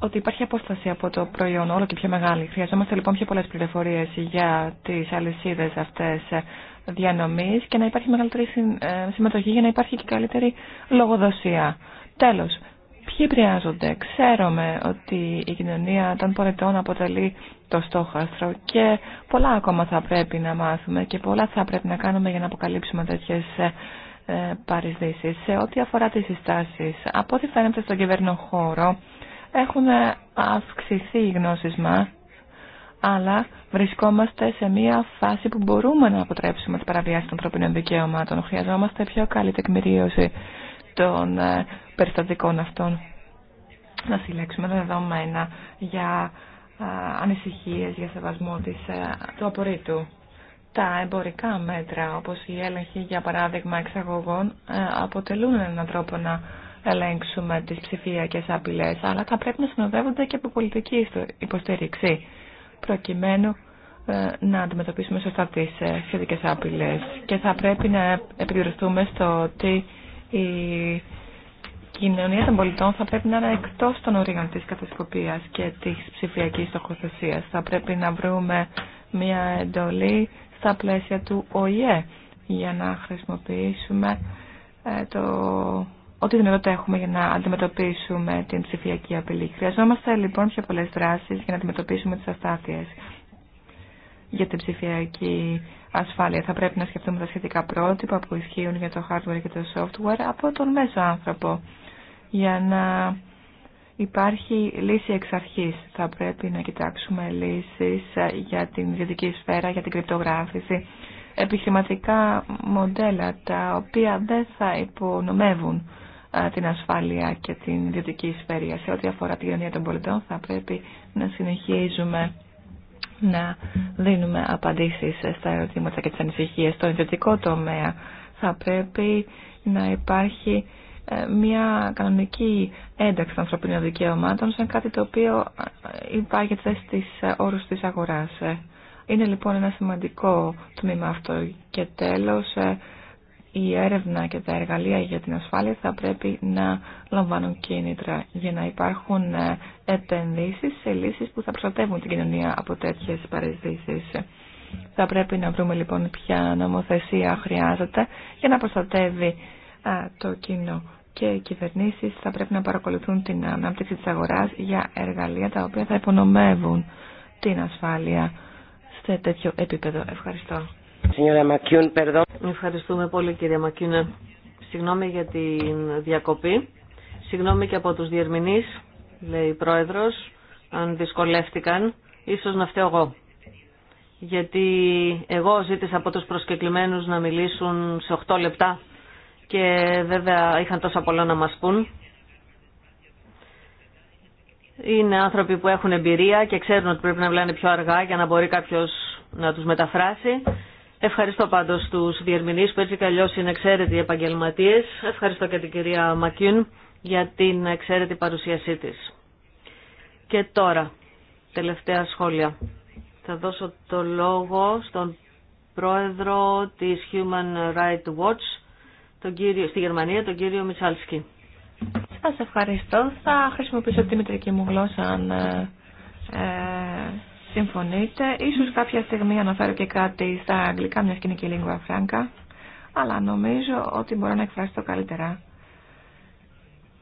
ότι υπάρχει απόσταση από το προϊόν όλο και πιο μεγάλη. Χρειαζόμαστε λοιπόν πιο πολλέ πληροφορίες για τις αλυσίδες αυτές διανομής και να υπάρχει μεγαλύτερη συμμετοχή για να υπάρχει και καλύτερη λογοδοσία. Τέλος, ποιοι πριάζονται. Ξέρουμε ότι η κοινωνία των πολιτών αποτελεί το στόχαστρο και πολλά ακόμα θα πρέπει να μάθουμε και πολλά θα πρέπει να κάνουμε για να αποκαλύψουμε τέτοιες ε, ε, παρισδήσεις. Σε ό,τι αφορά τις συστάσεις, από ό,τι φαίνεται στον κυβερνό χώρο, έχουν ε, αυξηθεί οι γνώσεις μας, αλλά βρισκόμαστε σε μια φάση που μπορούμε να αποτρέψουμε τις παραβιάσεις των ανθρωπίνων δικαιωμάτων. Χρειαζόμαστε πιο καλή τεκμηρίωση των περιστατικών αυτών. Να συλλέξουμε δεδομένα για ανησυχίες, για σεβασμό της, του απορρίτου. Τα εμπορικά μέτρα, όπως η έλεγχη για παράδειγμα εξαγωγών, αποτελούν έναν τρόπο να ελέγξουμε τις ψηφιακές απειλές, αλλά θα πρέπει να συνοδεύονται και από πολιτική υποστήριξη, προκειμένου να αντιμετωπίσουμε σωστά τις ε, σχετικέ απειλές. Και θα πρέπει να επικεντρωθούμε στο ότι κοινωνία των πολιτών θα πρέπει να είναι εκτός των ορίων της κατασκοπίας και της ψηφιακής στοχοθεσίας. Θα πρέπει να βρούμε μια εντολή στα πλαίσια του ΟΗΕ για να χρησιμοποιήσουμε ε, το... ό,τι δυνατότητα έχουμε για να αντιμετωπίσουμε την ψηφιακή απειλή. Χρειαζόμαστε λοιπόν πιο πολλές δράσεις για να αντιμετωπίσουμε τις αστάθειες για την ψηφιακή ασφάλεια. Θα πρέπει να σκεφτούμε τα σχετικά πρότυπα που ισχύουν για το hardware και το software από τον μέσο άνθρωπο για να υπάρχει λύση εξ αρχής. Θα πρέπει να κοιτάξουμε λύσεις ε, για την ιδιωτική σφαίρα, για την κρυπτογράφηση, επιχειρηματικά μοντέλα τα οποία δεν θα υπονομεύουν ε, την ασφάλεια και την ιδιωτική σφαίρα. Σε ό,τι αφορά την κοινωνία των πολιτών θα πρέπει να συνεχίζουμε να δίνουμε απαντήσεις στα ερωτήματα και τις ανησυχίες. Στο ιδιωτικό τομέα θα πρέπει να υπάρχει ε, μια κανονική ένταξη των ανθρωπίνων δικαιωμάτων σαν κάτι το οποίο ε, υπάγεται στις ε, όρους της αγοράς. Είναι λοιπόν ένα σημαντικό τμήμα αυτό και τέλος η έρευνα και τα εργαλεία για την ασφάλεια θα πρέπει να λαμβάνουν κίνητρα για να υπάρχουν επενδύσεις σε λύσεις που θα προστατεύουν την κοινωνία από τέτοιες Θα πρέπει να βρούμε λοιπόν ποια νομοθεσία χρειάζεται για να προστατεύει το κοινό και οι κυβερνήσεις θα πρέπει να παρακολουθούν την ανάπτυξη της αγοράς για εργαλεία τα οποία θα υπονομεύουν την ασφάλεια σε τέτοιο επίπεδο. Ευχαριστώ. Ευχαριστούμε πολύ κύριε Μακίνε. Συγγνώμη για την διακοπή. Συγγνώμη και από τους διερμηνείς, λέει η Πρόεδρος, αν δυσκολεύτηκαν. Ίσως να φταίω εγώ. Γιατί εγώ ζήτησα από τους προσκεκλημένους να μιλήσουν σε 8 λεπτά και βέβαια είχαν τόσα πολλά να μας πούν. Είναι άνθρωποι που έχουν εμπειρία και ξέρουν ότι πρέπει να μιλάνε πιο αργά για να μπορεί κάποιος να τους μεταφράσει. Ευχαριστώ πάντως τους διερμηνείς που έτσι αλλιώς είναι εξαίρετοι επαγγελματίες. Ευχαριστώ και την κυρία Μακιούν για την εξαίρετη παρουσίασή της. Και τώρα, τελευταία σχόλια. Θα δώσω το λόγο στον πρόεδρο της Human Rights Watch, τον κύριο, στη Γερμανία τον κύριο Μισάλσκι. Σας ευχαριστώ. Θα χρησιμοποιήσω τη μητρική μου γλώσσα αν ε, ε συμφωνείτε. Ίσως κάποια στιγμή αναφέρω και κάτι στα αγγλικά, μια σκηνική λίγου αφράγκα. Αλλά νομίζω ότι μπορώ να εκφράσω καλύτερα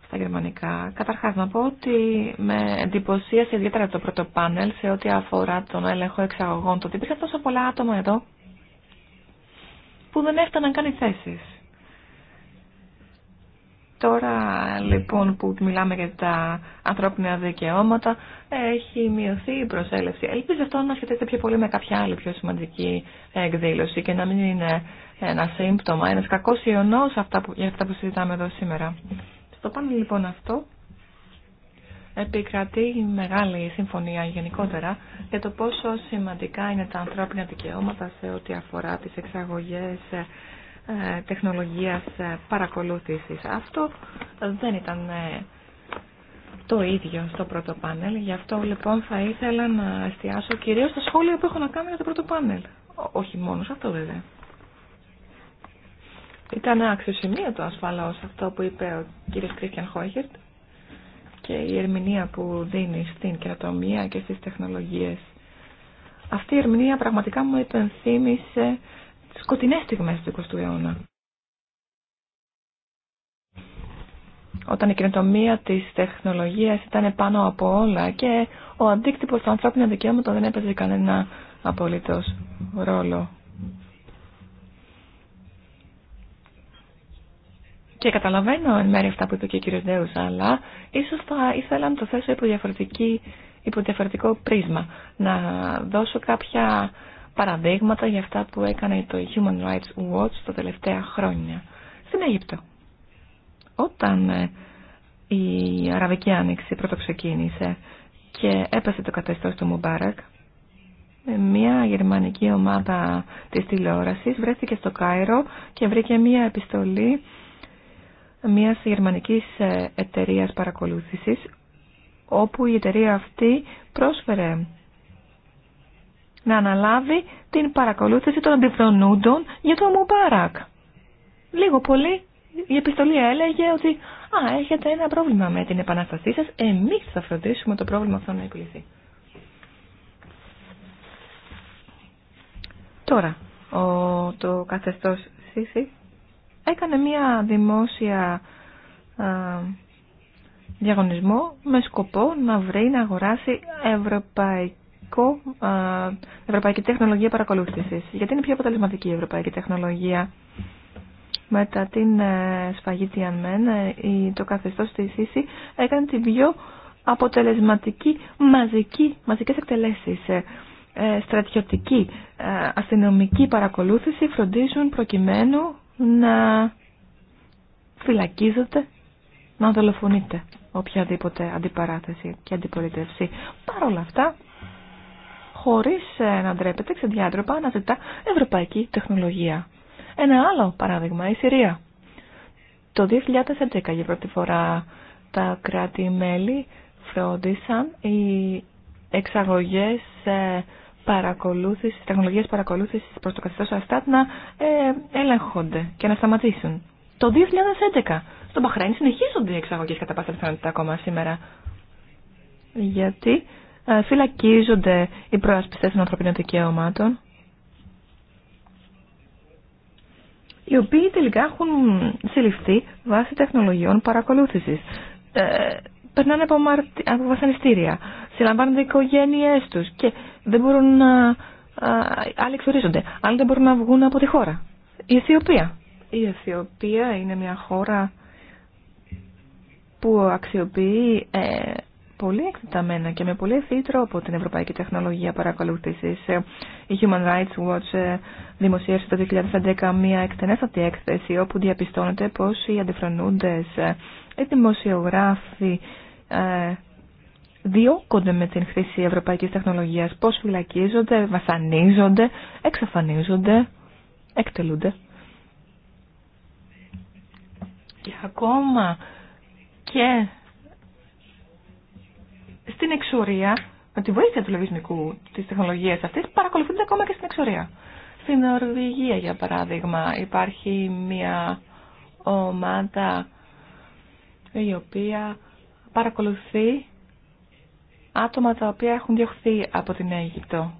στα γερμανικά. Καταρχάς να πω ότι με εντυπωσίασε ιδιαίτερα το πρώτο πάνελ σε ό,τι αφορά τον έλεγχο εξαγωγών. Το ότι υπήρχαν τόσο πολλά άτομα εδώ που δεν έφταναν καν οι θέσεις. Τώρα λοιπόν που μιλάμε για τα ανθρώπινα δικαιώματα έχει μειωθεί η προσέλευση. Ελπίζω αυτό να σχετίζεται πιο πολύ με κάποια άλλη πιο σημαντική εκδήλωση και να μην είναι ένα σύμπτωμα, ένας κακός ιονός αυτά που, για αυτά που συζητάμε εδώ σήμερα. Στο πάνω λοιπόν αυτό επικρατεί μεγάλη συμφωνία γενικότερα για το πόσο σημαντικά είναι τα ανθρώπινα δικαιώματα σε ό,τι αφορά τις εξαγωγές ε, τεχνολογίας ε, παρακολούθησης. Αυτό δεν ήταν ε, το ίδιο στο πρώτο πάνελ. Γι' αυτό λοιπόν θα ήθελα να εστιάσω κυρίως στα σχόλια που έχω να κάνω για το πρώτο πάνελ. Όχι μόνο σε αυτό βέβαια. Ήταν το ασφαλώς αυτό που είπε ο κύριος Κρίστιαν Χόιχερτ και η ερμηνεία που δίνει στην κερατομία και στις τεχνολογίες. Αυτή η ερμηνεία πραγματικά μου υπενθύμησε σκοτεινές στιγμές του 20ου αιώνα. Όταν η κοινοτομία της τεχνολογίας ήταν πάνω από όλα και ο αντίκτυπος του ανθρώπινου δικαιώματο δεν έπαιζε κανένα απολύτως ρόλο. Και καταλαβαίνω εν μέρει αυτά που είπε και ο κύριος Ντέους, αλλά ίσως θα ήθελα να το θέσω υπό, υπό διαφορετικό πρίσμα. Να δώσω κάποια παραδείγματα για αυτά που έκανε το Human Rights Watch τα τελευταία χρόνια στην Αίγυπτο. Όταν ε, η Αραβική Άνοιξη πρώτο ξεκίνησε και έπεσε το καθεστώς του Μουμπάρακ, ε, μια γερμανική ομάδα της τηλεόρασης βρέθηκε στο Κάιρο και βρήκε μια επιστολή μιας γερμανικής ε, εταιρείας παρακολούθησης όπου η εταιρεία αυτή πρόσφερε να αναλάβει την παρακολούθηση των αντιφρονούντων για το Μουμπάρακ. Λίγο πολύ η επιστολή έλεγε ότι «Α, έχετε ένα πρόβλημα με την επαναστασή σας, εμείς θα φροντίσουμε το πρόβλημα αυτό να επιληθεί». Τώρα, ο, το καθεστώς Σίση έκανε μία δημόσια διαγωνισμό με σκοπό να βρει να αγοράσει ευρωπαϊκή ευρωπαϊκό, ε, ευρωπαϊκή τεχνολογία παρακολούθησης. Γιατί είναι πιο αποτελεσματική η ευρωπαϊκή τεχνολογία μετά την ε, σφαγή Tianmen, ε, το καθεστώς της ΣΥΣΥ έκανε την πιο αποτελεσματική μαζική, μαζικές εκτελέσεις. στρατιωτική, αστυνομική παρακολούθηση φροντίζουν προκειμένου να φυλακίζονται, να δολοφονείται οποιαδήποτε αντιπαράθεση και αντιπολίτευση. Παρ' όλα αυτά, χωρίς ε, να ντρέπεται ξεδιάντροπα να ζητά ευρωπαϊκή τεχνολογία. Ένα άλλο παράδειγμα, η Συρία. Το 2011 για πρώτη φορά τα κράτη-μέλη φρόντισαν οι εξαγωγές ε, παρακολούθησης, τεχνολογίες παρακολούθησης προς το καθεστώς Αστάτ να ε, ελέγχονται και να σταματήσουν. Το 2011 στο Μπαχρέιν συνεχίζονται οι εξαγωγές κατά πάσα πιθανότητα ακόμα σήμερα. Γιατί ε, φυλακίζονται οι προασπιστές των ανθρωπίνων δικαιωμάτων, οι οποίοι τελικά έχουν συλληφθεί βάσει τεχνολογιών παρακολούθησης. Ε, περνάνε από, βασανιστήρια, συλλαμβάνονται οι οικογένειές τους και δεν μπορούν να... Ε, άλλοι εξορίζονται, άλλοι δεν μπορούν να βγουν από τη χώρα. Η Αιθιοπία. Η Αιθιοπία είναι μια χώρα που αξιοποιεί ε, πολύ εκτεταμένα και με πολύ ευθύ τρόπο την Ευρωπαϊκή Τεχνολογία Παρακολούθησης. Η Human Rights Watch ε, δημοσίευσε το 2011 μια εκτενέστατη έκθεση όπου διαπιστώνεται πως οι αντιφρονούντες, ε, οι δημοσιογράφοι ε, διώκονται με την χρήση ευρωπαϊκής τεχνολογίας, πώς φυλακίζονται, βασανίζονται, εξαφανίζονται, εκτελούνται. Και ακόμα και στην εξορία, με τη βοήθεια του λογισμικού τη τεχνολογία αυτή, παρακολουθούνται ακόμα και στην εξορία. Στην Νορβηγία, για παράδειγμα, υπάρχει μια ομάδα η οποία παρακολουθεί άτομα τα οποία έχουν διωχθεί από την Αίγυπτο.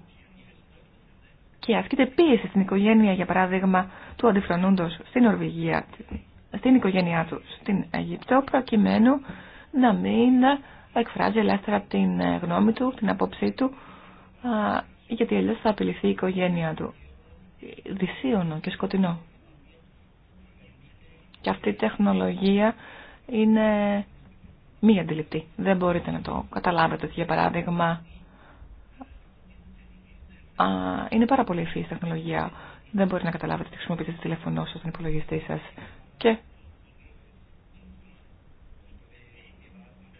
Και ασκείται πίεση στην οικογένεια, για παράδειγμα, του αντιφρονούντος στην Νορβηγία, στην οικογένειά του στην Αιγυπτό, προκειμένου να μην εκφράζει ελεύθερα την ε, γνώμη του, την απόψή του, γιατί αλλιώς θα απειληθεί η οικογένειά του. Δυσίωνο και σκοτεινό. Και αυτή η τεχνολογία είναι μη αντιληπτή. Δεν μπορείτε να το καταλάβετε ότι για παράδειγμα είναι πάρα πολύ ευφύης τεχνολογία. Δεν μπορείτε να καταλάβετε τι χρησιμοποιείτε τη τηλέφωνό σας, τον υπολογιστή σας. Και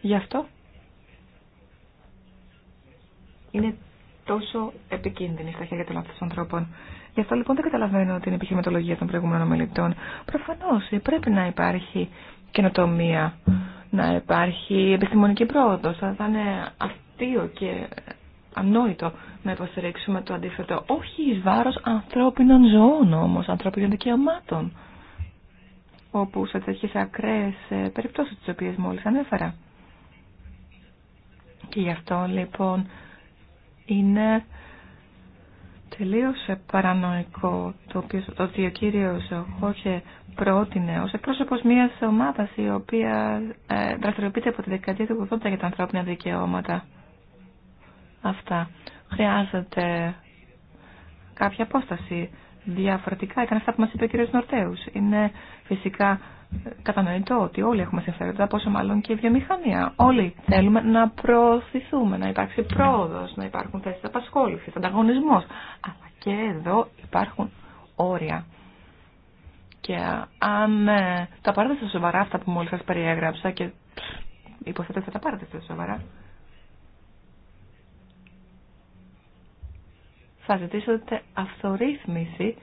Γι' αυτό είναι τόσο επικίνδυνη στα χέρια των λάθο ανθρώπων. Γι' αυτό λοιπόν δεν καταλαβαίνω την επιχειρηματολογία των προηγούμενων ομιλητών. Προφανώ ε, πρέπει να υπάρχει καινοτομία, να υπάρχει επιστημονική πρόοδο. Θα είναι αστείο και ανόητο να υποστηρίξουμε το αντίθετο. Όχι ει βάρο ανθρώπινων ζώων όμω, ανθρώπινων δικαιωμάτων. Όπου σε τέτοιε ακραίε περιπτώσει τι οποίε μόλι ανέφερα. Και γι' αυτό λοιπόν είναι τελείως παρανοϊκό το, οποίο, το ότι ο κύριος Χόχε πρότεινε ως εκπρόσωπος μιας ομάδας η οποία ε, δραστηριοποιείται από τη δεκαετία του 80 για τα ανθρώπινα δικαιώματα. Αυτά. Χρειάζεται κάποια απόσταση διαφορετικά. Ήταν αυτά που μας είπε ο κύριος Νορτέους. Είναι φυσικά κατανοητό ότι όλοι έχουμε συμφέροντα, πόσο μάλλον και η βιομηχανία. Όλοι θέλουμε να προωθηθούμε, να υπάρξει πρόοδο, να υπάρχουν θέσει απασχόληση, ανταγωνισμό. Αλλά και εδώ υπάρχουν όρια. Και αν ε, τα πάρετε στα σοβαρά αυτά που μόλι σα περιέγραψα και υποθέτω θα τα πάρετε στα σοβαρά. Θα ζητήσετε αυθορύθμιση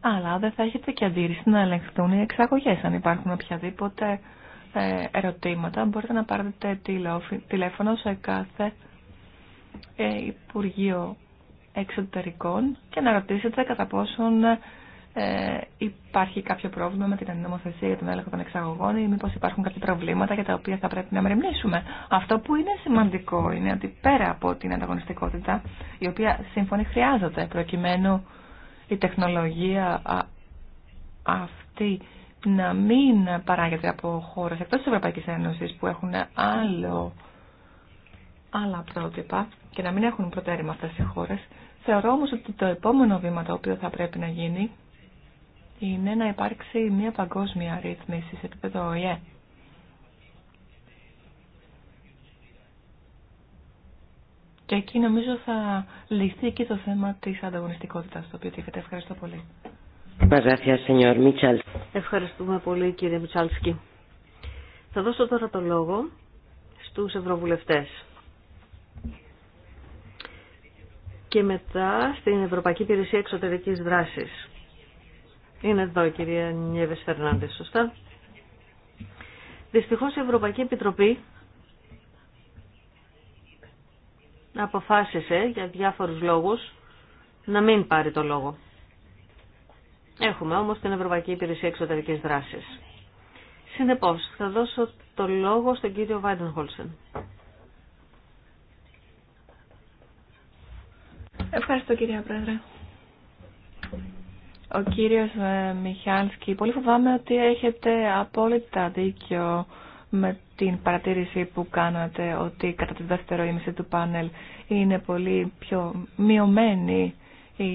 αλλά δεν θα έχετε και αντίρρηση να ελεγχθούν οι εξαγωγές. Αν υπάρχουν οποιαδήποτε ε, ερωτήματα, μπορείτε να πάρετε τηλέφωνο σε κάθε ε, Υπουργείο Εξωτερικών και να ρωτήσετε κατά πόσον ε, υπάρχει κάποιο πρόβλημα με την ανεμοθεσία για τον έλεγχο των εξαγωγών ή μήπως υπάρχουν κάποια προβλήματα για τα οποία θα πρέπει να μεριμνήσουμε. Αυτό που είναι σημαντικό είναι ότι πέρα από την ανταγωνιστικότητα, η οποία σύμφωνη χρειάζεται προκειμένου η τεχνολογία αυτή να μην παράγεται από χώρες εκτός της Ευρωπαϊκής Ένωσης που έχουν άλλο, άλλα πρότυπα και να μην έχουν προτέρημα αυτές οι χώρες. Θεωρώ όμως ότι το επόμενο βήμα το οποίο θα πρέπει να γίνει είναι να υπάρξει μια παγκόσμια ρύθμιση σε επίπεδο ΟΗΕ. Και εκεί νομίζω θα λυθεί και το θέμα τη ανταγωνιστικότητα το οποίο τίθεται. Ευχαριστώ πολύ. Ευχαριστούμε πολύ κύριε Μιτσάλσκι. Θα δώσω τώρα το λόγο στου ευρωβουλευτέ. Και μετά στην Ευρωπαϊκή Υπηρεσία Εξωτερική δράση. Είναι εδώ η κυρία Νιέβες Φερνάντε, σωστά. Δυστυχώ η Ευρωπαϊκή Επιτροπή αποφάσισε για διάφορους λόγους να μην πάρει το λόγο. Έχουμε όμως την Ευρωπαϊκή Υπηρεσία Εξωτερικής Δράσης. Συνεπώς, θα δώσω το λόγο στον κύριο Βάιντεν Χόλσεν. Ευχαριστώ κυρία Πρόεδρε. Ο κύριος ε, Μιχάλσκι, πολύ φοβάμαι ότι έχετε απόλυτα δίκιο με την παρατήρηση που κάνατε ότι κατά τη δεύτερο ήμιση του πάνελ είναι πολύ πιο μειωμένη η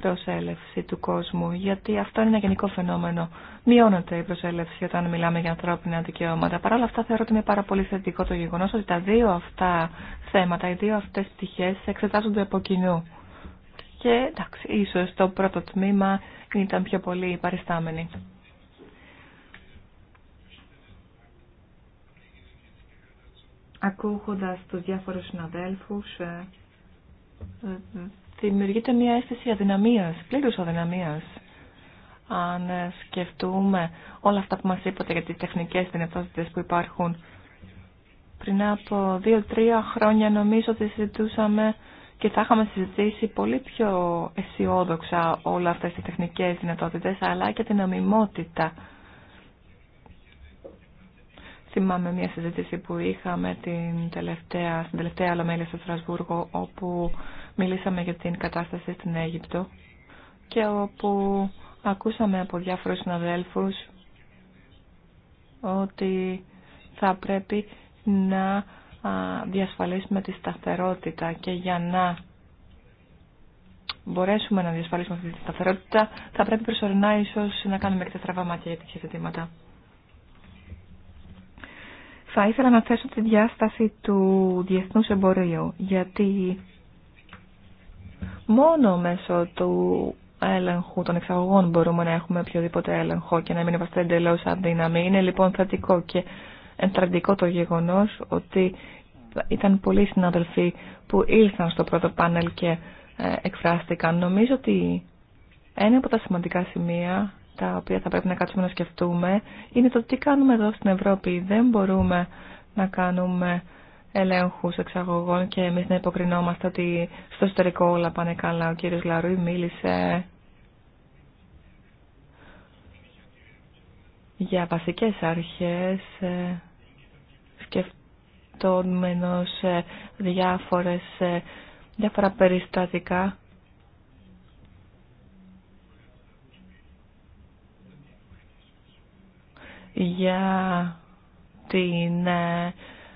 προσέλευση του κόσμου, γιατί αυτό είναι ένα γενικό φαινόμενο. Μειώνεται η προσέλευση όταν μιλάμε για ανθρώπινα δικαιώματα. Παρ' όλα αυτά θεωρώ ότι είναι πάρα πολύ θετικό το γεγονός ότι τα δύο αυτά θέματα, οι δύο αυτές πτυχές εξετάζονται από κοινού. Και εντάξει, ίσως το πρώτο τμήμα ήταν πιο πολύ παριστάμενοι. ακούγοντας τους διάφορους συναδέλφους, ε, ε, ε, δημιουργείται μια αίσθηση αδυναμίας, πλήρους αδυναμίας. Αν σκεφτούμε όλα αυτά που μας είπατε για τις τεχνικές δυνατότητες που υπάρχουν, πριν από δύο-τρία χρόνια νομίζω ότι συζητούσαμε και θα είχαμε συζητήσει πολύ πιο αισιόδοξα όλα αυτές τις τεχνικές δυνατότητες, αλλά και την αμιμότητα Θυμάμαι μια συζήτηση που είχαμε την τελευταία, στην τελευταία αλλαμέλεια στο Στρασβούργο όπου μιλήσαμε για την κατάσταση στην Αίγυπτο και όπου ακούσαμε από διάφορους συναδέλφους ότι θα πρέπει να διασφαλίσουμε τη σταθερότητα και για να μπορέσουμε να διασφαλίσουμε αυτή τη σταθερότητα θα πρέπει προσωρινά ίσως να κάνουμε και τα μάτια για τέτοια ζητήματα. Θα ήθελα να θέσω τη διάσταση του διεθνούς εμπορίου, γιατί μόνο μέσω του έλεγχου των εξαγωγών μπορούμε να έχουμε οποιοδήποτε έλεγχο και να μην είμαστε εντελώ αδύναμοι. Είναι λοιπόν θετικό και εντραντικό το γεγονός ότι ήταν πολλοί συναδελφοί που ήλθαν στο πρώτο πάνελ και ε, εκφράστηκαν. Νομίζω ότι ένα από τα σημαντικά σημεία τα οποία θα πρέπει να κάτσουμε να σκεφτούμε είναι το τι κάνουμε εδώ στην Ευρώπη. Δεν μπορούμε να κάνουμε ελέγχου εξαγωγών και εμεί να υποκρινόμαστε ότι στο εσωτερικό όλα πάνε καλά. Ο κύριο Λαρούι μίλησε για βασικές αρχές ε, σκεφτόμενος ε, διάφορες, ε, διάφορα περιστατικά για την, ε,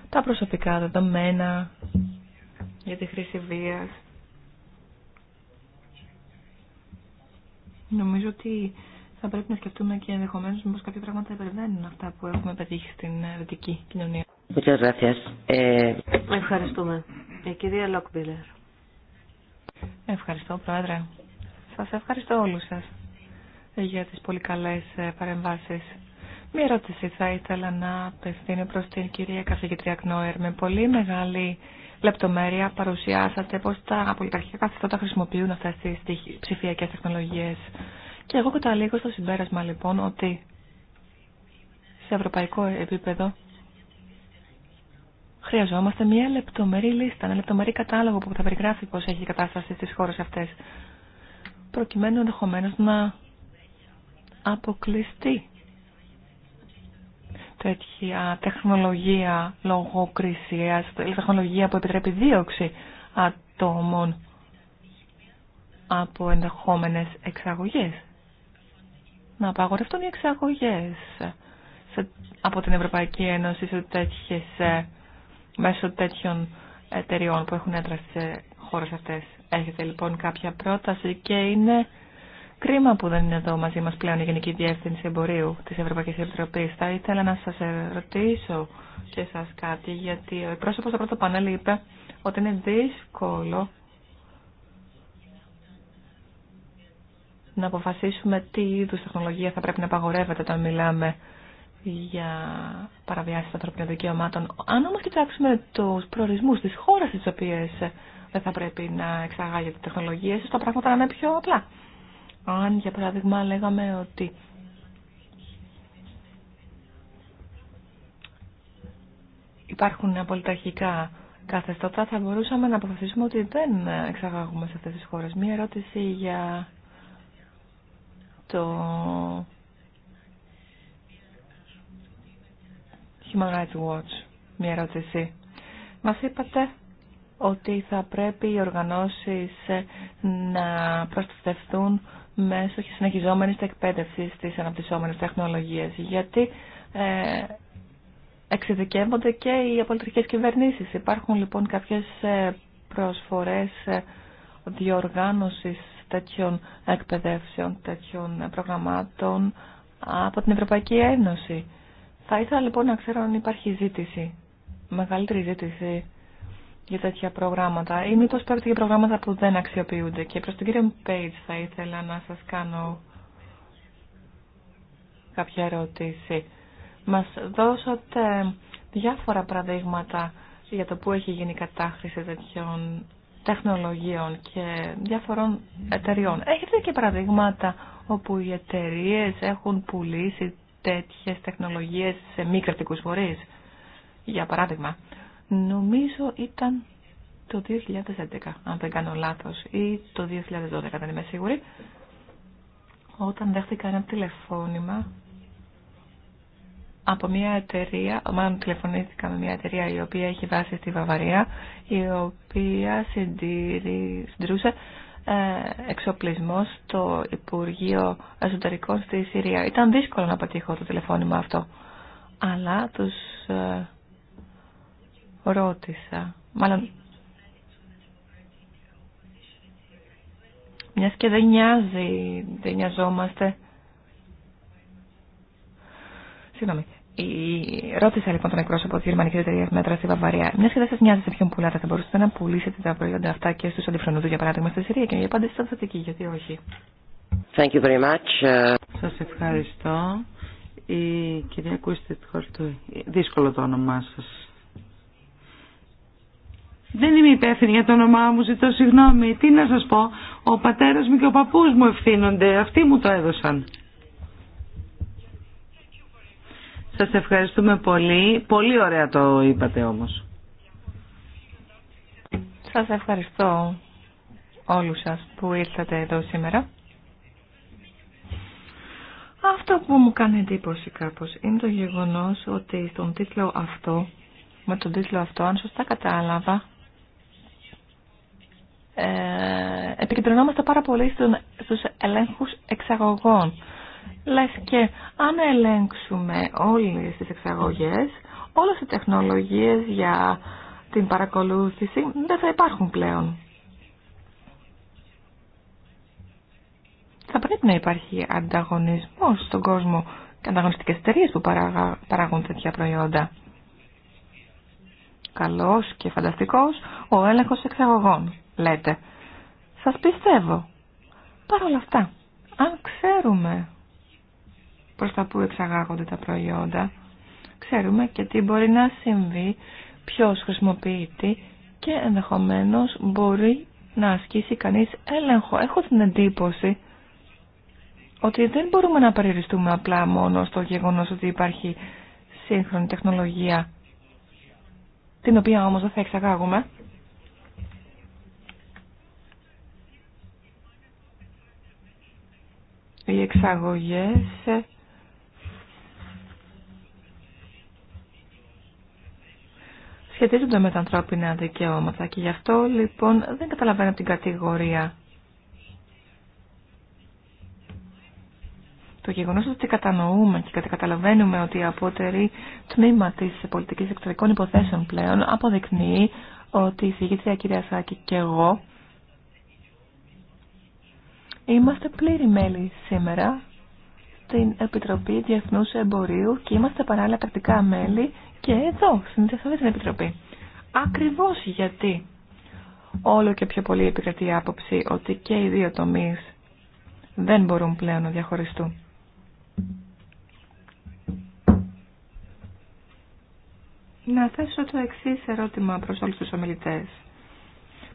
τα προσωπικά δεδομένα, για τη χρήση βίας. Νομίζω ότι θα πρέπει να σκεφτούμε και ενδεχομένως μήπως κάποια πράγματα υπερβαίνουν αυτά που έχουμε πετύχει στην ε, δυτική κοινωνία. Ε, Ευχαριστούμε. Η κυρία Λόκμπιλερ. Ευχαριστώ, Πρόεδρε. Σας ευχαριστώ όλους σας για τις πολύ καλές παρεμβάσεις. Μία ερώτηση θα ήθελα να απευθύνω προς την κυρία καθηγητρία Κνόερ. Με πολύ μεγάλη λεπτομέρεια παρουσιάσατε πώς τα πολυταρχικά καθεστώτα χρησιμοποιούν αυτές τις ψηφιακές τεχνολογίες. Και εγώ καταλήγω στο συμπέρασμα λοιπόν ότι σε ευρωπαϊκό επίπεδο χρειαζόμαστε μια λεπτομερή λίστα, ένα λεπτομερή κατάλογο που θα περιγράφει πώς έχει η κατάσταση στις χώρες αυτές προκειμένου ενδεχομένω να αποκλειστεί τέτοια τεχνολογία λογοκρισίας, τεχνολογία που επιτρέπει δίωξη ατόμων από ενδεχόμενες εξαγωγές. Να απαγορευτούν οι εξαγωγές από την Ευρωπαϊκή Ένωση σε ε, μέσω τέτοιων εταιριών που έχουν έντρα σε χώρες αυτές. Έχετε λοιπόν κάποια πρόταση και είναι Κρίμα που δεν είναι εδώ μαζί μας πλέον η Γενική Διεύθυνση Εμπορίου της Ευρωπαϊκής Επιτροπής. Θα ήθελα να σας ρωτήσω και σας κάτι, γιατί ο πρόσωπος του πρώτου πανέλ είπε ότι είναι δύσκολο να αποφασίσουμε τι είδους τεχνολογία θα πρέπει να απαγορεύεται όταν μιλάμε για παραβιάσεις ανθρωπίνων δικαιωμάτων. Αν όμως κοιτάξουμε τους προορισμούς της χώρας στις οποίες δεν θα πρέπει να εξαγάγεται τεχνολογία, ίσως τα πράγματα να είναι πιο απλά. Αν, για παράδειγμα, λέγαμε ότι υπάρχουν απολυταρχικά καθεστώτα, θα μπορούσαμε να αποφασίσουμε ότι δεν εξαγάγουμε σε αυτές τις χώρες. Μία ερώτηση για το Human Rights Watch. Μία ερώτηση. Μας είπατε ότι θα πρέπει οι οργανώσεις να προστατευτούν μέσω συνεχιζόμενη εκπαίδευση στι αναπτυσσόμενε τεχνολογίε. Γιατί ε, εξειδικεύονται και οι απολυτρικές κυβερνήσει. Υπάρχουν λοιπόν κάποιε προσφορέ ε, διοργάνωση τέτοιων εκπαιδεύσεων, τέτοιων προγραμμάτων από την Ευρωπαϊκή Ένωση. Θα ήθελα λοιπόν να ξέρω αν υπάρχει ζήτηση, μεγαλύτερη ζήτηση για τέτοια προγράμματα ή μήπως πρέπει για προγράμματα που δεν αξιοποιούνται. Και προς την κύριο Page θα ήθελα να σας κάνω κάποια ερώτηση. Μας δώσατε διάφορα παραδείγματα για το που έχει γίνει η κατάχρηση τέτοιων τεχνολογίων και διάφορων εταιριών. Έχετε και παραδείγματα όπου οι εταιρείε έχουν πουλήσει τέτοιες τεχνολογίες σε μη κρατικούς φορείς, για παράδειγμα νομίζω ήταν το 2011, αν δεν κάνω λάθος, ή το 2012, δεν είμαι σίγουρη, όταν δέχτηκα ένα τηλεφώνημα από μια εταιρεία, μάλλον τηλεφωνήθηκα με μια εταιρεία η οποία έχει βάση στη Βαβαρία, η οποία συντηρούσε ε, εξοπλισμό στο Υπουργείο Εσωτερικών στη Συρία. Ήταν δύσκολο να πετύχω το τηλεφώνημα αυτό. Αλλά τους ε, ρώτησα, μάλλον μιας και δεν νοιάζει, δεν νοιαζόμαστε. Συγγνώμη. Ρώτησα λοιπόν τον εκπρόσωπο τη Γερμανική Εταιρεία Μέτρα στη Βαυαρία. Μια και δεν σα νοιάζει σε ποιον πουλάτε, θα μπορούσατε να πουλήσετε τα προϊόντα αυτά και στου αντιφρονούντε για παράδειγμα στη Συρία. Και η απάντηση ήταν θετική, γιατί όχι. Thank you very much. Σα ευχαριστώ. Η κυρία Κούστη Δύσκολο το όνομά σα. Δεν είμαι υπεύθυνη για το όνομά μου, ζητώ συγγνώμη. Τι να σας πω, ο πατέρας μου και ο παππούς μου ευθύνονται, αυτοί μου το έδωσαν. Σας ευχαριστούμε πολύ. Πολύ ωραία το είπατε όμως. Σας ευχαριστώ όλους σας που ήρθατε εδώ σήμερα. Αυτό που μου κάνει εντύπωση κάπως είναι το γεγονός ότι στον τίτλο αυτό, με τον τίτλο αυτό, αν σωστά κατάλαβα, ε, επικεντρωνόμαστε πάρα πολύ στον, στους ελέγχους εξαγωγών. Λες και αν ελέγξουμε όλες τις εξαγωγές, όλες οι τεχνολογίες για την παρακολούθηση δεν θα υπάρχουν πλέον. Θα πρέπει να υπάρχει ανταγωνισμός στον κόσμο και ανταγωνιστικές εταιρείε που παράγουν τέτοια προϊόντα. Καλός και φανταστικός ο έλεγχος εξαγωγών λέτε. Σας πιστεύω. Παρ' όλα αυτά, αν ξέρουμε προς τα που εξαγάγονται τα προϊόντα, ξέρουμε και τι μπορεί να συμβεί, ποιος τι και ενδεχομένως μπορεί να ασκήσει κανείς έλεγχο. Έχω την εντύπωση ότι δεν μπορούμε να περιοριστούμε απλά μόνο στο γεγονός ότι υπάρχει σύγχρονη τεχνολογία, την οποία όμως θα εξαγάγουμε. Οι εξαγωγές σχετίζονται με τα ανθρώπινα δικαιώματα και γι' αυτό λοιπόν δεν καταλαβαίνω την κατηγορία. Το γεγονός ότι κατανοούμε και καταλαβαίνουμε ότι απότερη τμήμα της πολιτικής εξωτερικών υποθέσεων πλέον αποδεικνύει ότι η συγκήτρια κυρία Σάκη και εγώ Είμαστε πλήρη μέλη σήμερα στην Επιτροπή Διεθνού Εμπορίου και είμαστε παράλληλα πρακτικά μέλη και εδώ, στην Επιτροπή. Ακριβώ γιατί όλο και πιο πολύ επικρατεί η άποψη ότι και οι δύο τομεί δεν μπορούν πλέον να διαχωριστούν. Να θέσω το εξή ερώτημα προς όλου τους ομιλητέ.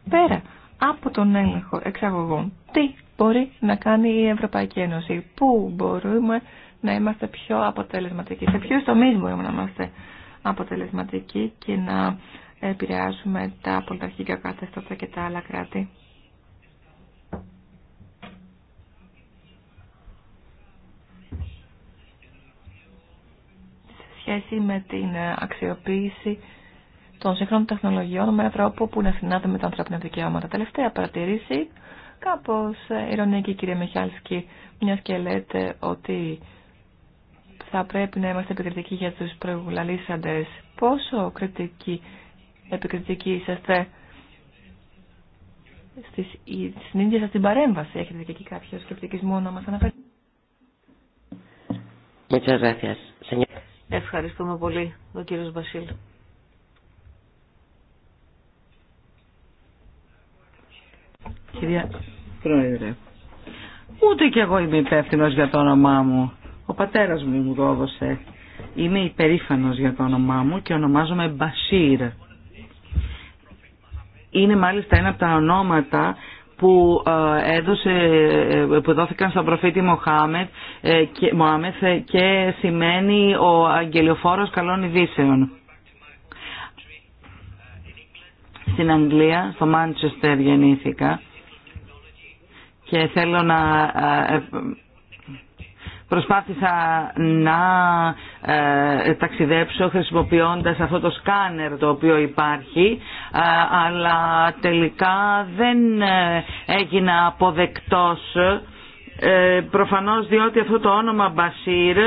Πέρα από τον έλεγχο εξαγωγών. Τι μπορεί να κάνει η Ευρωπαϊκή Ένωση, πού μπορούμε να είμαστε πιο αποτελεσματικοί, σε ποιους τομείς μπορούμε να είμαστε αποτελεσματικοί και να επηρεάσουμε τα πολιταρχικά καθεστώτα και τα άλλα κράτη. Σε σχέση με την αξιοποίηση των σύγχρονων τεχνολογιών με έναν τρόπο που να συνάδει με τα ανθρώπινα δικαιώματα. Τελευταία παρατηρήση, κάπω ε, ηρωνική κυρία Μιχάλσκι, μια και λέτε ότι θα πρέπει να είμαστε επικριτικοί για του προηγουλαλήσαντε. Πόσο κριτικοί, επικριτικοί είσαστε στις, στην ίδια σας την παρέμβαση. Έχετε και εκεί κάποιο σκεπτικισμό να μας αναφέρει Ευχαριστούμε πολύ, ο κύριο Βασίλη. Κυρία Πρόεδρε, ούτε κι εγώ είμαι υπεύθυνο για το όνομά μου. Ο πατέρας μου μου το έδωσε. Είμαι υπερήφανο για το όνομά μου και ονομάζομαι Μπασίρ. Είναι μάλιστα ένα από τα ονόματα που ε, έδωσε, ε, που δόθηκαν στον προφήτη ε, Μωάμεθ και, και σημαίνει ο αγγελιοφόρος καλών ειδήσεων. Στην Αγγλία, στο Μάντσεστερ γεννήθηκα και θέλω να ε, ε, προσπάθησα να ε, ταξιδέψω χρησιμοποιώντας αυτό το σκάνερ το οποίο υπάρχει αλλά τελικά δεν έγινα αποδεκτός ε, προφανώς διότι αυτό το όνομα Μπασίρ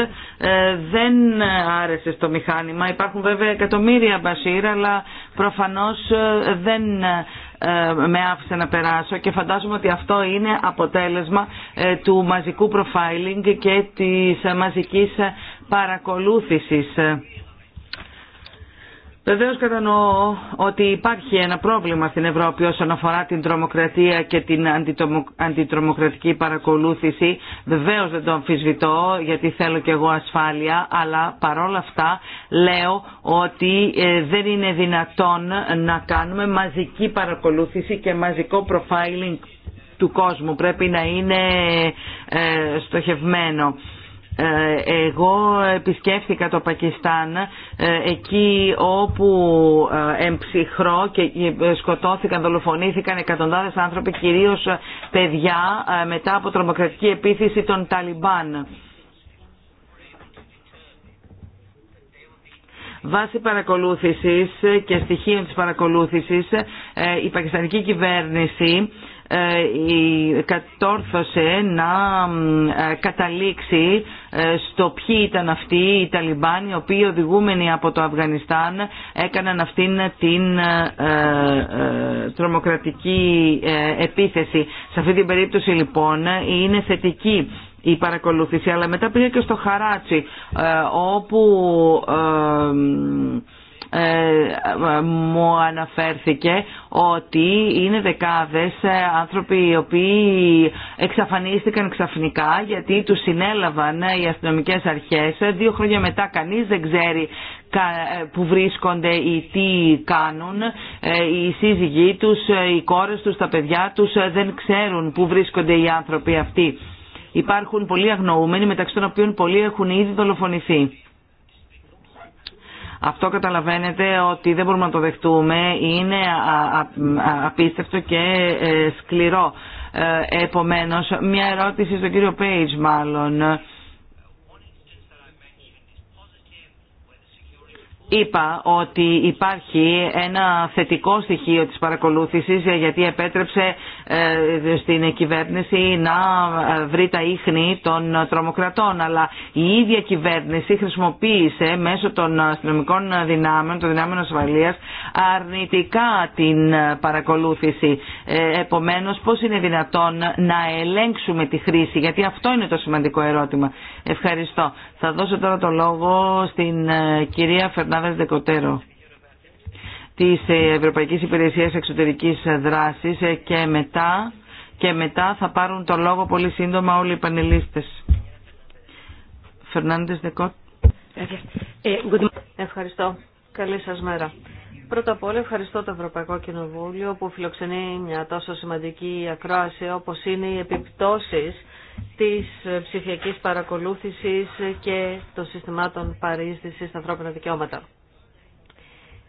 δεν άρεσε στο μηχάνημα. Υπάρχουν βέβαια εκατομμύρια Μπασίρ αλλά προφανώς δεν ε, με άφησε να περάσω και φαντάζομαι ότι αυτό είναι αποτέλεσμα ε, του μαζικού προφάιλινγκ και της ε, μαζικής παρακολούθησης Βεβαίω κατανοώ ότι υπάρχει ένα πρόβλημα στην Ευρώπη όσον αφορά την τρομοκρατία και την αντιτρομοκρατική παρακολούθηση. Βεβαίω δεν το αμφισβητώ γιατί θέλω και εγώ ασφάλεια, αλλά παρόλα αυτά λέω ότι ε, δεν είναι δυνατόν να κάνουμε μαζική παρακολούθηση και μαζικό profiling του κόσμου. Πρέπει να είναι ε, στοχευμένο. Ε, εγώ επισκέφθηκα το Πακιστάν ε, εκεί όπου ε, εμψυχρό και σκοτώθηκαν, δολοφονήθηκαν εκατοντάδες άνθρωποι, κυρίως παιδιά, μετά από τρομοκρατική επίθεση των Ταλιμπάν. Βάσει παρακολούθησης και στοιχείων της παρακολούθησης η πακιστανική κυβέρνηση ε, κατόρθωσε να ε, καταλήξει ε, στο ποιοι ήταν αυτοί οι Ταλιμπάν οι οποίοι οδηγούμενοι από το Αφγανιστάν έκαναν αυτήν την τρομοκρατική επίθεση. Σε αυτή την περίπτωση λοιπόν είναι θετική η παρακολούθηση αλλά μετά πήγε και στο Χαράτσι όπου ε, ε, μου αναφέρθηκε ότι είναι δεκάδες ε, άνθρωποι οι οποίοι εξαφανίστηκαν ξαφνικά γιατί τους συνέλαβαν οι αστυνομικές αρχές. Δύο χρόνια μετά κανείς δεν ξέρει που βρίσκονται ή τι κάνουν. Οι σύζυγοί τους, οι κόρες τους, τα παιδιά τους δεν ξέρουν που βρίσκονται οι άνθρωποι αυτοί. Υπάρχουν πολλοί αγνοούμενοι μεταξύ των οποίων πολλοί έχουν ήδη δολοφονηθεί. Αυτό καταλαβαίνετε ότι δεν μπορούμε να το δεχτούμε, είναι απίστευτο και ε, σκληρό. Ε, επομένως, μια ερώτηση στον κύριο Πέιτς μάλλον. Είπα ότι υπάρχει ένα θετικό στοιχείο της παρακολούθησης ε, γιατί επέτρεψε ε, στην κυβέρνηση να ε, βρει τα ίχνη των τρομοκρατών. Αλλά η ίδια κυβέρνηση χρησιμοποίησε μέσω των αστυνομικών δυνάμεων, των δυνάμεων ασφαλείας, αρνητικά την παρακολούθηση. Ε, επομένως, πώς είναι δυνατόν να ελέγξουμε τη χρήση, γιατί αυτό είναι το σημαντικό ερώτημα. Ευχαριστώ. Θα δώσω τώρα το λόγο στην κυρία Φερνάδες Δεκοτέρο της Ευρωπαϊκής Υπηρεσίας Εξωτερικής Δράσης και μετά, και μετά θα πάρουν το λόγο πολύ σύντομα όλοι οι πανελίστες. Δεκότ. Ευχαριστώ. Καλή σας μέρα. Πρώτα απ' όλα ευχαριστώ το Ευρωπαϊκό Κοινοβούλιο που φιλοξενεί μια τόσο σημαντική ακρόαση όπως είναι οι επιπτώσεις της ψηφιακής παρακολούθησης και των συστημάτων παρίστησης στα ανθρώπινα δικαιώματα.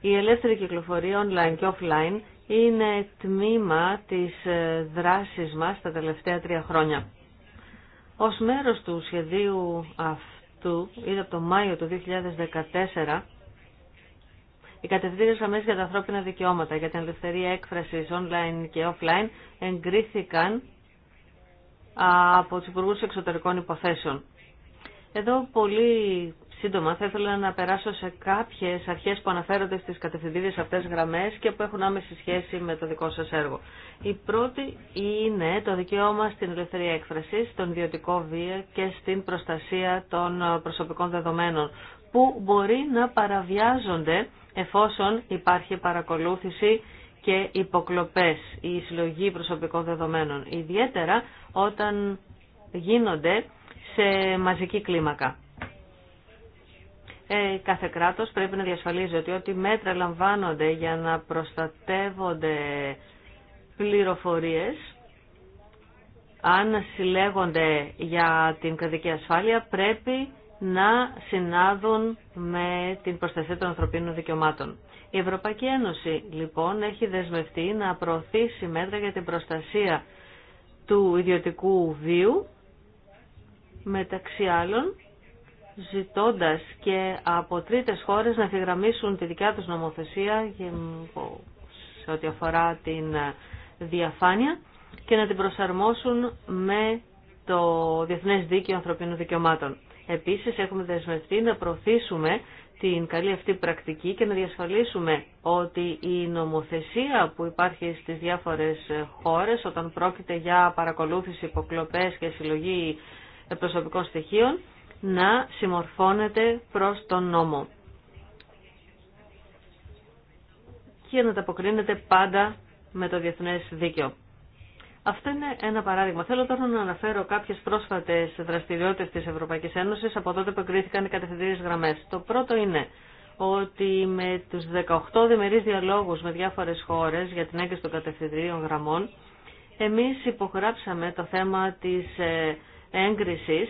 Η ελεύθερη κυκλοφορία online και offline είναι τμήμα της ε, δράσης μας τα τελευταία τρία χρόνια. Ως μέρος του σχεδίου αυτού, ήδη από το Μάιο του 2014, οι κατευθύνσεις αμέσως για τα ανθρώπινα δικαιώματα, για την ελευθερία έκφρασης online και offline εγκρίθηκαν από τους Υπουργούς Εξωτερικών Υποθέσεων. Εδώ πολλοί Σύντομα θα ήθελα να περάσω σε κάποιες αρχές που αναφέρονται στις κατευθυντήριες αυτές γραμμές και που έχουν άμεση σχέση με το δικό σας έργο. Η πρώτη είναι το δικαίωμα στην ελευθερία έκφραση, στον ιδιωτικό βία και στην προστασία των προσωπικών δεδομένων που μπορεί να παραβιάζονται εφόσον υπάρχει παρακολούθηση και υποκλοπές ή συλλογή προσωπικών δεδομένων, ιδιαίτερα όταν γίνονται σε μαζική κλίμακα. Ε, κάθε κράτος πρέπει να διασφαλίζει ότι ό,τι μέτρα λαμβάνονται για να προστατεύονται πληροφορίες αν συλλέγονται για την κρατική ασφάλεια πρέπει να συνάδουν με την προστασία των ανθρωπίνων δικαιωμάτων. Η Ευρωπαϊκή Ένωση λοιπόν έχει δεσμευτεί να προωθήσει μέτρα για την προστασία του ιδιωτικού βίου μεταξύ άλλων ζητώντας και από τρίτες χώρες να ευθυγραμμίσουν τη δικιά τους νομοθεσία σε ό,τι αφορά την διαφάνεια και να την προσαρμόσουν με το Διεθνές Δίκαιο Ανθρωπίνων Δικαιωμάτων. Επίσης έχουμε δεσμευτεί να προωθήσουμε την καλή αυτή πρακτική και να διασφαλίσουμε ότι η νομοθεσία που υπάρχει στις διάφορες χώρες όταν πρόκειται για παρακολούθηση, υποκλοπές και συλλογή προσωπικών στοιχείων να συμμορφώνεται προς τον νόμο και να τα αποκρίνεται πάντα με το διεθνές δίκαιο. Αυτό είναι ένα παράδειγμα. Θέλω τώρα να αναφέρω κάποιε πρόσφατε δραστηριότητε τη Ευρωπαϊκή Ένωση από τότε που εγκρίθηκαν οι κατευθυντήριε γραμμέ. Το πρώτο είναι ότι με του 18 διμερεί διαλόγου με διάφορε χώρε για την έγκριση των κατευθυντήριων γραμμών, εμεί υπογράψαμε το θέμα τη ε, έγκριση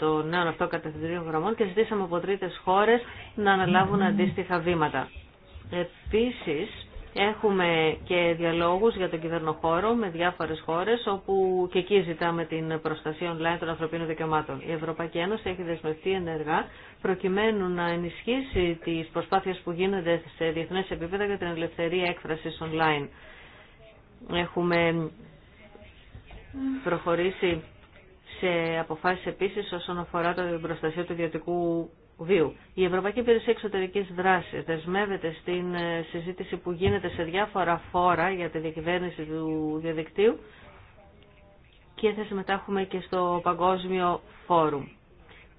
των νέων αυτών κατευθυντήριων γραμμών και ζητήσαμε από τρίτε χώρε να αναλάβουν αντίστοιχα βήματα. Επίση, Έχουμε και διαλόγου για τον κυβερνοχώρο με διάφορε χώρε όπου και εκεί ζητάμε την προστασία online των ανθρωπίνων δικαιωμάτων. Η Ευρωπαϊκή Ένωση έχει δεσμευτεί ενεργά προκειμένου να ενισχύσει τι προσπάθειε που γίνονται σε διεθνέ επίπεδα για την ελευθερία έκφραση online. Έχουμε προχωρήσει σε αποφάσεις επίσης όσον αφορά την προστασία του ιδιωτικού βίου. Η Ευρωπαϊκή Υπηρεσία Εξωτερικής Δράσης δεσμεύεται στην ε, συζήτηση που γίνεται σε διάφορα φόρα για τη διακυβέρνηση του διαδικτύου και θα συμμετάχουμε και στο Παγκόσμιο Φόρουμ.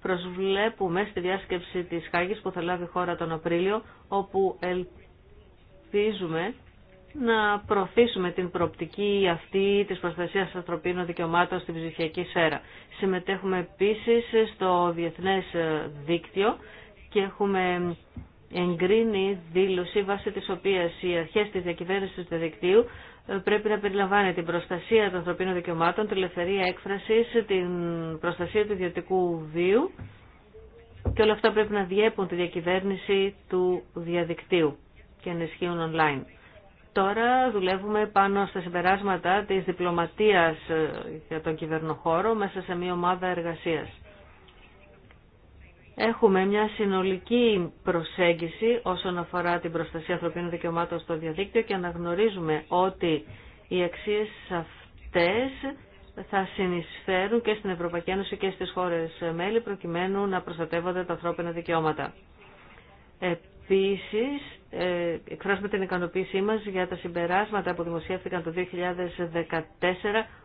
Προσβλέπουμε στη διάσκεψη της Χάγης που θα λάβει χώρα τον Απρίλιο, όπου ελπίζουμε να προωθήσουμε την προοπτική αυτή της προστασίας ανθρωπίνων δικαιωμάτων στην ψηφιακή σφαίρα. Συμμετέχουμε επίσης στο Διεθνές Δίκτυο και έχουμε εγκρίνει δήλωση βάσει της οποίας οι αρχές της διακυβέρνησης του δικτύου ε, πρέπει να περιλαμβάνει την προστασία των ανθρωπίνων δικαιωμάτων, τη ελευθερία έκφρασης, την προστασία του ιδιωτικού βίου και όλα αυτά πρέπει να διέπουν τη διακυβέρνηση του διαδικτύου και να ισχύουν online. Τώρα δουλεύουμε πάνω στα συμπεράσματα της διπλωματίας ε, για τον κυβερνοχώρο μέσα σε μια ομάδα εργασίας. Έχουμε μια συνολική προσέγγιση όσον αφορά την προστασία ανθρωπίνων δικαιωμάτων στο διαδίκτυο και αναγνωρίζουμε ότι οι αξίες αυτές θα συνεισφέρουν και στην Ευρωπαϊκή Ένωση και στις χώρες μέλη προκειμένου να προστατεύονται τα ανθρώπινα δικαιώματα. Ε, ε, εκφράζουμε την ικανοποίησή μας για τα συμπεράσματα που δημοσιεύτηκαν το 2014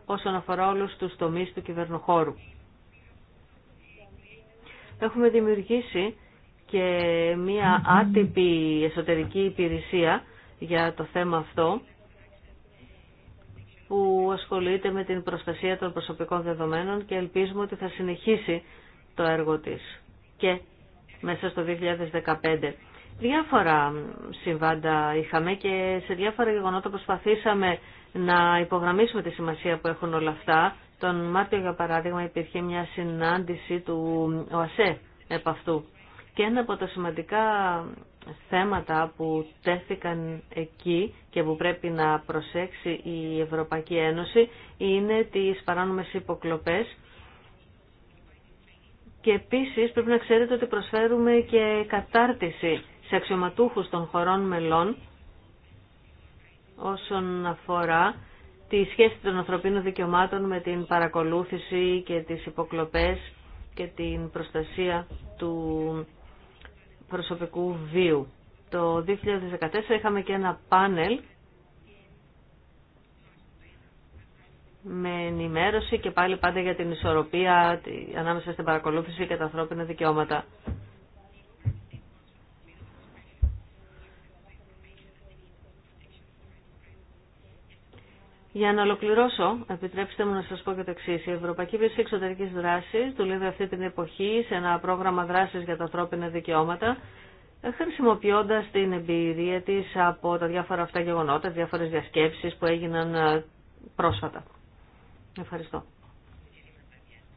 όσον αφορά όλου του τομείς του κυβερνοχώρου. Έχουμε δημιουργήσει και μία άτυπη εσωτερική υπηρεσία για το θέμα αυτό που ασχολείται με την προστασία των προσωπικών δεδομένων και ελπίζουμε ότι θα συνεχίσει το έργο της και μέσα στο 2015. Διάφορα συμβάντα είχαμε και σε διάφορα γεγονότα προσπαθήσαμε να υπογραμμίσουμε τη σημασία που έχουν όλα αυτά. Τον Μάρτιο, για παράδειγμα, υπήρχε μια συνάντηση του ΟΑΣΕ επ' αυτού. Και ένα από τα σημαντικά θέματα που τέθηκαν εκεί και που πρέπει να προσέξει η Ευρωπαϊκή Ένωση είναι τις παράνομες υποκλοπές και επίσης πρέπει να ξέρετε ότι προσφέρουμε και κατάρτιση σε αξιωματούχους των χωρών μελών όσον αφορά τη σχέση των ανθρωπίνων δικαιωμάτων με την παρακολούθηση και τις υποκλοπές και την προστασία του προσωπικού βίου. Το 2014 είχαμε και ένα πάνελ με ενημέρωση και πάλι πάντα για την ισορροπία ανάμεσα στην παρακολούθηση και τα ανθρώπινα δικαιώματα. Για να ολοκληρώσω, επιτρέψτε μου να σας πω και το εξής. Η Ευρωπαϊκή Πίεση Εξωτερικής Δράσης δουλεύει αυτή την εποχή σε ένα πρόγραμμα δράσης για τα ανθρώπινα δικαιώματα, ε, χρησιμοποιώντα την εμπειρία της από τα διάφορα αυτά γεγονότα, διάφορες διασκέψεις που έγιναν ε, πρόσφατα. Ευχαριστώ.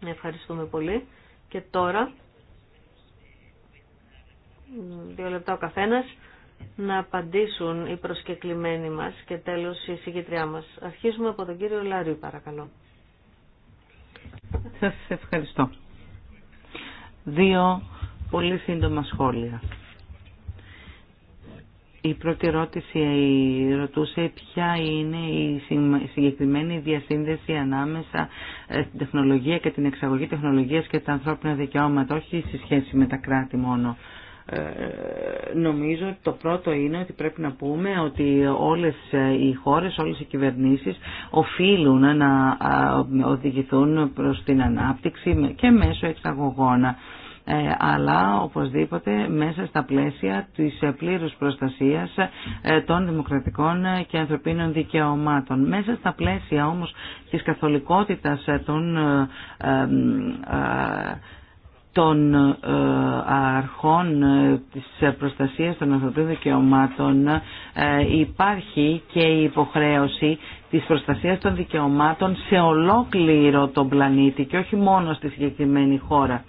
Ευχαριστούμε πολύ. Και τώρα, δύο λεπτά ο καθένας να απαντήσουν οι προσκεκλημένοι μας και τέλος η συγκεκριά μας. Αρχίζουμε από τον κύριο Λαρίου παρακαλώ. Σας ευχαριστώ. Δύο πολύ σύντομα σχόλια. Η πρώτη ερώτηση ρωτούσε ποια είναι η συγκεκριμένη διασύνδεση ανάμεσα στην ε, τεχνολογία και την εξαγωγή τεχνολογίας και τα ανθρώπινα δικαιώματα, όχι σε σχέση με τα κράτη μόνο. Ε, νομίζω ότι το πρώτο είναι ότι πρέπει να πούμε ότι όλες ε, οι χώρες, όλες οι κυβερνήσεις οφείλουν να οδηγηθούν προς την ανάπτυξη και μέσω εξαγωγών ε, αλλά οπωσδήποτε μέσα στα πλαίσια της πλήρους προστασίας των δημοκρατικών και ανθρωπίνων δικαιωμάτων. Μέσα στα πλαίσια όμως της καθολικότητας των των ε, αρχών ε, της προστασίας των ανθρωπίνων δικαιωμάτων ε, υπάρχει και η υποχρέωση της προστασίας των δικαιωμάτων σε ολόκληρο τον πλανήτη και όχι μόνο στη συγκεκριμένη χώρα.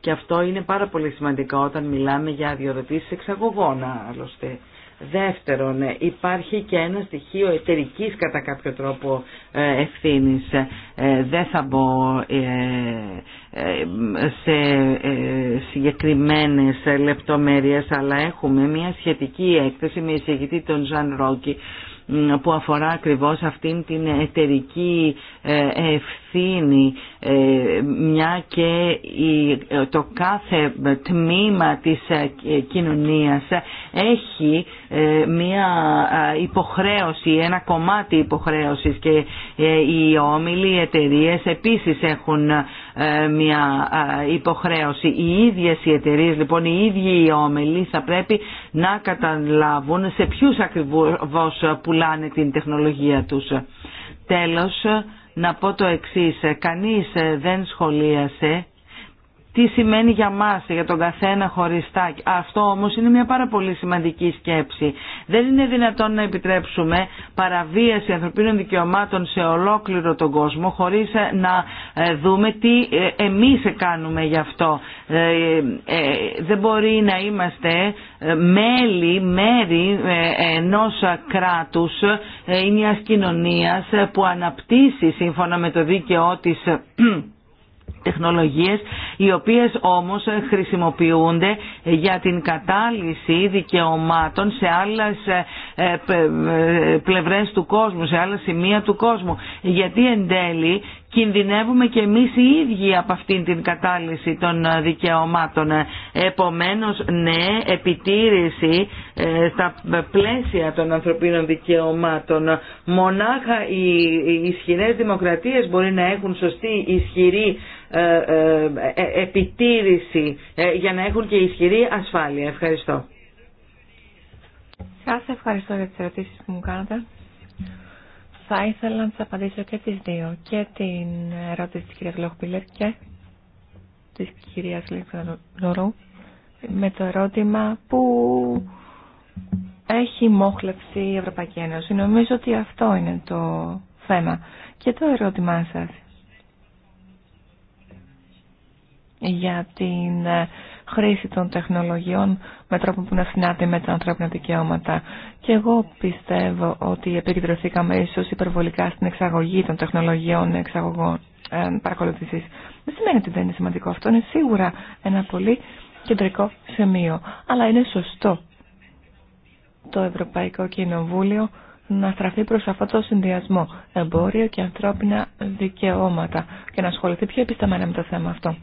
Και αυτό είναι πάρα πολύ σημαντικό όταν μιλάμε για αδειοδοτήσεις εξαγωγών άλλωστε. Δεύτερον, υπάρχει και ένα στοιχείο εταιρική κατά κάποιο τρόπο ε, ευθύνη. Ε, δεν θα μπω ε, σε συγκεκριμένες λεπτομέρειες, αλλά έχουμε μια σχετική έκθεση με εισηγητή τον Ζαν Ρόκι που αφορά ακριβώς αυτήν την εταιρική ευθύνη ευθύνη ε, μια και το κάθε τμήμα της ε, κοινωνίας έχει ε, μια υποχρέωση, ένα κομμάτι υποχρέωσης και οι όμιλοι, οι εταιρείες επίσης έχουν μια υποχρέωση. Οι ίδιες οι εταιρείες, λοιπόν οι ίδιοι οι όμιλοι θα πρέπει να καταλάβουν σε ποιους ακριβώς πουλάνε την τεχνολογία τους. Τέλος, να πω το εξής. Ε, κανείς ε, δεν σχολίασε τι σημαίνει για μας, για τον καθένα χωριστά. Αυτό όμως είναι μια πάρα πολύ σημαντική σκέψη. Δεν είναι δυνατόν να επιτρέψουμε παραβίαση ανθρωπίνων δικαιωμάτων σε ολόκληρο τον κόσμο χωρίς ε, να ε, δούμε τι ε, εμείς κάνουμε γι' αυτό. Δεν μπορεί να είμαστε μέλη, μέρη ενός κράτους ή μιας κοινωνίας που αναπτύσσει σύμφωνα με το δίκαιό της τεχνολογίες οι οποίες όμως χρησιμοποιούνται για την κατάλυση δικαιωμάτων σε άλλες ε, ε, ε, πλευρές του κόσμου, σε άλλα σημεία του κόσμου. Γιατί εν τέλει κινδυνεύουμε και εμείς οι ίδιοι από αυτήν την κατάλυση των ε, δικαιωμάτων. Επομένως, ναι, επιτήρηση στα πλαίσια των ανθρωπίνων δικαιωμάτων. Μονάχα οι ισχυρές δημοκρατίες μπορεί να έχουν σωστή, ισχυρή επιτήρηση για να έχουν και ισχυρή ασφάλεια. Ευχαριστώ. Σα ευχαριστώ για τι ερωτήσει που μου κάνατε. Θα ήθελα να τι απαντήσω και τις δύο. Και την ερώτηση τη κυρία Λοχπίλερ και της κυρίας Νορού με το ερώτημα που έχει μόχλευση η Ευρωπαϊκή Ένωση. Νομίζω ότι αυτό είναι το θέμα. Και το ερώτημά σας για την χρήση των τεχνολογιών με τρόπο που να συνάδει με τα ανθρώπινα δικαιώματα. Και εγώ πιστεύω ότι επικεντρωθήκαμε ίσω υπερβολικά στην εξαγωγή των τεχνολογιών εξαγωγών ε, παρακολούθησης. Δεν σημαίνει ότι δεν είναι σημαντικό αυτό, είναι σίγουρα ένα πολύ κεντρικό σημείο. Αλλά είναι σωστό το Ευρωπαϊκό Κοινοβούλιο να στραφεί προς αυτό το συνδυασμό εμπόριο και ανθρώπινα δικαιώματα και να ασχοληθεί πιο επισταμένα με το θέμα αυτό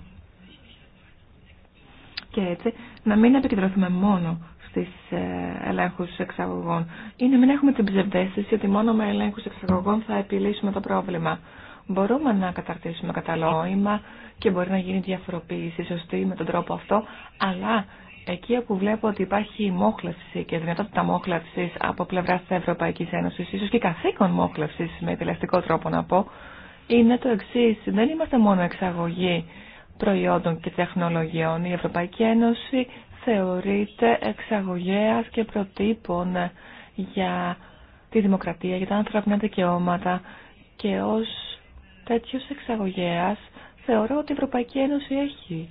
και έτσι να μην επικεντρωθούμε μόνο στις ε, ελέγχους εξαγωγών ή να μην έχουμε την ψευδέστηση ότι μόνο με ελέγχους εξαγωγών θα επιλύσουμε το πρόβλημα. Μπορούμε να καταρτήσουμε καταλόημα και μπορεί να γίνει διαφοροποίηση σωστή με τον τρόπο αυτό, αλλά εκεί όπου βλέπω ότι υπάρχει μόχλευση και δυνατότητα μόχλευση από πλευρά τη Ευρωπαϊκή Ένωση, ίσω και καθήκον μόχλευση με επιλεκτικό τρόπο να πω, είναι το εξή. Δεν είμαστε μόνο εξαγωγή προϊόντων και τεχνολογιών. Η Ευρωπαϊκή Ένωση θεωρείται εξαγωγέας και προτύπων για τη δημοκρατία, για τα ανθρώπινα δικαιώματα και ως τέτοιος εξαγωγέας θεωρώ ότι η Ευρωπαϊκή Ένωση έχει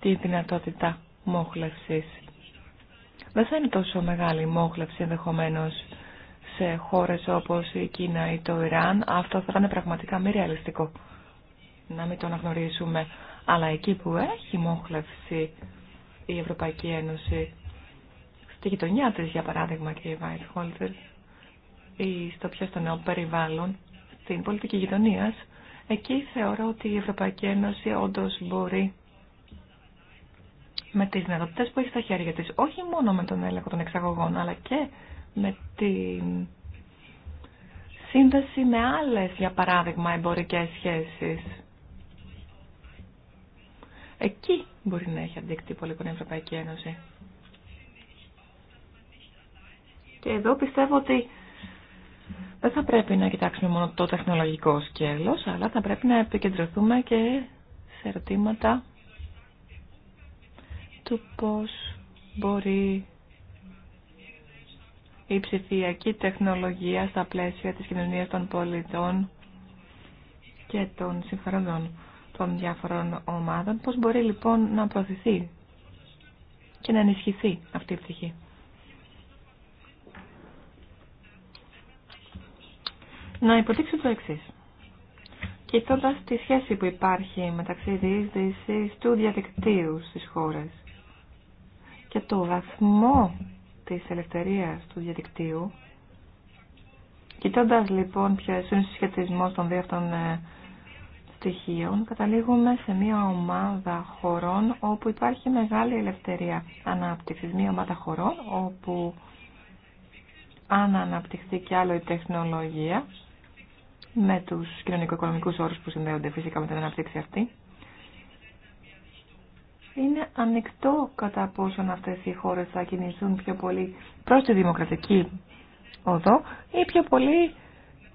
τη δυνατότητα μόχλευσης. Δεν θα είναι τόσο μεγάλη η μόχλευση ενδεχομένω σε χώρες όπως η Κίνα ή το Ιράν. Αυτό θα ήταν πραγματικά μη ρεαλιστικό να μην το αναγνωρίσουμε. Αλλά εκεί που έχει μόχλευση η Ευρωπαϊκή Ένωση, στη γειτονιά της για παράδειγμα και κύριε Βάιτχολτερ, ή στο πιο νέο περιβάλλον, στην πολιτική γειτονία, εκεί θεωρώ ότι η Ευρωπαϊκή Ένωση όντω μπορεί με τις δυνατότητες που έχει στα χέρια της, όχι μόνο με τον έλεγχο των εξαγωγών, αλλά και με τη σύνδεση με άλλες, για παράδειγμα, εμπορικές σχέσεις Εκεί μπορεί να έχει αντίκτυπο λοιπόν η Ευρωπαϊκή Ένωση. Και εδώ πιστεύω ότι δεν θα πρέπει να κοιτάξουμε μόνο το τεχνολογικό σκέλος, αλλά θα πρέπει να επικεντρωθούμε και σε ερωτήματα του πώς μπορεί η ψηφιακή τεχνολογία στα πλαίσια της κοινωνίας των πολιτών και των συμφερόντων των διάφορων ομάδων. Πώς μπορεί λοιπόν να προωθηθεί και να ενισχυθεί αυτή η πτυχή. Να υποτίξω το εξή. Κοιτώντα τη σχέση που υπάρχει μεταξύ διείσδυση του διαδικτύου στι χώρε και το βαθμό τη ελευθερία του διαδικτύου, κοιτώντα λοιπόν ποιο είναι ο συσχετισμό των δύο ε, στοιχείων καταλήγουμε σε μια ομάδα χωρών όπου υπάρχει μεγάλη ελευθερία ανάπτυξης. Μια ομάδα χωρών όπου αν αναπτυχθεί κι άλλο η τεχνολογία με τους κοινωνικο-οικονομικούς όρους που συνδέονται φυσικά με την αναπτύξη αυτή είναι ανοιχτό κατά πόσον αυτές οι χώρες θα κινηθούν πιο πολύ προς τη δημοκρατική οδό ή πιο πολύ,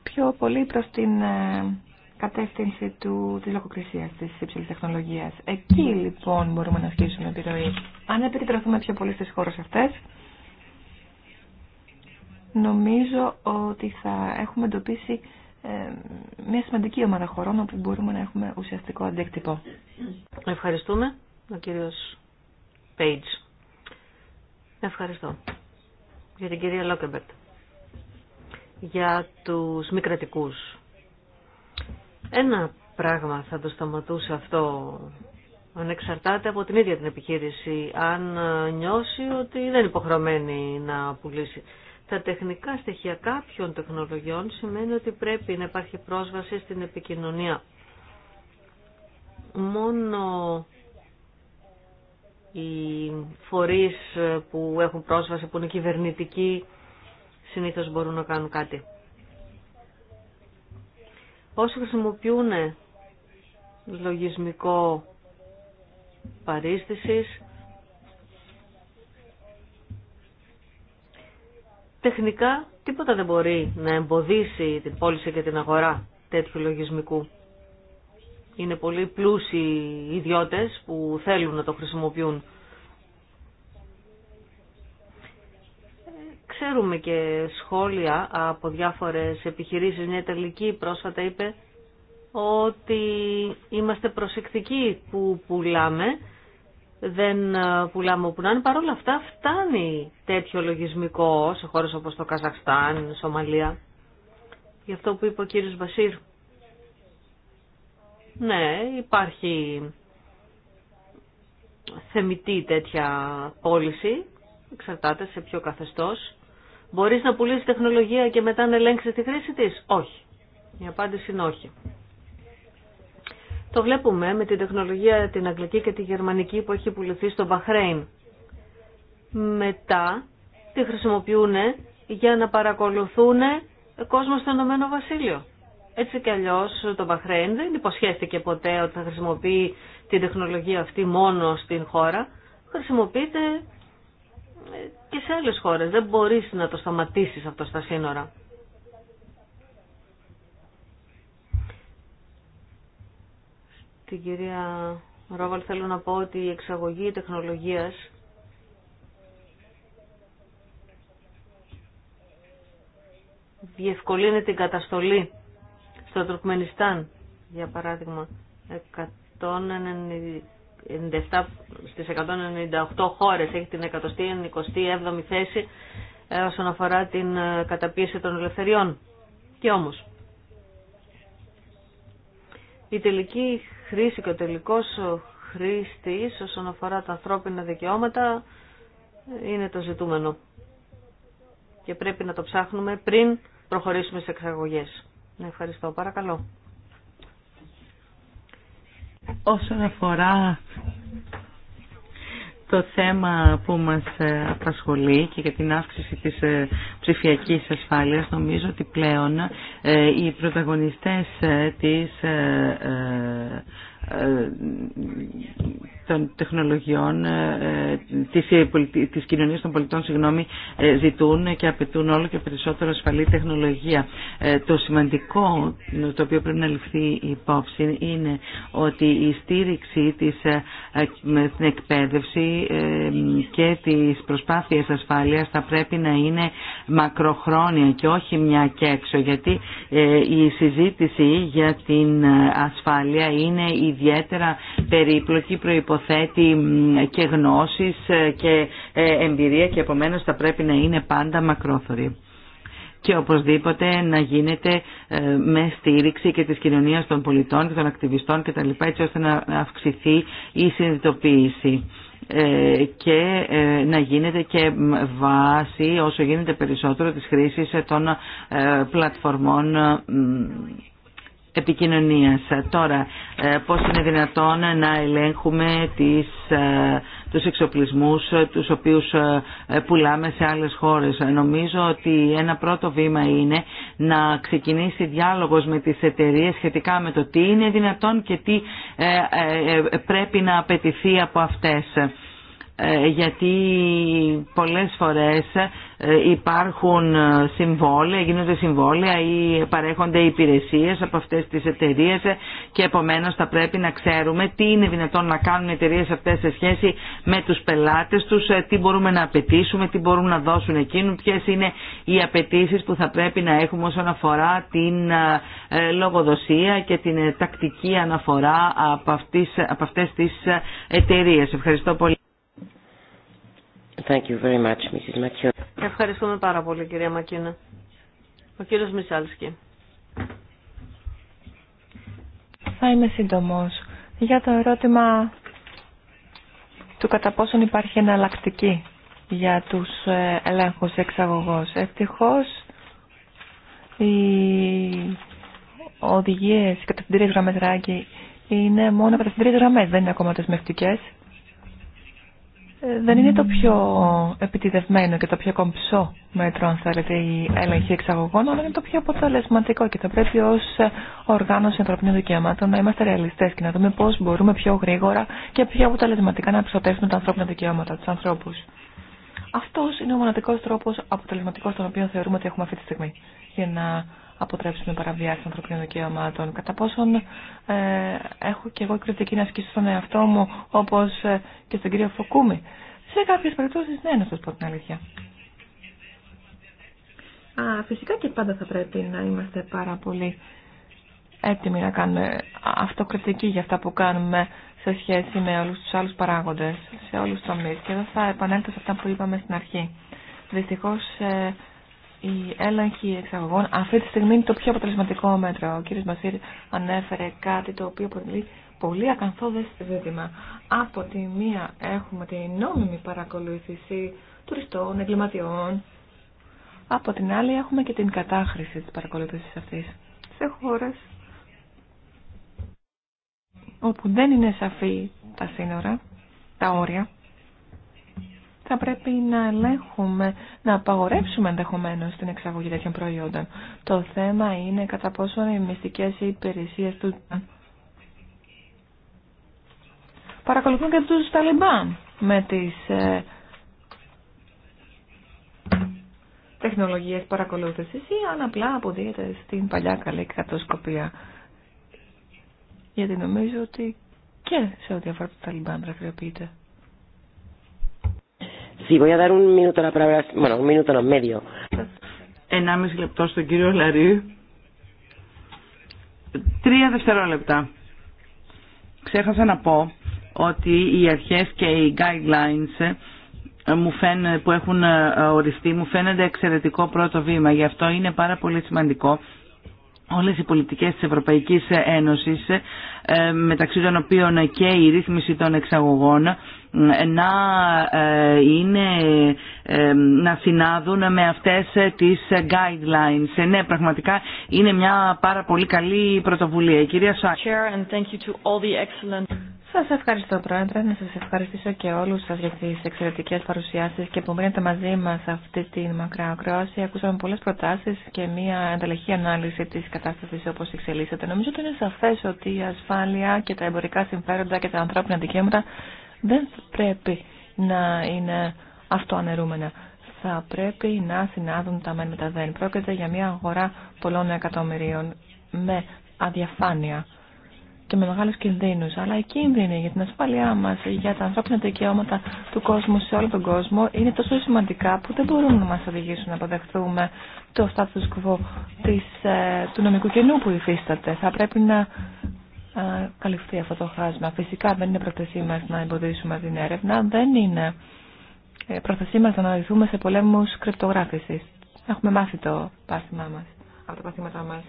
πιο πολύ προς την ε, κατεύθυνση του, της λογοκρισίας της υψηλής τεχνολογίας. Εκεί ναι. λοιπόν μπορούμε να ασκήσουμε επιρροή. Αν επικεντρωθούμε πιο πολύ στις χώρες αυτές, νομίζω ότι θα έχουμε εντοπίσει ε, μια σημαντική ομάδα χωρών όπου μπορούμε να έχουμε ουσιαστικό αντίκτυπο. Ευχαριστούμε. Ο κύριος Page. Ευχαριστώ. Για την κυρία Λόκεμπερτ. Για τους μη κρατικούς ένα πράγμα θα το σταματούσε αυτό ανεξαρτάται από την ίδια την επιχείρηση αν νιώσει ότι δεν είναι υποχρεωμένη να πουλήσει. Τα τεχνικά στοιχεία κάποιων τεχνολογιών σημαίνει ότι πρέπει να υπάρχει πρόσβαση στην επικοινωνία. Μόνο οι φορείς που έχουν πρόσβαση, που είναι κυβερνητικοί, συνήθως μπορούν να κάνουν κάτι. Όσοι χρησιμοποιούν λογισμικό παρίστησης, τεχνικά τίποτα δεν μπορεί να εμποδίσει την πώληση και την αγορά τέτοιου λογισμικού. Είναι πολύ πλούσιοι ιδιώτες που θέλουν να το χρησιμοποιούν. Ξέρουμε και σχόλια από διάφορες επιχειρήσεις. Μια Ιταλική πρόσφατα είπε ότι είμαστε προσεκτικοί που πουλάμε, δεν πουλάμε όπου να είναι. Παρ' όλα αυτά φτάνει τέτοιο λογισμικό σε χώρες όπως το Καζαχστάν, Σομαλία. Γι' αυτό που είπε ο κύριος Βασίρ. Ναι, υπάρχει θεμητή τέτοια πώληση, εξαρτάται σε ποιο καθεστώς. Μπορείς να πουλήσεις τεχνολογία και μετά να ελέγξεις τη χρήση της. Όχι. Η απάντηση είναι όχι. Το βλέπουμε με την τεχνολογία την αγγλική και τη γερμανική που έχει πουληθεί στο Μπαχρέιν. Μετά τη χρησιμοποιούν για να παρακολουθούν κόσμο στο Ηνωμένο Βασίλειο. Έτσι κι αλλιώ το Μπαχρέιν δεν υποσχέθηκε ποτέ ότι θα χρησιμοποιεί την τεχνολογία αυτή μόνο στην χώρα. Χρησιμοποιείται και σε άλλες χώρες. Δεν μπορείς να το σταματήσεις αυτό στα σύνορα. Την κυρία Ρόβαλ θέλω να πω ότι η εξαγωγή τεχνολογίας διευκολύνει την καταστολή στο Τουρκμενιστάν, για παράδειγμα, 190 97 στις 198 χώρες, έχει την 127η θέση ε, όσον αφορά την ε, καταπίεση των ελευθεριών. Και όμως, η τελική χρήση και ο τελικός ε, χρήστης όσον αφορά τα ανθρώπινα δικαιώματα είναι το ζητούμενο. Και πρέπει να το ψάχνουμε πριν προχωρήσουμε σε εξαγωγές. Ευχαριστώ. Παρακαλώ. Όσον αφορά το θέμα που μας ε, απασχολεί και για την αύξηση της ε, ψηφιακής ασφάλειας νομίζω ότι πλέον ε, οι πρωταγωνιστές της ε, των τεχνολογιών ε, ε, της, της κοινωνίας των πολιτών συγγνώμη, ζητούν και απαιτούν όλο και περισσότερο ασφαλή τεχνολογία. Το σημαντικό το οποίο πρέπει να ληφθεί υπόψη είναι ότι η στήριξη της, την εκπαίδευση και της προσπάθειες ασφάλειας θα πρέπει να είναι μακροχρόνια και όχι μια και γιατί η συζήτηση για την ασφάλεια είναι η ιδιαίτερα περίπλοκη, προϋποθέτει και γνώσεις ε, και ε, εμπειρία και επομένως θα πρέπει να είναι πάντα μακρόθωρη και οπωσδήποτε να γίνεται ε, με στήριξη και της κοινωνίας των πολιτών και των ακτιβιστών και τα λοιπά, έτσι ώστε να αυξηθεί η συνειδητοποίηση και να γίνεται και βάση όσο γίνεται περισσότερο της χρήσης των πλατφορμών επικοινωνίας. Τώρα, ε, πώς είναι δυνατόν να ελέγχουμε τις, ε, τους εξοπλισμούς ε, τους οποίους πουλάμε σε άλλες χώρες. Νομίζω ότι ένα πρώτο βήμα είναι να ξεκινήσει διάλογος με τις εταιρείες σχετικά με το τι είναι δυνατόν και τι πρέπει να απαιτηθεί από αυτές. Ε, γιατί πολλές φορές ε, υπάρχουν ε, συμβόλαια, γίνονται συμβόλαια ή παρέχονται υπηρεσίες από αυτές τις εταιρείες και επομένως θα πρέπει να ξέρουμε τι είναι δυνατόν να κάνουν οι εταιρείες αυτές σε σχέση με τους πελάτες τους, τι μπορούμε να απαιτήσουμε, τι μπορούν να δώσουν εκείνου, ποιες είναι οι απαιτήσει που θα πρέπει να έχουμε όσον αφορά την λογοδοσία και την τακτική αναφορά από αυτές τις εταιρείες. Ευχαριστώ πολύ. Thank you very much, Mrs. Ευχαριστούμε πάρα πολύ, κυρία Μακίνα. Ο κύριος Μισάλσκι. Θα είμαι σύντομος. Για το ερώτημα του κατά πόσον υπάρχει εναλλακτική για τους ε, ελέγχους εξαγωγός. Ευτυχώς οι οδηγίες και τα γραμμές είναι μόνο κατευθυντήρες γραμμές, δεν είναι ακόμα δεσμευτικές. Ε, δεν είναι το πιο επιτιδευμένο και το πιο κομψό μέτρο, αν θέλετε, η έλεγχη εξαγωγών, αλλά είναι το πιο αποτελεσματικό και θα πρέπει ω οργάνωση ανθρωπίνων δικαιωμάτων να είμαστε ρεαλιστέ και να δούμε πώ μπορούμε πιο γρήγορα και πιο αποτελεσματικά να εξωτεύσουμε τα ανθρώπινα δικαιώματα, του ανθρώπου. Αυτό είναι ο μοναδικό τρόπο αποτελεσματικό τον οποίο θεωρούμε ότι έχουμε αυτή τη στιγμή για να αποτρέψουμε παραβιάσεις ανθρωπίνων δικαιωμάτων. Κατά πόσον ε, έχω και εγώ κριτική να ασκήσω στον εαυτό μου, όπω ε, και στον κύριο Φοκούμη. Σε κάποιε περιπτώσει ναι, να σα πω την αλήθεια. Α, φυσικά και πάντα θα πρέπει να είμαστε πάρα πολύ έτοιμοι να κάνουμε αυτοκριτική για αυτά που κάνουμε σε σχέση με όλους τους άλλου παράγοντε, σε όλου του τομείς. Και εδώ θα επανέλθω σε αυτά που είπαμε στην αρχή. Δυστυχώς ε, η έλεγχη εξαγωγών αυτή τη στιγμή είναι το πιο αποτελεσματικό μέτρο. Ο κ. Μασίρ ανέφερε κάτι το οποίο αποτελεί πολύ ακαθόδε ζήτημα. Από τη μία έχουμε την νόμιμη παρακολούθηση τουριστών, εγκληματιών. Από την άλλη έχουμε και την κατάχρηση της παρακολούθησης αυτής σε χώρες όπου δεν είναι σαφή τα σύνορα, τα όρια θα πρέπει να ελέγχουμε, να απαγορεύσουμε ενδεχομένω την εξαγωγή τέτοιων προϊόντων. Το θέμα είναι κατά πόσο οι μυστικέ υπηρεσίε του παρακολουθούν και τους Ταλιμπάν με τις ε, τεχνολογίες παρακολούθησης ή αν απλά αποδίεται στην παλιά καλή κατοσκοπία. Γιατί νομίζω ότι και σε ό,τι αφορά τους Ταλιμπάν δραστηριοποιείται. Sí, voy a dar un minuto la palabra, bueno, un minuto no, medio. Ενάμιση λεπτό στον κύριο Λαρίου. Τρία δευτερόλεπτα. Ξέχασα να πω ότι οι αρχές και οι guidelines ε, μου που έχουν ε, οριστεί μου φαίνονται εξαιρετικό πρώτο βήμα. Γι' αυτό είναι πάρα πολύ σημαντικό όλες οι πολιτικές τη Ευρωπαϊκή Ένωση, ε, μεταξύ των οποίων και η ρύθμιση των εξαγωγών να ε, είναι ε, να συνάδουν με αυτές ε, τις guidelines. Ναι, πραγματικά είναι μια πάρα πολύ καλή πρωτοβουλία. Η Excellent... Σας ευχαριστώ Πρόεδρε, να σας ευχαριστήσω και όλους σας για τις εξαιρετικές παρουσιάσεις και που μείνετε μαζί μας αυτή τη μακρά ακρόαση. Ακούσαμε πολλές προτάσεις και μια εντελεχή ανάλυση της κατάστασης όπως εξελίσσεται. Νομίζω ότι είναι σαφές ότι η ασφάλεια και τα εμπορικά συμφέροντα και τα ανθρώπινα δικαιώματα δεν πρέπει να είναι αυτοαναιρούμενα. Θα πρέπει να συνάδουν τα μεν με τα δεν. Πρόκειται για μια αγορά πολλών εκατομμυρίων με αδιαφάνεια και με μεγάλου κινδύνου. Αλλά οι κίνδυνοι για την ασφάλειά μα, για τα ανθρώπινα δικαιώματα του κόσμου σε όλο τον κόσμο είναι τόσο σημαντικά που δεν μπορούν να μα οδηγήσουν να αποδεχθούμε το status quo της, ε, του νομικού κοινού που υφίσταται. Θα πρέπει να καλυφθεί αυτό το χάσμα. Φυσικά δεν είναι πρόθεσή μας να εμποδίσουμε την έρευνα, δεν είναι ε, πρόθεσή μας να αναλυθούμε σε πολέμους κρυπτογράφησης. Έχουμε μάθει το πάθημά μας, από τα πάθηματά μας.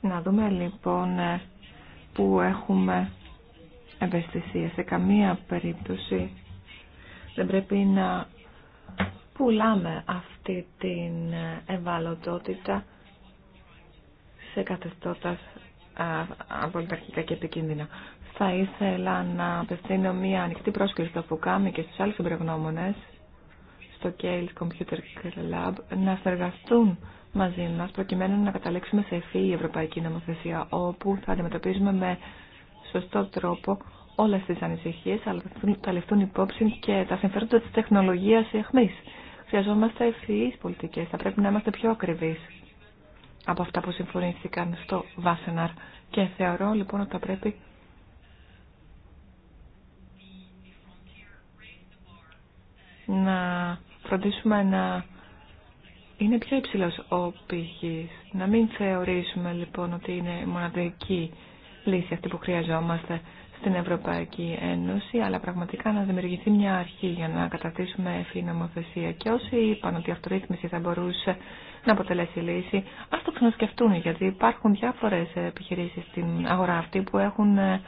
Να δούμε λοιπόν ε, που έχουμε ευαισθησία. Σε καμία περίπτωση δεν πρέπει να πουλάμε αυτή την ευαλωτότητα σε καθεστώτα απολυταρχικά και επικίνδυνα. Θα ήθελα να απευθύνω μία ανοιχτή πρόσκληση στο Φουκάμι και στους άλλους εμπρεγνώμονες στο Kale Computer Lab να συνεργαστούν μαζί μας προκειμένου να καταλήξουμε σε ευφύη ευρωπαϊκή νομοθεσία όπου θα αντιμετωπίζουμε με σωστό τρόπο όλε τι ανησυχίε, αλλά θα ληφθούν υπόψη και τα συμφέροντα τη τεχνολογία εχμή. Χρειαζόμαστε ευφυείς πολιτικέ, θα πρέπει να είμαστε πιο ακριβεί από αυτά που συμφωνήθηκαν στο Βάσεναρ. Και θεωρώ λοιπόν ότι θα πρέπει να φροντίσουμε να είναι πιο υψηλός ο πύχης. Να μην θεωρήσουμε λοιπόν ότι είναι μοναδική λύση αυτή που χρειαζόμαστε στην Ευρωπαϊκή Ένωση, αλλά πραγματικά να δημιουργηθεί μια αρχή για να καταρτήσουμε ευφύ νομοθεσία. Και όσοι είπαν ότι η αυτορύθμιση θα μπορούσε να αποτελέσει λύση. Ας το ξανασκεφτούν γιατί υπάρχουν διάφορες επιχειρήσεις στην αγορά αυτή που έχουν ε,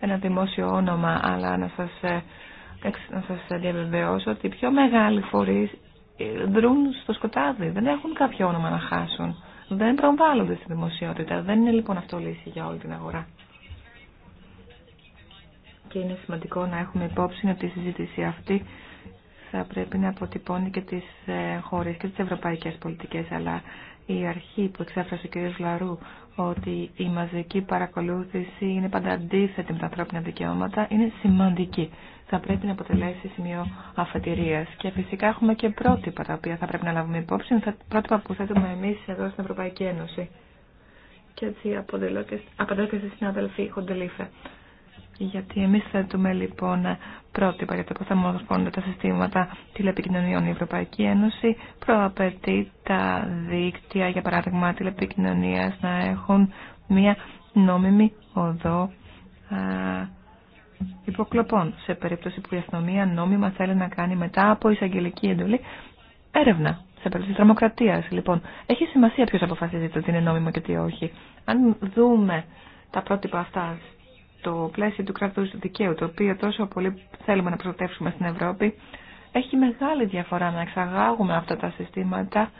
ένα δημόσιο όνομα αλλά να σας, ε, να σας διαβεβαιώσω ότι οι πιο μεγάλοι φορείς ε, δρούν στο σκοτάδι, δεν έχουν κάποιο όνομα να χάσουν. Δεν προβάλλονται στη δημοσιότητα. Δεν είναι λοιπόν αυτό λύση για όλη την αγορά. Και είναι σημαντικό να έχουμε υπόψη ότι η συζήτηση αυτή θα πρέπει να αποτυπώνει και τις ε, χώρες και τις ευρωπαϊκές πολιτικές, αλλά η αρχή που εξέφρασε ο κ. Λαρού ότι η μαζική παρακολούθηση είναι πάντα αντίθετη με τα ανθρώπινα δικαιώματα είναι σημαντική. Θα πρέπει να αποτελέσει σημείο αφετηρία. Και φυσικά έχουμε και πρότυπα τα οποία θα πρέπει να λάβουμε υπόψη, πρότυπα που θέτουμε εμεί εδώ στην Ευρωπαϊκή Ένωση. Και έτσι απαντώ και στη συναδελφή Χοντελήφε. Γιατί εμείς θέτουμε λοιπόν πρότυπα για το πώς θα μορφώνονται τα συστήματα τηλεπικοινωνιών. Η Ευρωπαϊκή Ένωση προαπαιτεί τα δίκτυα, για παράδειγμα τηλεπικοινωνίας, να έχουν μια νόμιμη οδό α, υποκλοπών σε περίπτωση που η αστυνομία νόμιμα θέλει να κάνει μετά από εισαγγελική εντολή έρευνα σε περίπτωση τρομοκρατίας. Λοιπόν, έχει σημασία ποιος αποφασίζει το ότι είναι νόμιμο και τι όχι. Αν δούμε τα πρότυπα αυτά στο πλαίσιο του κράτους δικαίου, το οποίο τόσο πολύ θέλουμε να προστατεύσουμε στην Ευρώπη, έχει μεγάλη διαφορά να εξαγάγουμε αυτά τα συστήματα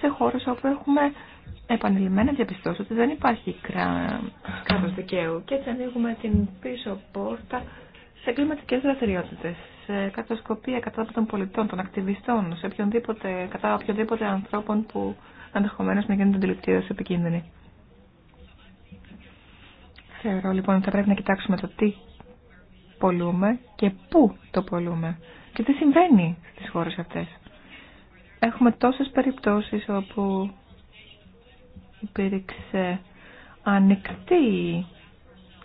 σε χώρες όπου έχουμε επανειλημμένα διαπιστώσει ότι δεν υπάρχει κρά... κράτος δικαίου και έτσι ανοίγουμε την πίσω πόρτα σε κλιματικέ δραστηριότητε, σε κατασκοπία κατά των πολιτών, των ακτιβιστών, σε οποιονδήποτε, κατά οποιοδήποτε ανθρώπων που ενδεχομένω να γίνονται αντιληπτήρε επικίνδυνοι. Θεωρώ λοιπόν θα πρέπει να κοιτάξουμε το τι πολλούμε και πού το πολλούμε και τι συμβαίνει στις χώρες αυτές. Έχουμε τόσες περιπτώσεις όπου υπήρξε ανοιχτή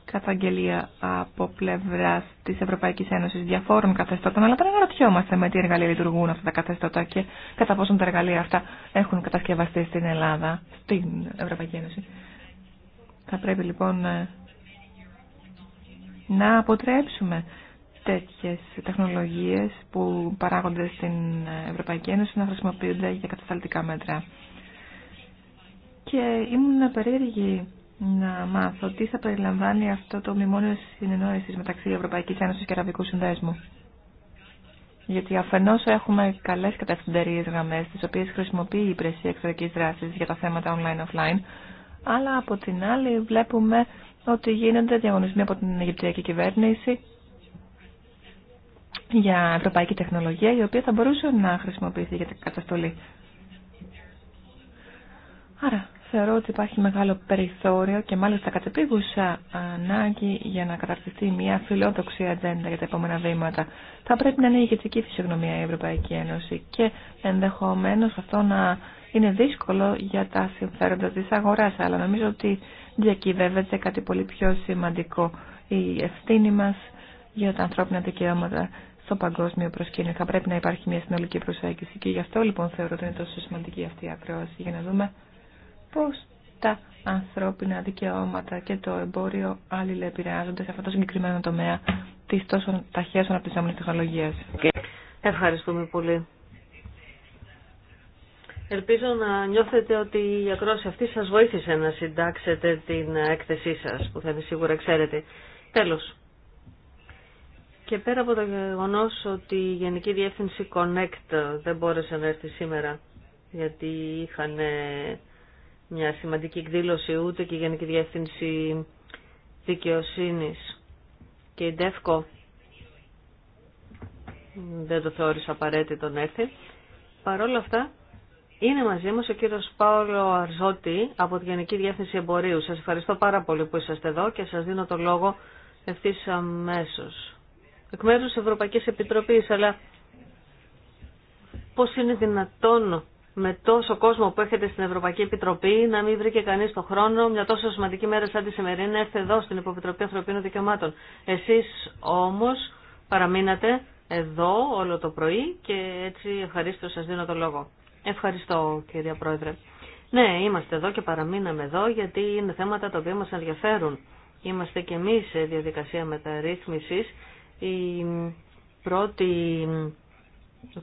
καταγγελία από πλευρά τη Ευρωπαϊκή Ένωση διαφόρων καθεστώτων, αλλά δεν αναρωτιόμαστε με τι εργαλεία λειτουργούν αυτά τα καθεστώτα και κατά πόσον τα εργαλεία αυτά έχουν κατασκευαστεί στην Ελλάδα, στην Ευρωπαϊκή Ένωση. Θα πρέπει λοιπόν να αποτρέψουμε τέτοιες τεχνολογίες που παράγονται στην Ευρωπαϊκή Ένωση να χρησιμοποιούνται για κατασταλτικά μέτρα. Και ήμουν περίεργη να μάθω τι θα περιλαμβάνει αυτό το μνημόνιο συνεννόησης μεταξύ Ευρωπαϊκής Ένωσης και Αραβικού Συνδέσμου. Γιατί αφενός έχουμε καλές κατευθυντερίες γραμμές, τις οποίες χρησιμοποιεί η υπηρεσία εξωτερικής δράσης για τα θέματα online-offline, αλλά από την άλλη βλέπουμε ότι γίνονται διαγωνισμοί από την Αιγυπτιακή κυβέρνηση για ευρωπαϊκή τεχνολογία η οποία θα μπορούσε να χρησιμοποιηθεί για την καταστολή. Άρα θεωρώ ότι υπάρχει μεγάλο περιθώριο και μάλιστα κατεπίγουσα ανάγκη για να καταρτιστεί μια φιλόδοξη ατζέντα για τα επόμενα βήματα. Θα πρέπει να είναι η ηγετική φυσιογνωμία η Ευρωπαϊκή Ένωση και ενδεχομένως αυτό να είναι δύσκολο για τα συμφέροντα της αγοράς, αλλά νομίζω ότι διακυβεύεται κάτι πολύ πιο σημαντικό. Η ευθύνη μας για τα ανθρώπινα δικαιώματα στο παγκόσμιο προσκήνιο. Θα πρέπει να υπάρχει μια συνολική προσέγγιση και γι' αυτό λοιπόν θεωρώ ότι είναι τόσο σημαντική αυτή η ακρόαση για να δούμε πώς τα ανθρώπινα δικαιώματα και το εμπόριο αλληλεπηρεάζονται σε αυτό το συγκεκριμένο τομέα της τόσο ταχείας αναπτυσσόμενης τεχνολογίας. Ευχαριστούμε πολύ. Ελπίζω να νιώθετε ότι η ακρόαση αυτή σας βοήθησε να συντάξετε την έκθεσή σας, που θα είναι σίγουρα ξέρετε. Τέλος. Και πέρα από το γεγονό ότι η Γενική Διεύθυνση Connect δεν μπόρεσε να έρθει σήμερα, γιατί είχαν ε, μια σημαντική εκδήλωση ούτε και η Γενική Διεύθυνση Δικαιοσύνης και η ΔΕΦΚΟ δεν το θεώρησε απαραίτητο να έρθει. Παρ' αυτά, είναι μαζί μας ο κύριος Πάολο Αρζότη από τη Γενική Διεύθυνση Εμπορίου. Σας ευχαριστώ πάρα πολύ που είσαστε εδώ και σας δίνω το λόγο ευθύ αμέσω. Εκ μέρους της Ευρωπαϊκής Επιτροπής, αλλά πώς είναι δυνατόν με τόσο κόσμο που έχετε στην Ευρωπαϊκή Επιτροπή να μην βρήκε κανείς το χρόνο μια τόσο σημαντική μέρα σαν τη σημερινή να έρθει εδώ στην Υποπιτροπή Ανθρωπίνων Δικαιωμάτων. Εσείς όμως παραμείνατε εδώ όλο το πρωί και έτσι ευχαρίστω σας δίνω το λόγο. Ευχαριστώ κυρία Πρόεδρε. Ναι, είμαστε εδώ και παραμείναμε εδώ γιατί είναι θέματα τα οποία μας ενδιαφέρουν. Είμαστε και εμείς σε διαδικασία μεταρρύθμισης. Η πρώτη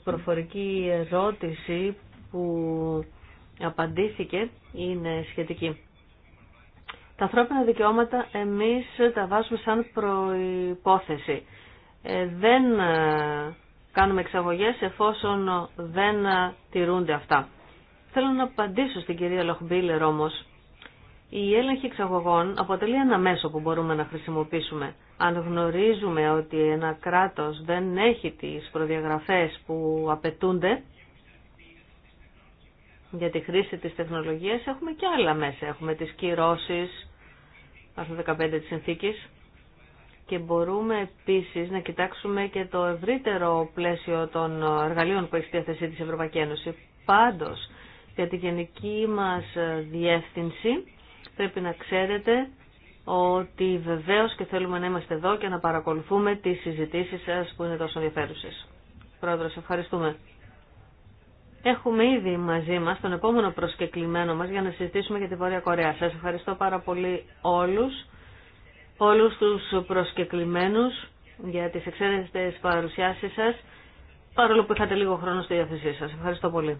προφορική ερώτηση που απαντήθηκε είναι σχετική. Τα ανθρώπινα δικαιώματα εμείς τα βάζουμε σαν προϋπόθεση. Ε, δεν κάνουμε εξαγωγές εφόσον δεν τηρούνται αυτά. Θέλω να απαντήσω στην κυρία Λοχμπίλερ όμως. Η έλεγχη εξαγωγών αποτελεί ένα μέσο που μπορούμε να χρησιμοποιήσουμε. Αν γνωρίζουμε ότι ένα κράτος δεν έχει τις προδιαγραφές που απαιτούνται για τη χρήση της τεχνολογίας, έχουμε και άλλα μέσα. Έχουμε τις κυρώσεις, άρθρο 15 της συνθήκης, και μπορούμε επίσης να κοιτάξουμε και το ευρύτερο πλαίσιο των εργαλείων που έχει στη διάθεσή της Ευρωπαϊκή Ένωση. Πάντως, για τη γενική μας διεύθυνση πρέπει να ξέρετε ότι βεβαίως και θέλουμε να είμαστε εδώ και να παρακολουθούμε τις συζητήσεις σας που είναι τόσο ενδιαφέρουσες. Πρόεδρος, ευχαριστούμε. Έχουμε ήδη μαζί μας τον επόμενο προσκεκλημένο μας για να συζητήσουμε για τη Βόρεια Κορέα. Σας ευχαριστώ πάρα πολύ όλους όλους τους προσκεκλημένους για τις εξαίρετες παρουσιάσεις σας, παρόλο που είχατε λίγο χρόνο στη διάθεσή σας. Ευχαριστώ πολύ.